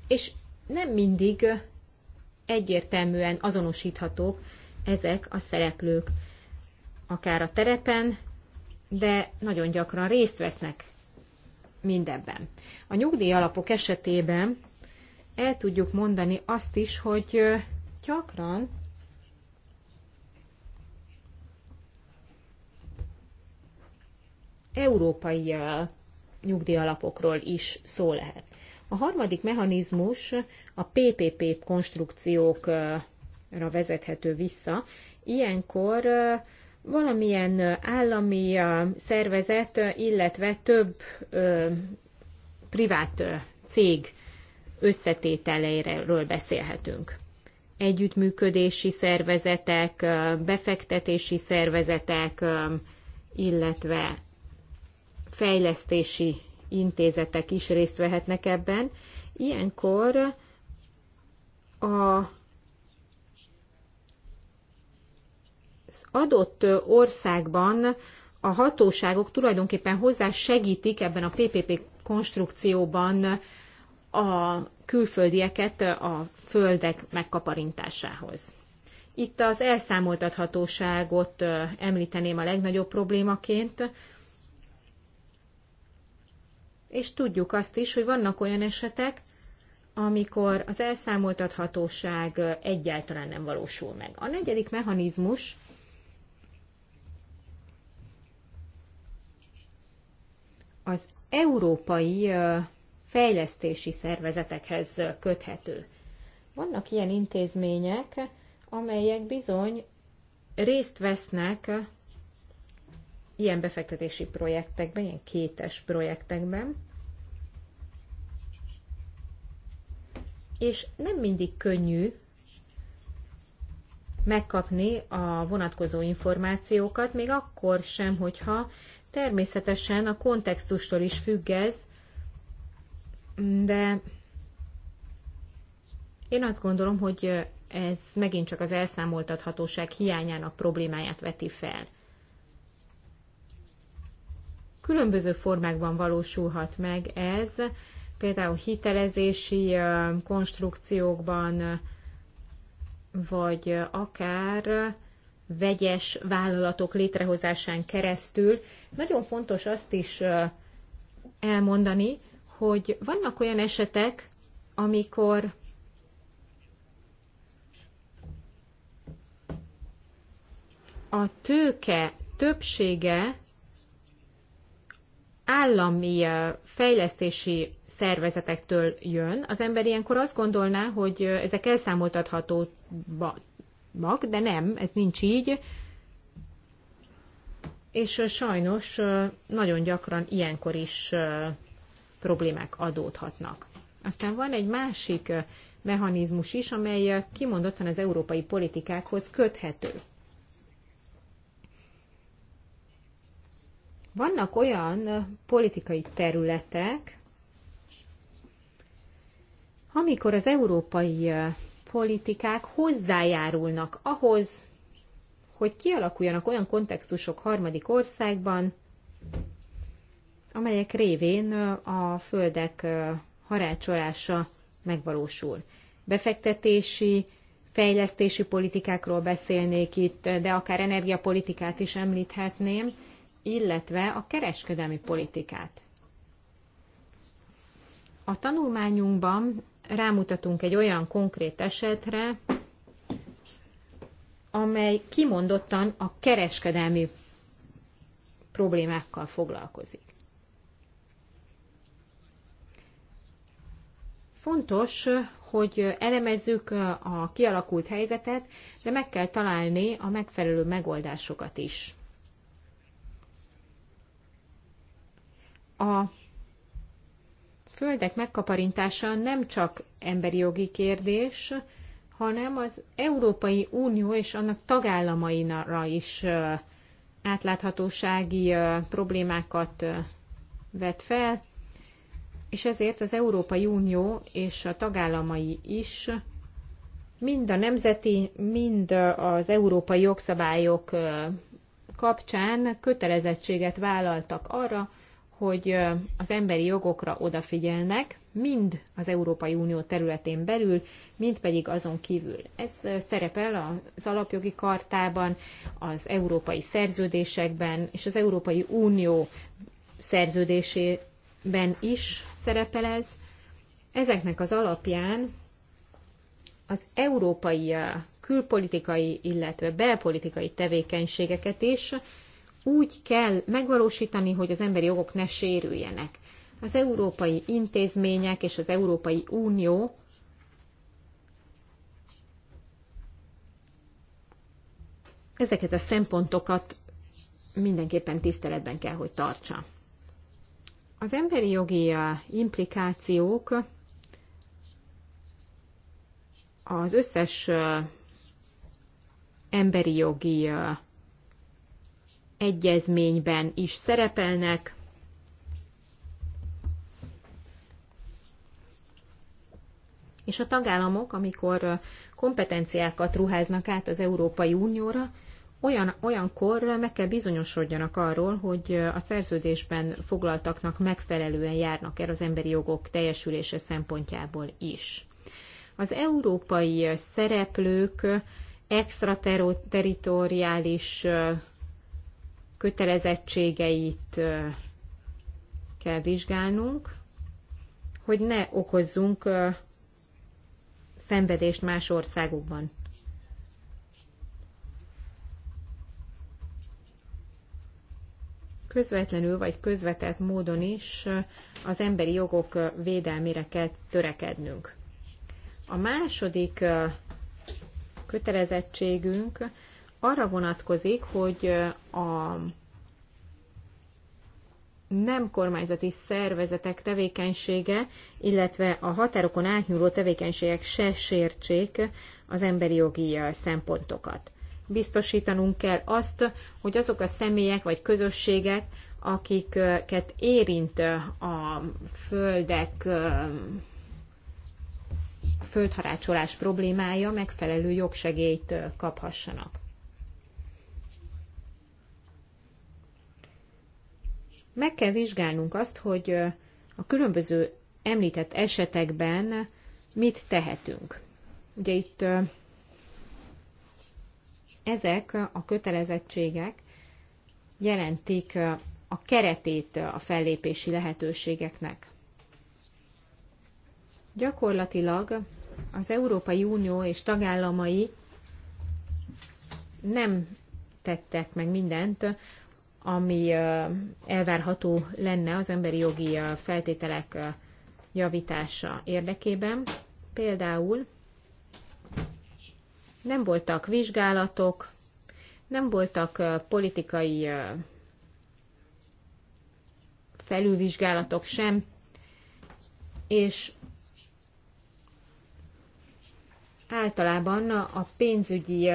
És nem mindig egyértelműen azonosíthatók ezek a szereplők akár a terepen, de nagyon gyakran részt vesznek mindebben. A nyugdíjalapok esetében el tudjuk mondani azt is, hogy gyakran európai nyugdíjalapokról is szó lehet. A harmadik mechanizmus a PPP konstrukciók ra vezethető vissza. Ilyenkor valamilyen állami szervezet, illetve több privát cég összetételeiről beszélhetünk. Együttműködési szervezetek, befektetési szervezetek, illetve fejlesztési intézetek is részt vehetnek ebben. Ilyenkor a az adott országban a hatóságok tulajdonképpen hozzá segítik ebben a PPP konstrukcióban a külföldieket a földek megkaparintásához. Itt az elszámoltathatóságot említeném a legnagyobb problémaként, és tudjuk azt is, hogy vannak olyan esetek, amikor az elszámoltathatóság egyáltalán nem valósul meg. A negyedik mechanizmus az európai fejlesztési szervezetekhez köthető. Vannak ilyen intézmények, amelyek bizony részt vesznek ilyen befektetési projektekben, ilyen kétes projektekben, és nem mindig könnyű megkapni a vonatkozó információkat, még akkor sem, hogyha Természetesen a kontextustól is függ ez, de én azt gondolom, hogy ez megint csak az elszámoltathatóság hiányának problémáját veti fel. Különböző formákban valósulhat meg ez, például hitelezési konstrukciókban, vagy akár vegyes vállalatok létrehozásán keresztül. Nagyon fontos azt is elmondani, hogy vannak olyan esetek, amikor a tőke többsége állami fejlesztési szervezetektől jön, az ember ilyenkor azt gondolná, hogy ezek elszámoltatható mag, de nem, ez nincs így. És sajnos nagyon gyakran ilyenkor is problémák adódhatnak. Aztán van egy másik mechanizmus is, amely kimondottan az európai politikákhoz köthető. Vannak olyan politikai területek, amikor az európai politikák hozzájárulnak ahhoz, hogy kialakuljanak olyan kontextusok harmadik országban, amelyek révén a földek harácsolása megvalósul. Befektetési, fejlesztési politikákról beszélnék itt, de akár energiapolitikát is említhetném, illetve a kereskedelmi politikát. A tanulmányunkban rámutatunk egy olyan konkrét esetre, amely kimondottan a kereskedelmi problémákkal foglalkozik. Fontos, hogy elemezzük a kialakult helyzetet, de meg kell találni a megfelelő megoldásokat is. A földek megkaparintása nem csak emberi jogi kérdés, hanem az Európai Unió és annak tagállamainra is átláthatósági problémákat vet fel, és ezért az Európai Unió és a tagállamai is mind a nemzeti, mind az európai jogszabályok kapcsán kötelezettséget vállaltak arra, hogy az emberi jogokra odafigyelnek, mind az Európai Unió területén belül, mind pedig azon kívül. Ez szerepel az alapjogi kartában, az európai szerződésekben és az Európai Unió szerződésében is szerepel ez. Ezeknek az alapján az európai külpolitikai, illetve belpolitikai tevékenységeket is úgy kell megvalósítani, hogy az emberi jogok ne sérüljenek. Az európai intézmények és az Európai Unió ezeket a szempontokat mindenképpen tiszteletben kell, hogy tartsa. Az emberi jogi implikációk az összes emberi jogi egyezményben is szerepelnek. És a tagállamok, amikor kompetenciákat ruháznak át az Európai Unióra, olyan, olyankor meg kell bizonyosodjanak arról, hogy a szerződésben foglaltaknak megfelelően járnak el az emberi jogok teljesülése szempontjából is. Az európai szereplők extraterritoriális kötelezettségeit kell vizsgálnunk, hogy ne okozzunk szenvedést más országokban. Közvetlenül vagy közvetett módon is az emberi jogok védelmére kell törekednünk. A második kötelezettségünk arra vonatkozik, hogy a nem kormányzati szervezetek tevékenysége, illetve a határokon átnyúló tevékenységek se sértsék az emberi jogi szempontokat. Biztosítanunk kell azt, hogy azok a személyek vagy közösségek, akiket érint a földek földharácsolás problémája, megfelelő jogsegélyt kaphassanak. Meg kell vizsgálnunk azt, hogy a különböző említett esetekben mit tehetünk. Ugye itt ezek a kötelezettségek jelentik a keretét a fellépési lehetőségeknek. Gyakorlatilag az Európai Unió és tagállamai nem tettek meg mindent ami elvárható lenne az emberi jogi feltételek javítása érdekében. Például nem voltak vizsgálatok, nem voltak politikai felülvizsgálatok sem, és általában a pénzügyi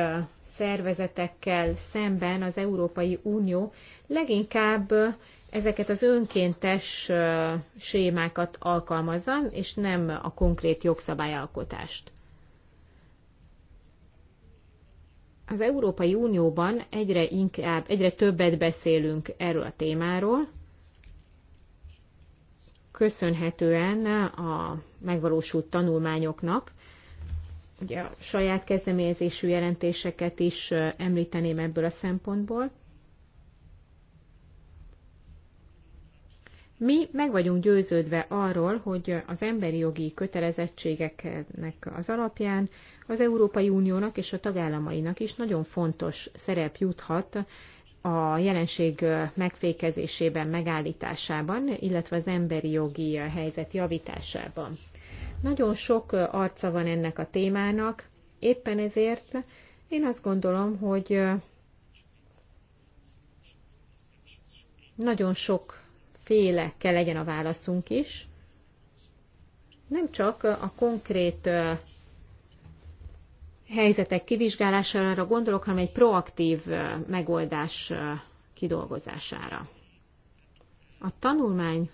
szervezetekkel szemben az Európai Unió leginkább ezeket az önkéntes sémákat alkalmazza, és nem a konkrét jogszabályalkotást. Az Európai Unióban egyre inkább, egyre többet beszélünk erről a témáról, köszönhetően a megvalósult tanulmányoknak, ugye a saját kezdeményezésű jelentéseket is említeném ebből a szempontból. Mi meg vagyunk győződve arról, hogy az emberi jogi kötelezettségeknek az alapján az Európai Uniónak és a tagállamainak is nagyon fontos szerep juthat a jelenség megfékezésében, megállításában, illetve az emberi jogi helyzet javításában. Nagyon sok arca van ennek a témának, éppen ezért én azt gondolom, hogy nagyon sok féle kell legyen a válaszunk is. Nem csak a konkrét helyzetek kivizsgálására gondolok, hanem egy proaktív megoldás kidolgozására. A tanulmány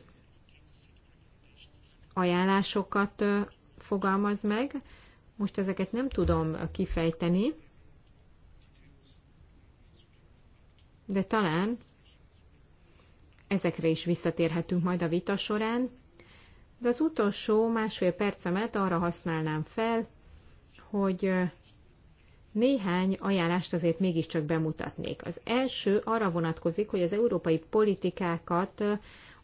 ajánlásokat fogalmaz meg. Most ezeket nem tudom kifejteni, de talán ezekre is visszatérhetünk majd a vita során. De az utolsó másfél percemet arra használnám fel, hogy néhány ajánlást azért mégiscsak bemutatnék. Az első arra vonatkozik, hogy az európai politikákat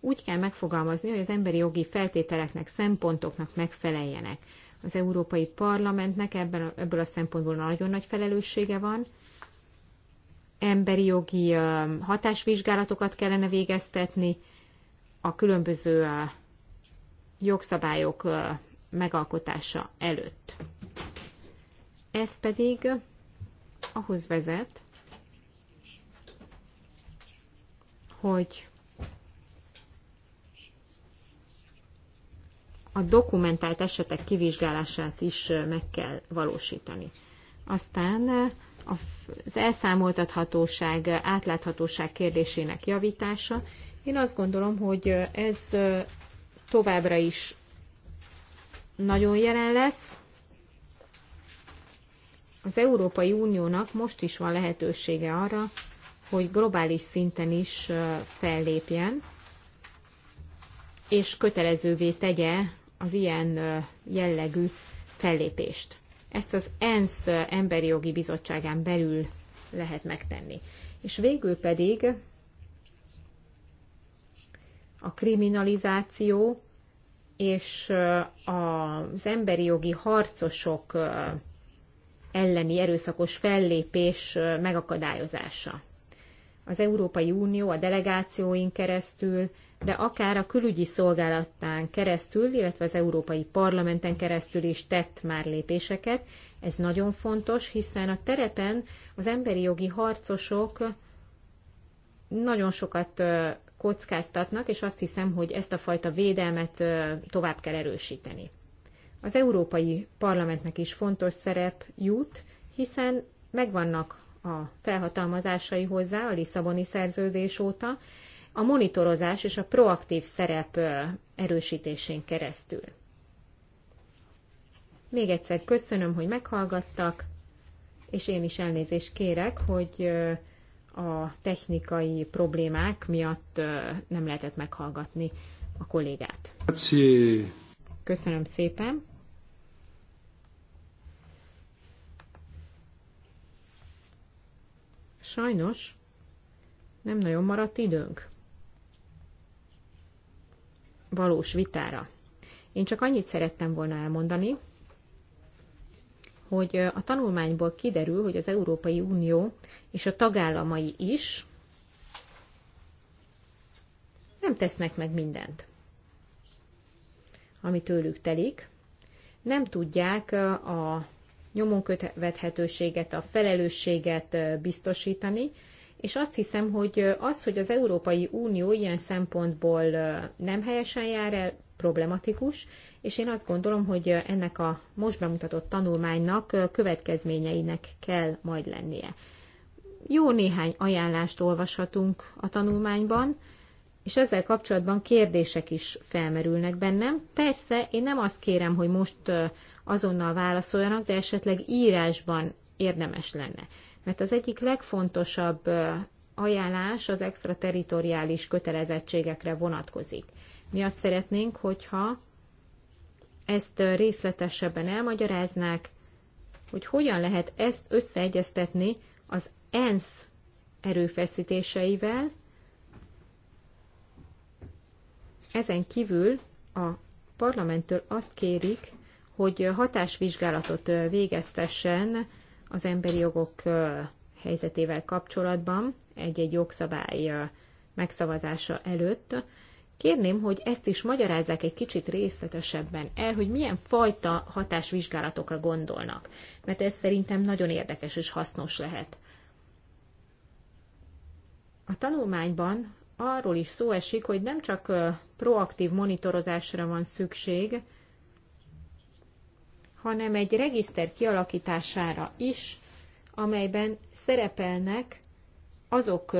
úgy kell megfogalmazni, hogy az emberi jogi feltételeknek, szempontoknak megfeleljenek. Az Európai Parlamentnek ebben, ebből a szempontból nagyon nagy felelőssége van. Emberi jogi hatásvizsgálatokat kellene végeztetni, a különböző jogszabályok megalkotása előtt. Ez pedig ahhoz vezet, hogy a dokumentált esetek kivizsgálását is meg kell valósítani. Aztán az elszámoltathatóság, átláthatóság kérdésének javítása. Én azt gondolom, hogy ez továbbra is nagyon jelen lesz. Az Európai Uniónak most is van lehetősége arra, hogy globális szinten is fellépjen, és kötelezővé tegye az ilyen jellegű fellépést. Ezt az ENSZ Emberi Jogi Bizottságán belül lehet megtenni. És végül pedig a kriminalizáció és az emberi jogi harcosok elleni erőszakos fellépés megakadályozása. Az Európai Unió a delegációin keresztül de akár a külügyi szolgálatán keresztül, illetve az Európai Parlamenten keresztül is tett már lépéseket. Ez nagyon fontos, hiszen a terepen az emberi jogi harcosok nagyon sokat kockáztatnak, és azt hiszem, hogy ezt a fajta védelmet tovább kell erősíteni. Az Európai Parlamentnek is fontos szerep jut, hiszen megvannak a felhatalmazásai hozzá a Lisszaboni szerződés óta, a monitorozás és a proaktív szerep erősítésén keresztül. Még egyszer köszönöm, hogy meghallgattak, és én is elnézést kérek, hogy a technikai problémák miatt nem lehetett meghallgatni a kollégát. Köszönöm szépen! Sajnos nem nagyon maradt időnk valós vitára. Én csak annyit szerettem volna elmondani, hogy a tanulmányból kiderül, hogy az Európai Unió és a tagállamai is nem tesznek meg mindent, ami tőlük telik. Nem tudják a nyomon követhetőséget, a felelősséget biztosítani, és azt hiszem, hogy az, hogy az Európai Unió ilyen szempontból nem helyesen jár el, problematikus, és én azt gondolom, hogy ennek a most bemutatott tanulmánynak következményeinek kell majd lennie. Jó néhány ajánlást olvashatunk a tanulmányban, és ezzel kapcsolatban kérdések is felmerülnek bennem. Persze én nem azt kérem, hogy most azonnal válaszoljanak, de esetleg írásban érdemes lenne mert az egyik legfontosabb ajánlás az extraterritoriális kötelezettségekre vonatkozik. Mi azt szeretnénk, hogyha ezt részletesebben elmagyaráznák, hogy hogyan lehet ezt összeegyeztetni az ENSZ erőfeszítéseivel, ezen kívül a parlamenttől azt kérik, hogy hatásvizsgálatot végeztessen az emberi jogok helyzetével kapcsolatban egy-egy jogszabály megszavazása előtt. Kérném, hogy ezt is magyarázzák egy kicsit részletesebben el, hogy milyen fajta hatásvizsgálatokra gondolnak, mert ez szerintem nagyon érdekes és hasznos lehet. A tanulmányban arról is szó esik, hogy nem csak proaktív monitorozásra van szükség, hanem egy regiszter kialakítására is, amelyben szerepelnek azok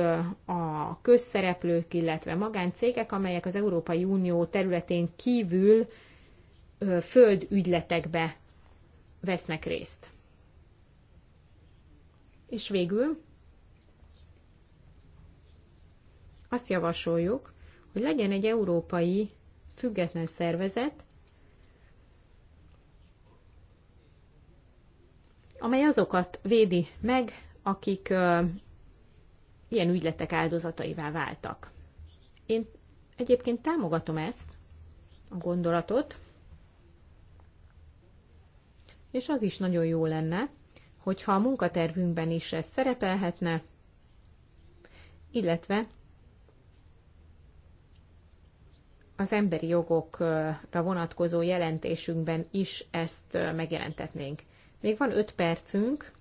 a közszereplők, illetve magáncégek, amelyek az Európai Unió területén kívül földügyletekbe vesznek részt. És végül azt javasoljuk, hogy legyen egy európai független szervezet, amely azokat védi meg, akik ilyen ügyletek áldozataivá váltak. Én egyébként támogatom ezt a gondolatot, és az is nagyon jó lenne, hogyha a munkatervünkben is ez szerepelhetne, illetve az emberi jogokra vonatkozó jelentésünkben is ezt megjelentetnénk. Még van 5 percünk.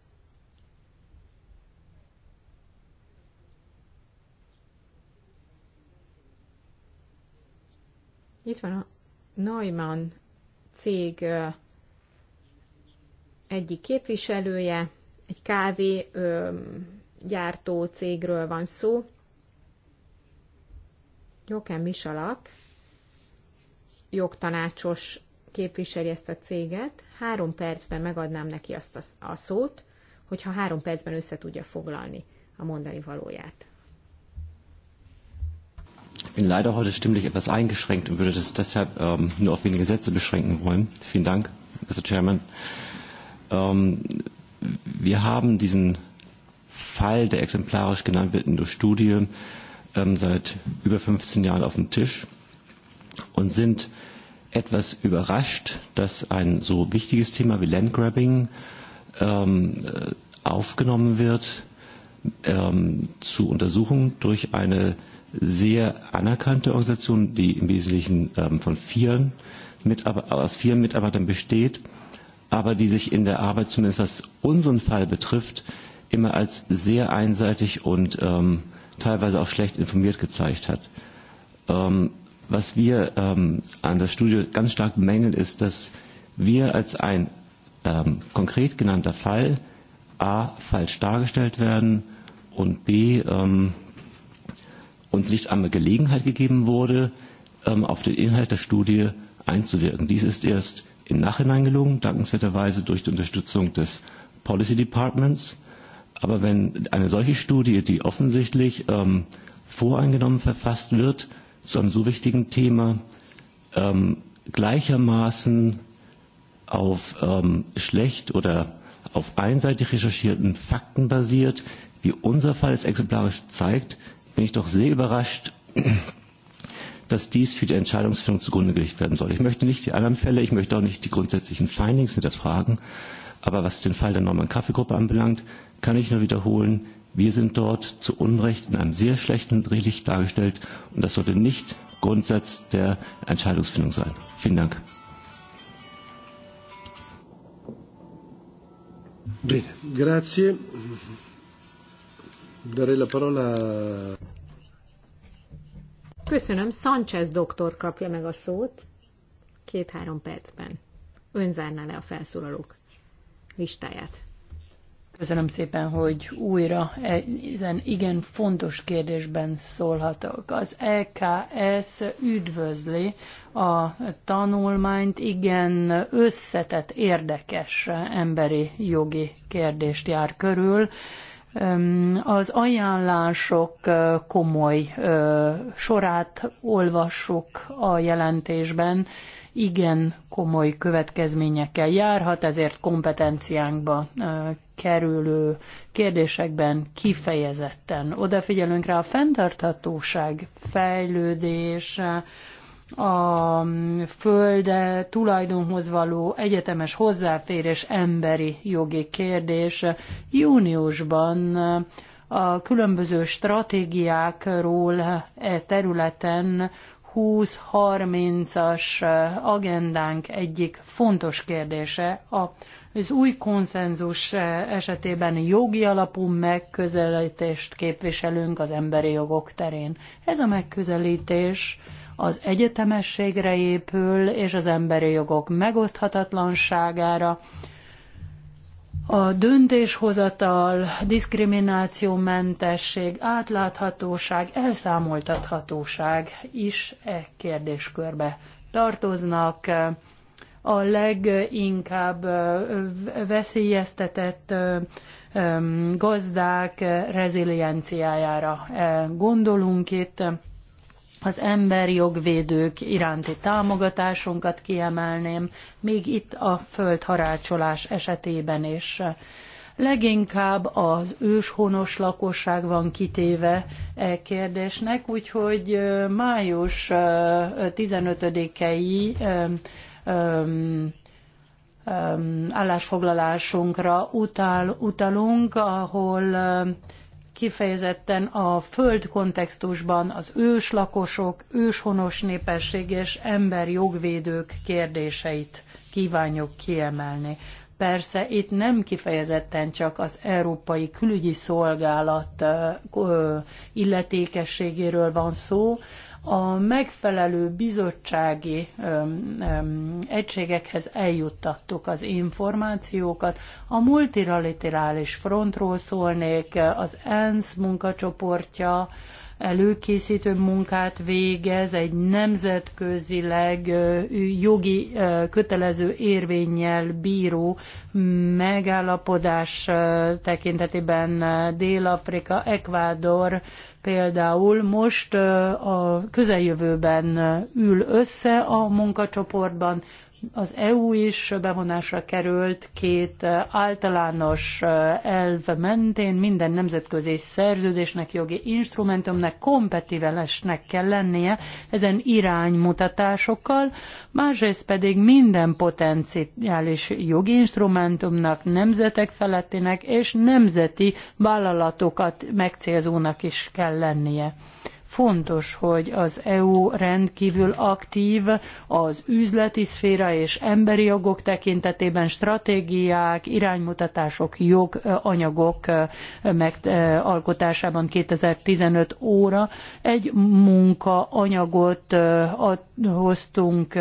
Itt van a Neumann cég egyik képviselője, egy kávé gyártó cégről van szó. Joken Misalak, jogtanácsos képviseli ezt a céget. Három percben megadnám neki azt a, a szót, hogyha három percben össze tudja foglalni a mondani valóját. Bin leider heute stimmlich etwas eingeschränkt und würde das deshalb um, nur auf wenige Sätze beschränken wollen. Vielen Dank, Mr. Chairman. Um, wir haben diesen Fall, der exemplarisch genannt wird in der Studie, um, seit über 15 Jahren auf dem Tisch und sind etwas überrascht, dass ein so wichtiges Thema wie Landgrabbing ähm, äh, aufgenommen wird ähm, zur Untersuchung durch eine sehr anerkannte Organisation, die im Wesentlichen ähm, von vielen aus vier Mitarbeitern besteht, aber die sich in der Arbeit, zumindest was unseren Fall betrifft, immer als sehr einseitig und ähm, teilweise auch schlecht informiert gezeigt hat. Ähm, was wir ähm, an der Studie ganz stark bemängeln, ist, dass wir als ein ähm, konkret genannter Fall a falsch dargestellt werden und b ähm, uns nicht einmal Gelegenheit gegeben wurde, ähm, auf den Inhalt der Studie einzuwirken. Dies ist erst im Nachhinein gelungen, dankenswerterweise durch die Unterstützung des Policy Departments. Aber wenn eine solche Studie, die offensichtlich ähm, voreingenommen verfasst wird, zu einem so wichtigen Thema ähm, gleichermaßen auf ähm, schlecht oder auf einseitig recherchierten Fakten basiert, wie unser Fall es exemplarisch zeigt, bin ich doch sehr überrascht, [clears throat] dass dies für die Entscheidungsfindung zugrunde gelegt werden soll. Ich möchte nicht die anderen Fälle, ich möchte auch nicht die grundsätzlichen Findings hinterfragen, aber was den Fall der Norman Kaffeegruppe anbelangt, kann ich nur wiederholen, Wir sind dort zu Unrecht in einem sehr schlechten Drehlicht dargestellt und das sollte nicht Grundsatz der Entscheidungsfindung sein. Vielen Dank. Bene, grazie. Darei la parola Köszönöm, Sanchez doktor kapja meg a szót. Két-három percben. Ön zárná le a felszólalók listáját. Köszönöm szépen, hogy újra ezen igen fontos kérdésben szólhatok. Az EKS üdvözli a tanulmányt, igen összetett, érdekes emberi jogi kérdést jár körül. Az ajánlások komoly sorát olvassuk a jelentésben, igen komoly következményekkel járhat, ezért kompetenciánkba kerülő kérdésekben kifejezetten odafigyelünk rá a fenntarthatóság, fejlődés, a földe tulajdonhoz való egyetemes hozzáférés emberi jogi kérdés. Júniusban a különböző stratégiákról e területen 2030 as agendánk egyik fontos kérdése a az új konszenzus esetében jogi alapú megközelítést képviselünk az emberi jogok terén. Ez a megközelítés az egyetemességre épül, és az emberi jogok megoszthatatlanságára, a döntéshozatal, diszkriminációmentesség, átláthatóság, elszámoltathatóság is e kérdéskörbe tartoznak. A leginkább veszélyeztetett gazdák rezilienciájára gondolunk itt az emberi jogvédők iránti támogatásunkat kiemelném, még itt a földharácsolás esetében is. Leginkább az őshonos lakosság van kitéve e kérdésnek, úgyhogy május 15-i állásfoglalásunkra utal, utalunk, ahol kifejezetten a föld kontextusban az őslakosok, őshonos népesség és jogvédők kérdéseit kívánjuk kiemelni. Persze itt nem kifejezetten csak az Európai Külügyi Szolgálat illetékességéről van szó, a megfelelő bizottsági öm, öm, egységekhez eljuttattuk az információkat. A multilaterális frontról szólnék, az ENSZ munkacsoportja előkészítő munkát végez, egy nemzetközileg jogi kötelező érvényel bíró megállapodás tekintetében Dél-Afrika, Ekvádor, Például most a közeljövőben ül össze a munkacsoportban, az EU is bevonásra került két általános elv mentén minden nemzetközi szerződésnek, jogi instrumentumnak kompetivelesnek kell lennie ezen iránymutatásokkal, másrészt pedig minden potenciális jogi instrumentumnak, nemzetek felettinek és nemzeti vállalatokat megcélzónak is kell lennie. Fontos, hogy az EU rendkívül aktív az üzleti szféra és emberi jogok tekintetében stratégiák, iránymutatások, joganyagok megalkotásában 2015 óra egy munkaanyagot hoztunk,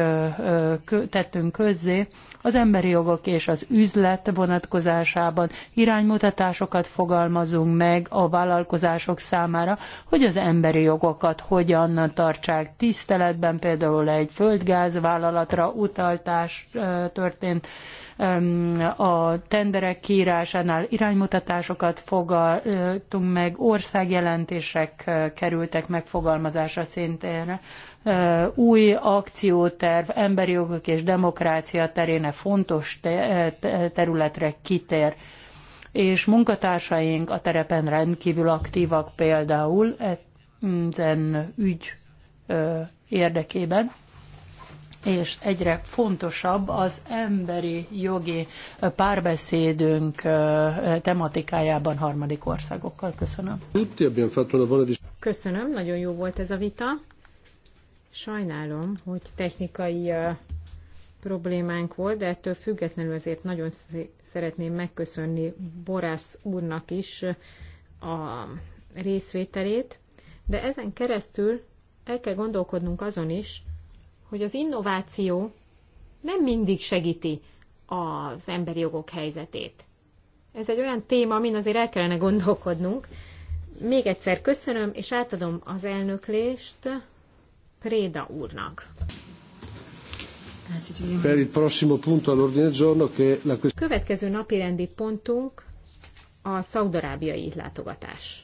tettünk közzé, az emberi jogok és az üzlet vonatkozásában iránymutatásokat fogalmazunk meg a vállalkozások számára, hogy az emberi jogokat hogyan tartsák tiszteletben, például egy földgázvállalatra utaltás történt a tenderek kiírásánál iránymutatásokat fogaltunk meg, országjelentések kerültek megfogalmazásra szintén új akcióterv emberi jogok és demokrácia terén e fontos e, területre kitér és munkatársaink a terepen rendkívül aktívak például ezen ügy érdekében, és egyre fontosabb az emberi jogi párbeszédünk tematikájában harmadik országokkal. Köszönöm. Köszönöm, nagyon jó volt ez a vita. Sajnálom, hogy technikai problémánk volt, de ettől függetlenül azért nagyon szeretném megköszönni Borász úrnak is a részvételét, de ezen keresztül el kell gondolkodnunk azon is, hogy az innováció nem mindig segíti az emberi jogok helyzetét. Ez egy olyan téma, amin azért el kellene gondolkodnunk. Még egyszer köszönöm, és átadom az elnöklést. Préda úrnak. Per il prossimo punto all'ordine giorno che la... Következő napi rendi pontunk a szaudarábiai látogatás.